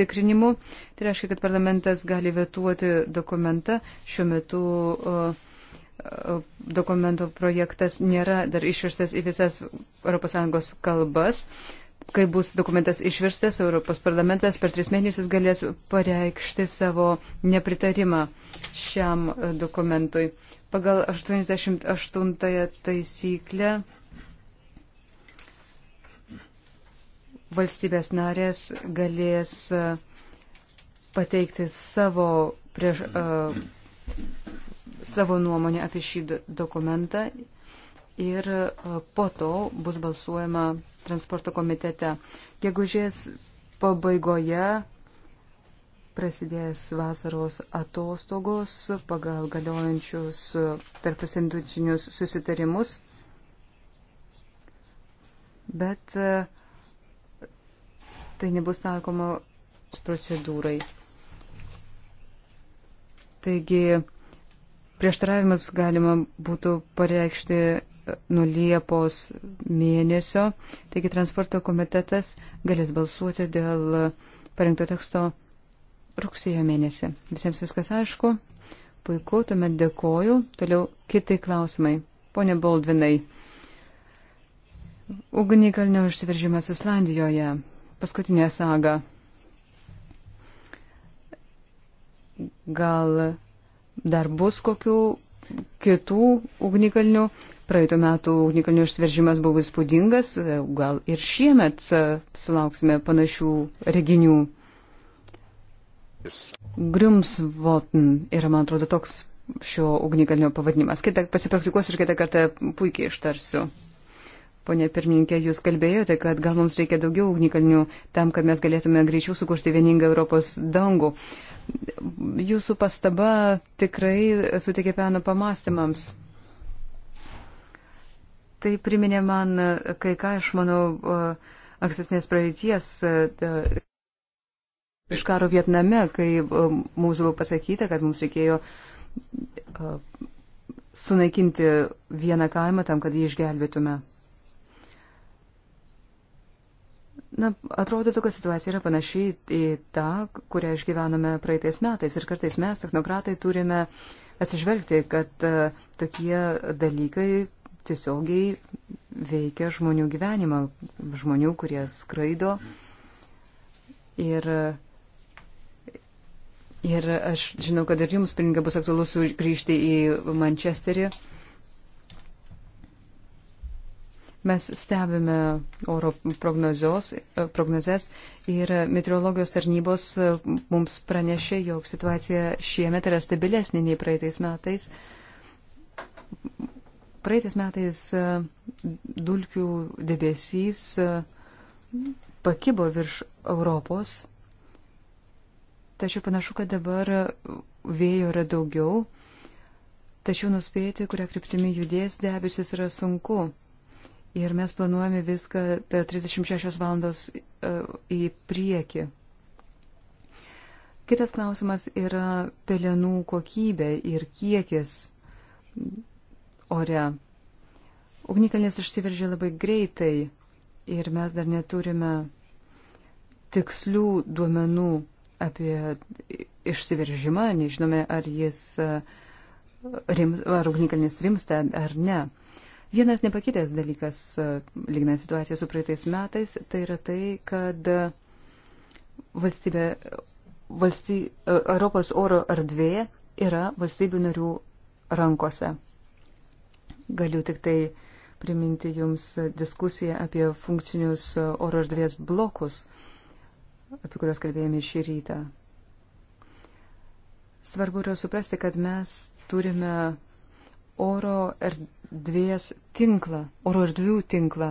S1: tikrinimu. Tai reiškia, kad parlamentas gali vetuoti dokumentą. Šiuo metu dokumento projektas nėra dar išverstas į visas ES kalbas kai bus dokumentas išverstas, Europos parlamentas per tris mėnesius galės pareikšti savo nepritarimą šiam e, dokumentui. Pagal 88 taisyklę valstybės narės galės e, pateikti savo, prieš, uh, savo nuomonę apie šį dokumentą ir uh, po to bus balsuojama transporto komitete. Gegužės pabaigoje prasidės vasaros atostogos pagal galiojančius tarpusinducinius susitarimus. Bet e, tai nebus taikoma procedūrai. Taigi prieštaravimus galima būtų pareikšti e, nuo Liepos mėnesio, taigi transporto komitetas galės balsuoti dėl parengto teksto rugsėjo mėnesį. Visiems viskas aišku, puiku, tuomet dėkoju. Toliau kiti klausimai. Pone Boldvinai, ugnikalnio išsiveržimas Islandijoje, paskutinė saga. Gal dar bus kokių kitų ugnikalnių. Praeitų metų ugnikalnių išsveržimas buvo įspūdingas, gal ir šiemet e, sulauksime panašių reginių. Grimsvotn yra, man atrodo, toks šio ugnikalnio pavadinimas. Kitą pasipraktikuosiu ir kitą kartą puikiai ištarsiu. Pone pirmininkė, jūs kalbėjote, kad gal mums reikia daugiau ugnikalnių tam, kad mes galėtume greičiau sukurti vieningą Europos dangų. Jūsų pastaba tikrai sutikė peno pamastymams. Tai priminė man kai ką iš mano ankstesnės praeities. Iš karo Vietname, kai mums buvo pasakyta, kad mums reikėjo sunaikinti vieną kaimą tam, kad jį išgelbėtume. Na, atrodo, tokia situacija yra panašiai į tą, kurią išgyvenome praeitais metais. Ir kartais mes, technokratai, turime atsižvelgti, kad e, tokie dalykai tiesiogiai veikia žmonių gyvenimą, žmonių, kurie skraido. Ir, ir aš žinau, kad ir jums, pirmininkai, bus aktualu sugrįžti į Mančesterį. Uh, Mes stebime oro e, prognozes ir meteorologijos tarnybos e, mums pranešė, jog situacija šiemet yra stabilesnė nei praeitais metais. Praeitais metais e, dulkių debesys pakibo virš Europos, tačiau panašu, kad dabar vėjo yra daugiau, tačiau nuspėti, kuria kryptimi judės debesis yra sunku. Ir mes planuojame viską 36 valandos e, į priekį. Kitas klausimas yra pelenų kokybė ir kiekis ore. Ugnikalnis išsiveržė labai greitai ir mes dar neturime tikslių duomenų apie išsiveržimą, nežinome, ar jis, e, ar ugnikalnis rimsta ar ne. Vienas nepakitęs dalykas, e, lygnant situaciją su praeitais metais, tai yra tai, kad e, valstybė, valsty, e, Europos oro erdvė yra valstybių narių rankose. Galiu tik tai priminti Jums diskusiją apie funkcinius oro erdvės blokus, apie kuriuos kalbėjome šį rytą. Svarbu yra suprasti, kad mes turime oro erdvės tinklą, oro erdvių tinklą.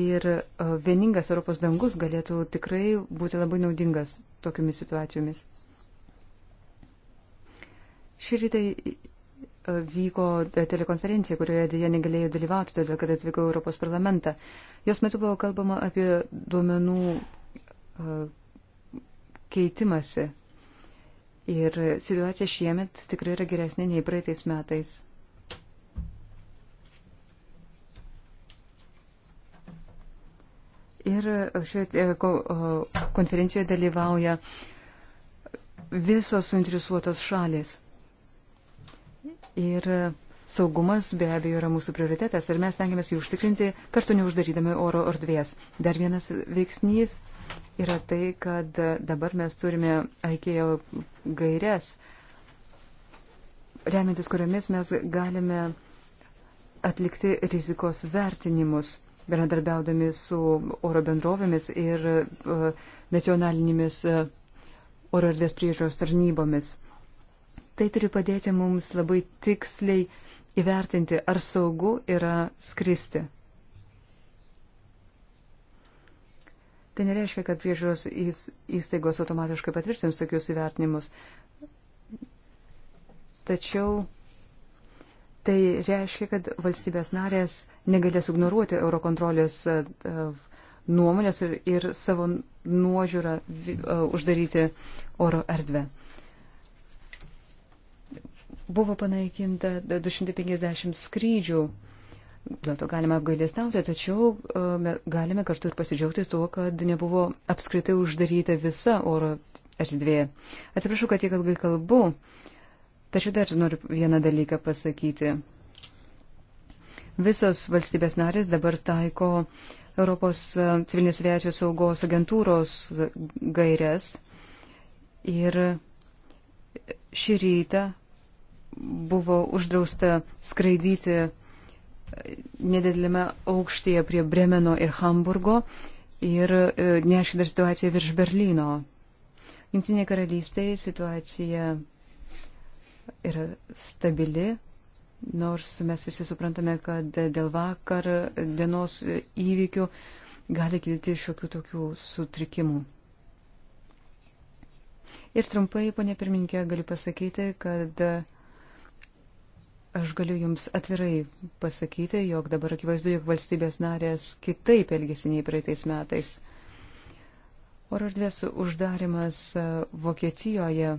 S1: Ir e, vieningas Europos dangus galėtų tikrai būti labai naudingas tokiamis situacijomis. Šį rytą e, vyko e, telekonferencija, kurioje dėja negalėjau dalyvauti, todėl kad atvykau Europos parlamentą. Jos metu buvo kalbama apie duomenų keitimasi Ir situacija šiemet tikrai yra geresnė nei praeitais metais. Ir šioje e, konferencijoje dalyvauja visos suinteresuotos šalis. Ir saugumas be abejo yra mūsų prioritetas ir mes tengiamės jį užtikrinti, kartu neuždarydami oro erdvės. Dar vienas veiksnys yra tai, kad dabar mes turime aikėjo gairias, remiantis kuriomis mes galime atlikti rizikos vertinimus, bendradarbiaudami su oro bendrovėmis ir uh, nacionalinėmis uh, oro erdvės priežiūros tarnybomis. Tai turi padėti mums labai tiksliai įvertinti, ar saugu yra skristi. Tai nereiškia, kad priežiūros įstaigos automatiškai patvirtins tokius įvertinimus. Tačiau tai reiškia, kad valstybės narės negalės ignoruoti eurokontrolės e, nuomonės ir, ir savo nuožiūrą e, uždaryti oro erdvę. Buvo panaikinta 250 skrydžių Dėl to galime apgailėstauti, tačiau e, galime kartu ir pasidžiaugti tuo, kad nebuvo apskritai uždaryta visa oro erdvė. Atsiprašau, kad tiek ilgai kalbu, tačiau dar noriu vieną dalyką pasakyti. Visos valstybės narės dabar taiko Europos e, civilinės aviacijos saugos agentūros e, gairias ir šį rytą buvo uždrausta skraidyti nedidelėme aukštyje prie Bremeno ir Hamburgo ir e, neaiški dar situacija virš Berlyno. Junktinė karalystėje situacija yra stabili, nors mes visi suprantame, kad dėl vakar dienos įvykių gali kilti šiokių tokių sutrikimų. Ir trumpai, ponė pirmininkė, galiu pasakyti, kad uh, Aš galiu Jums atvirai pasakyti, jog dabar akivaizdu, jog valstybės narės kitaip elgesi nei praeitais metais. Oro erdvės uždarimas e, Vokietijoje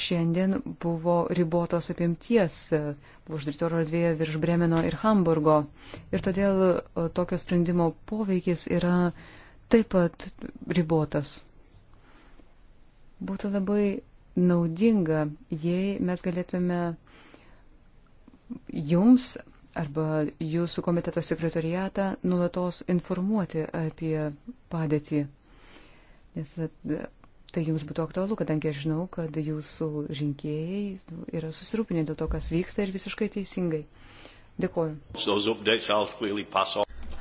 S1: šiandien buvo ribotos apimties, e, buvo uždaryta oro erdvėje virš Bremeno ir Hamburgo. Ir todėl e, tokio sprendimo poveikis yra taip pat ribotas. Būtų labai naudinga, jei mes galėtume jums arba jūsų komiteto sekretariatą nulatos informuoti apie padėtį. Nes e, tai jums būtų aktualu, kadangi aš žinau, kad jūsų rinkėjai yra susirūpinę dėl to, kas vyksta ir visiškai teisingai. Dėkuoju.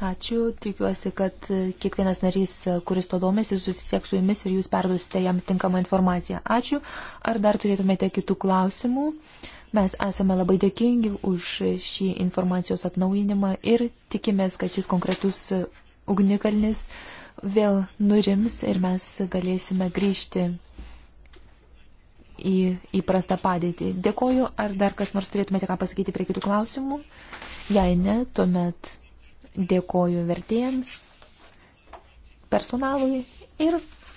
S1: Ačiū, tikiuosi, kad e,
S2: kiekvienas narys, e, kuris to domėsi, susisieks su jumis ir jūs perduosite jam tinkamą informaciją. Ačiū. Ar dar turėtumėte kitų klausimų? Uh, Mes esame labai dėkingi už šį informacijos atnaujinimą ir tikimės, kad šis konkretus ugnikalnis vėl nurims ir mes galėsime grįžti į įprastą padėtį. Dėkoju, ar dar kas nors turėtumėte ką pasakyti prie kitų klausimų? Jei ne, tuomet dėkoju vertėjams, personalui ir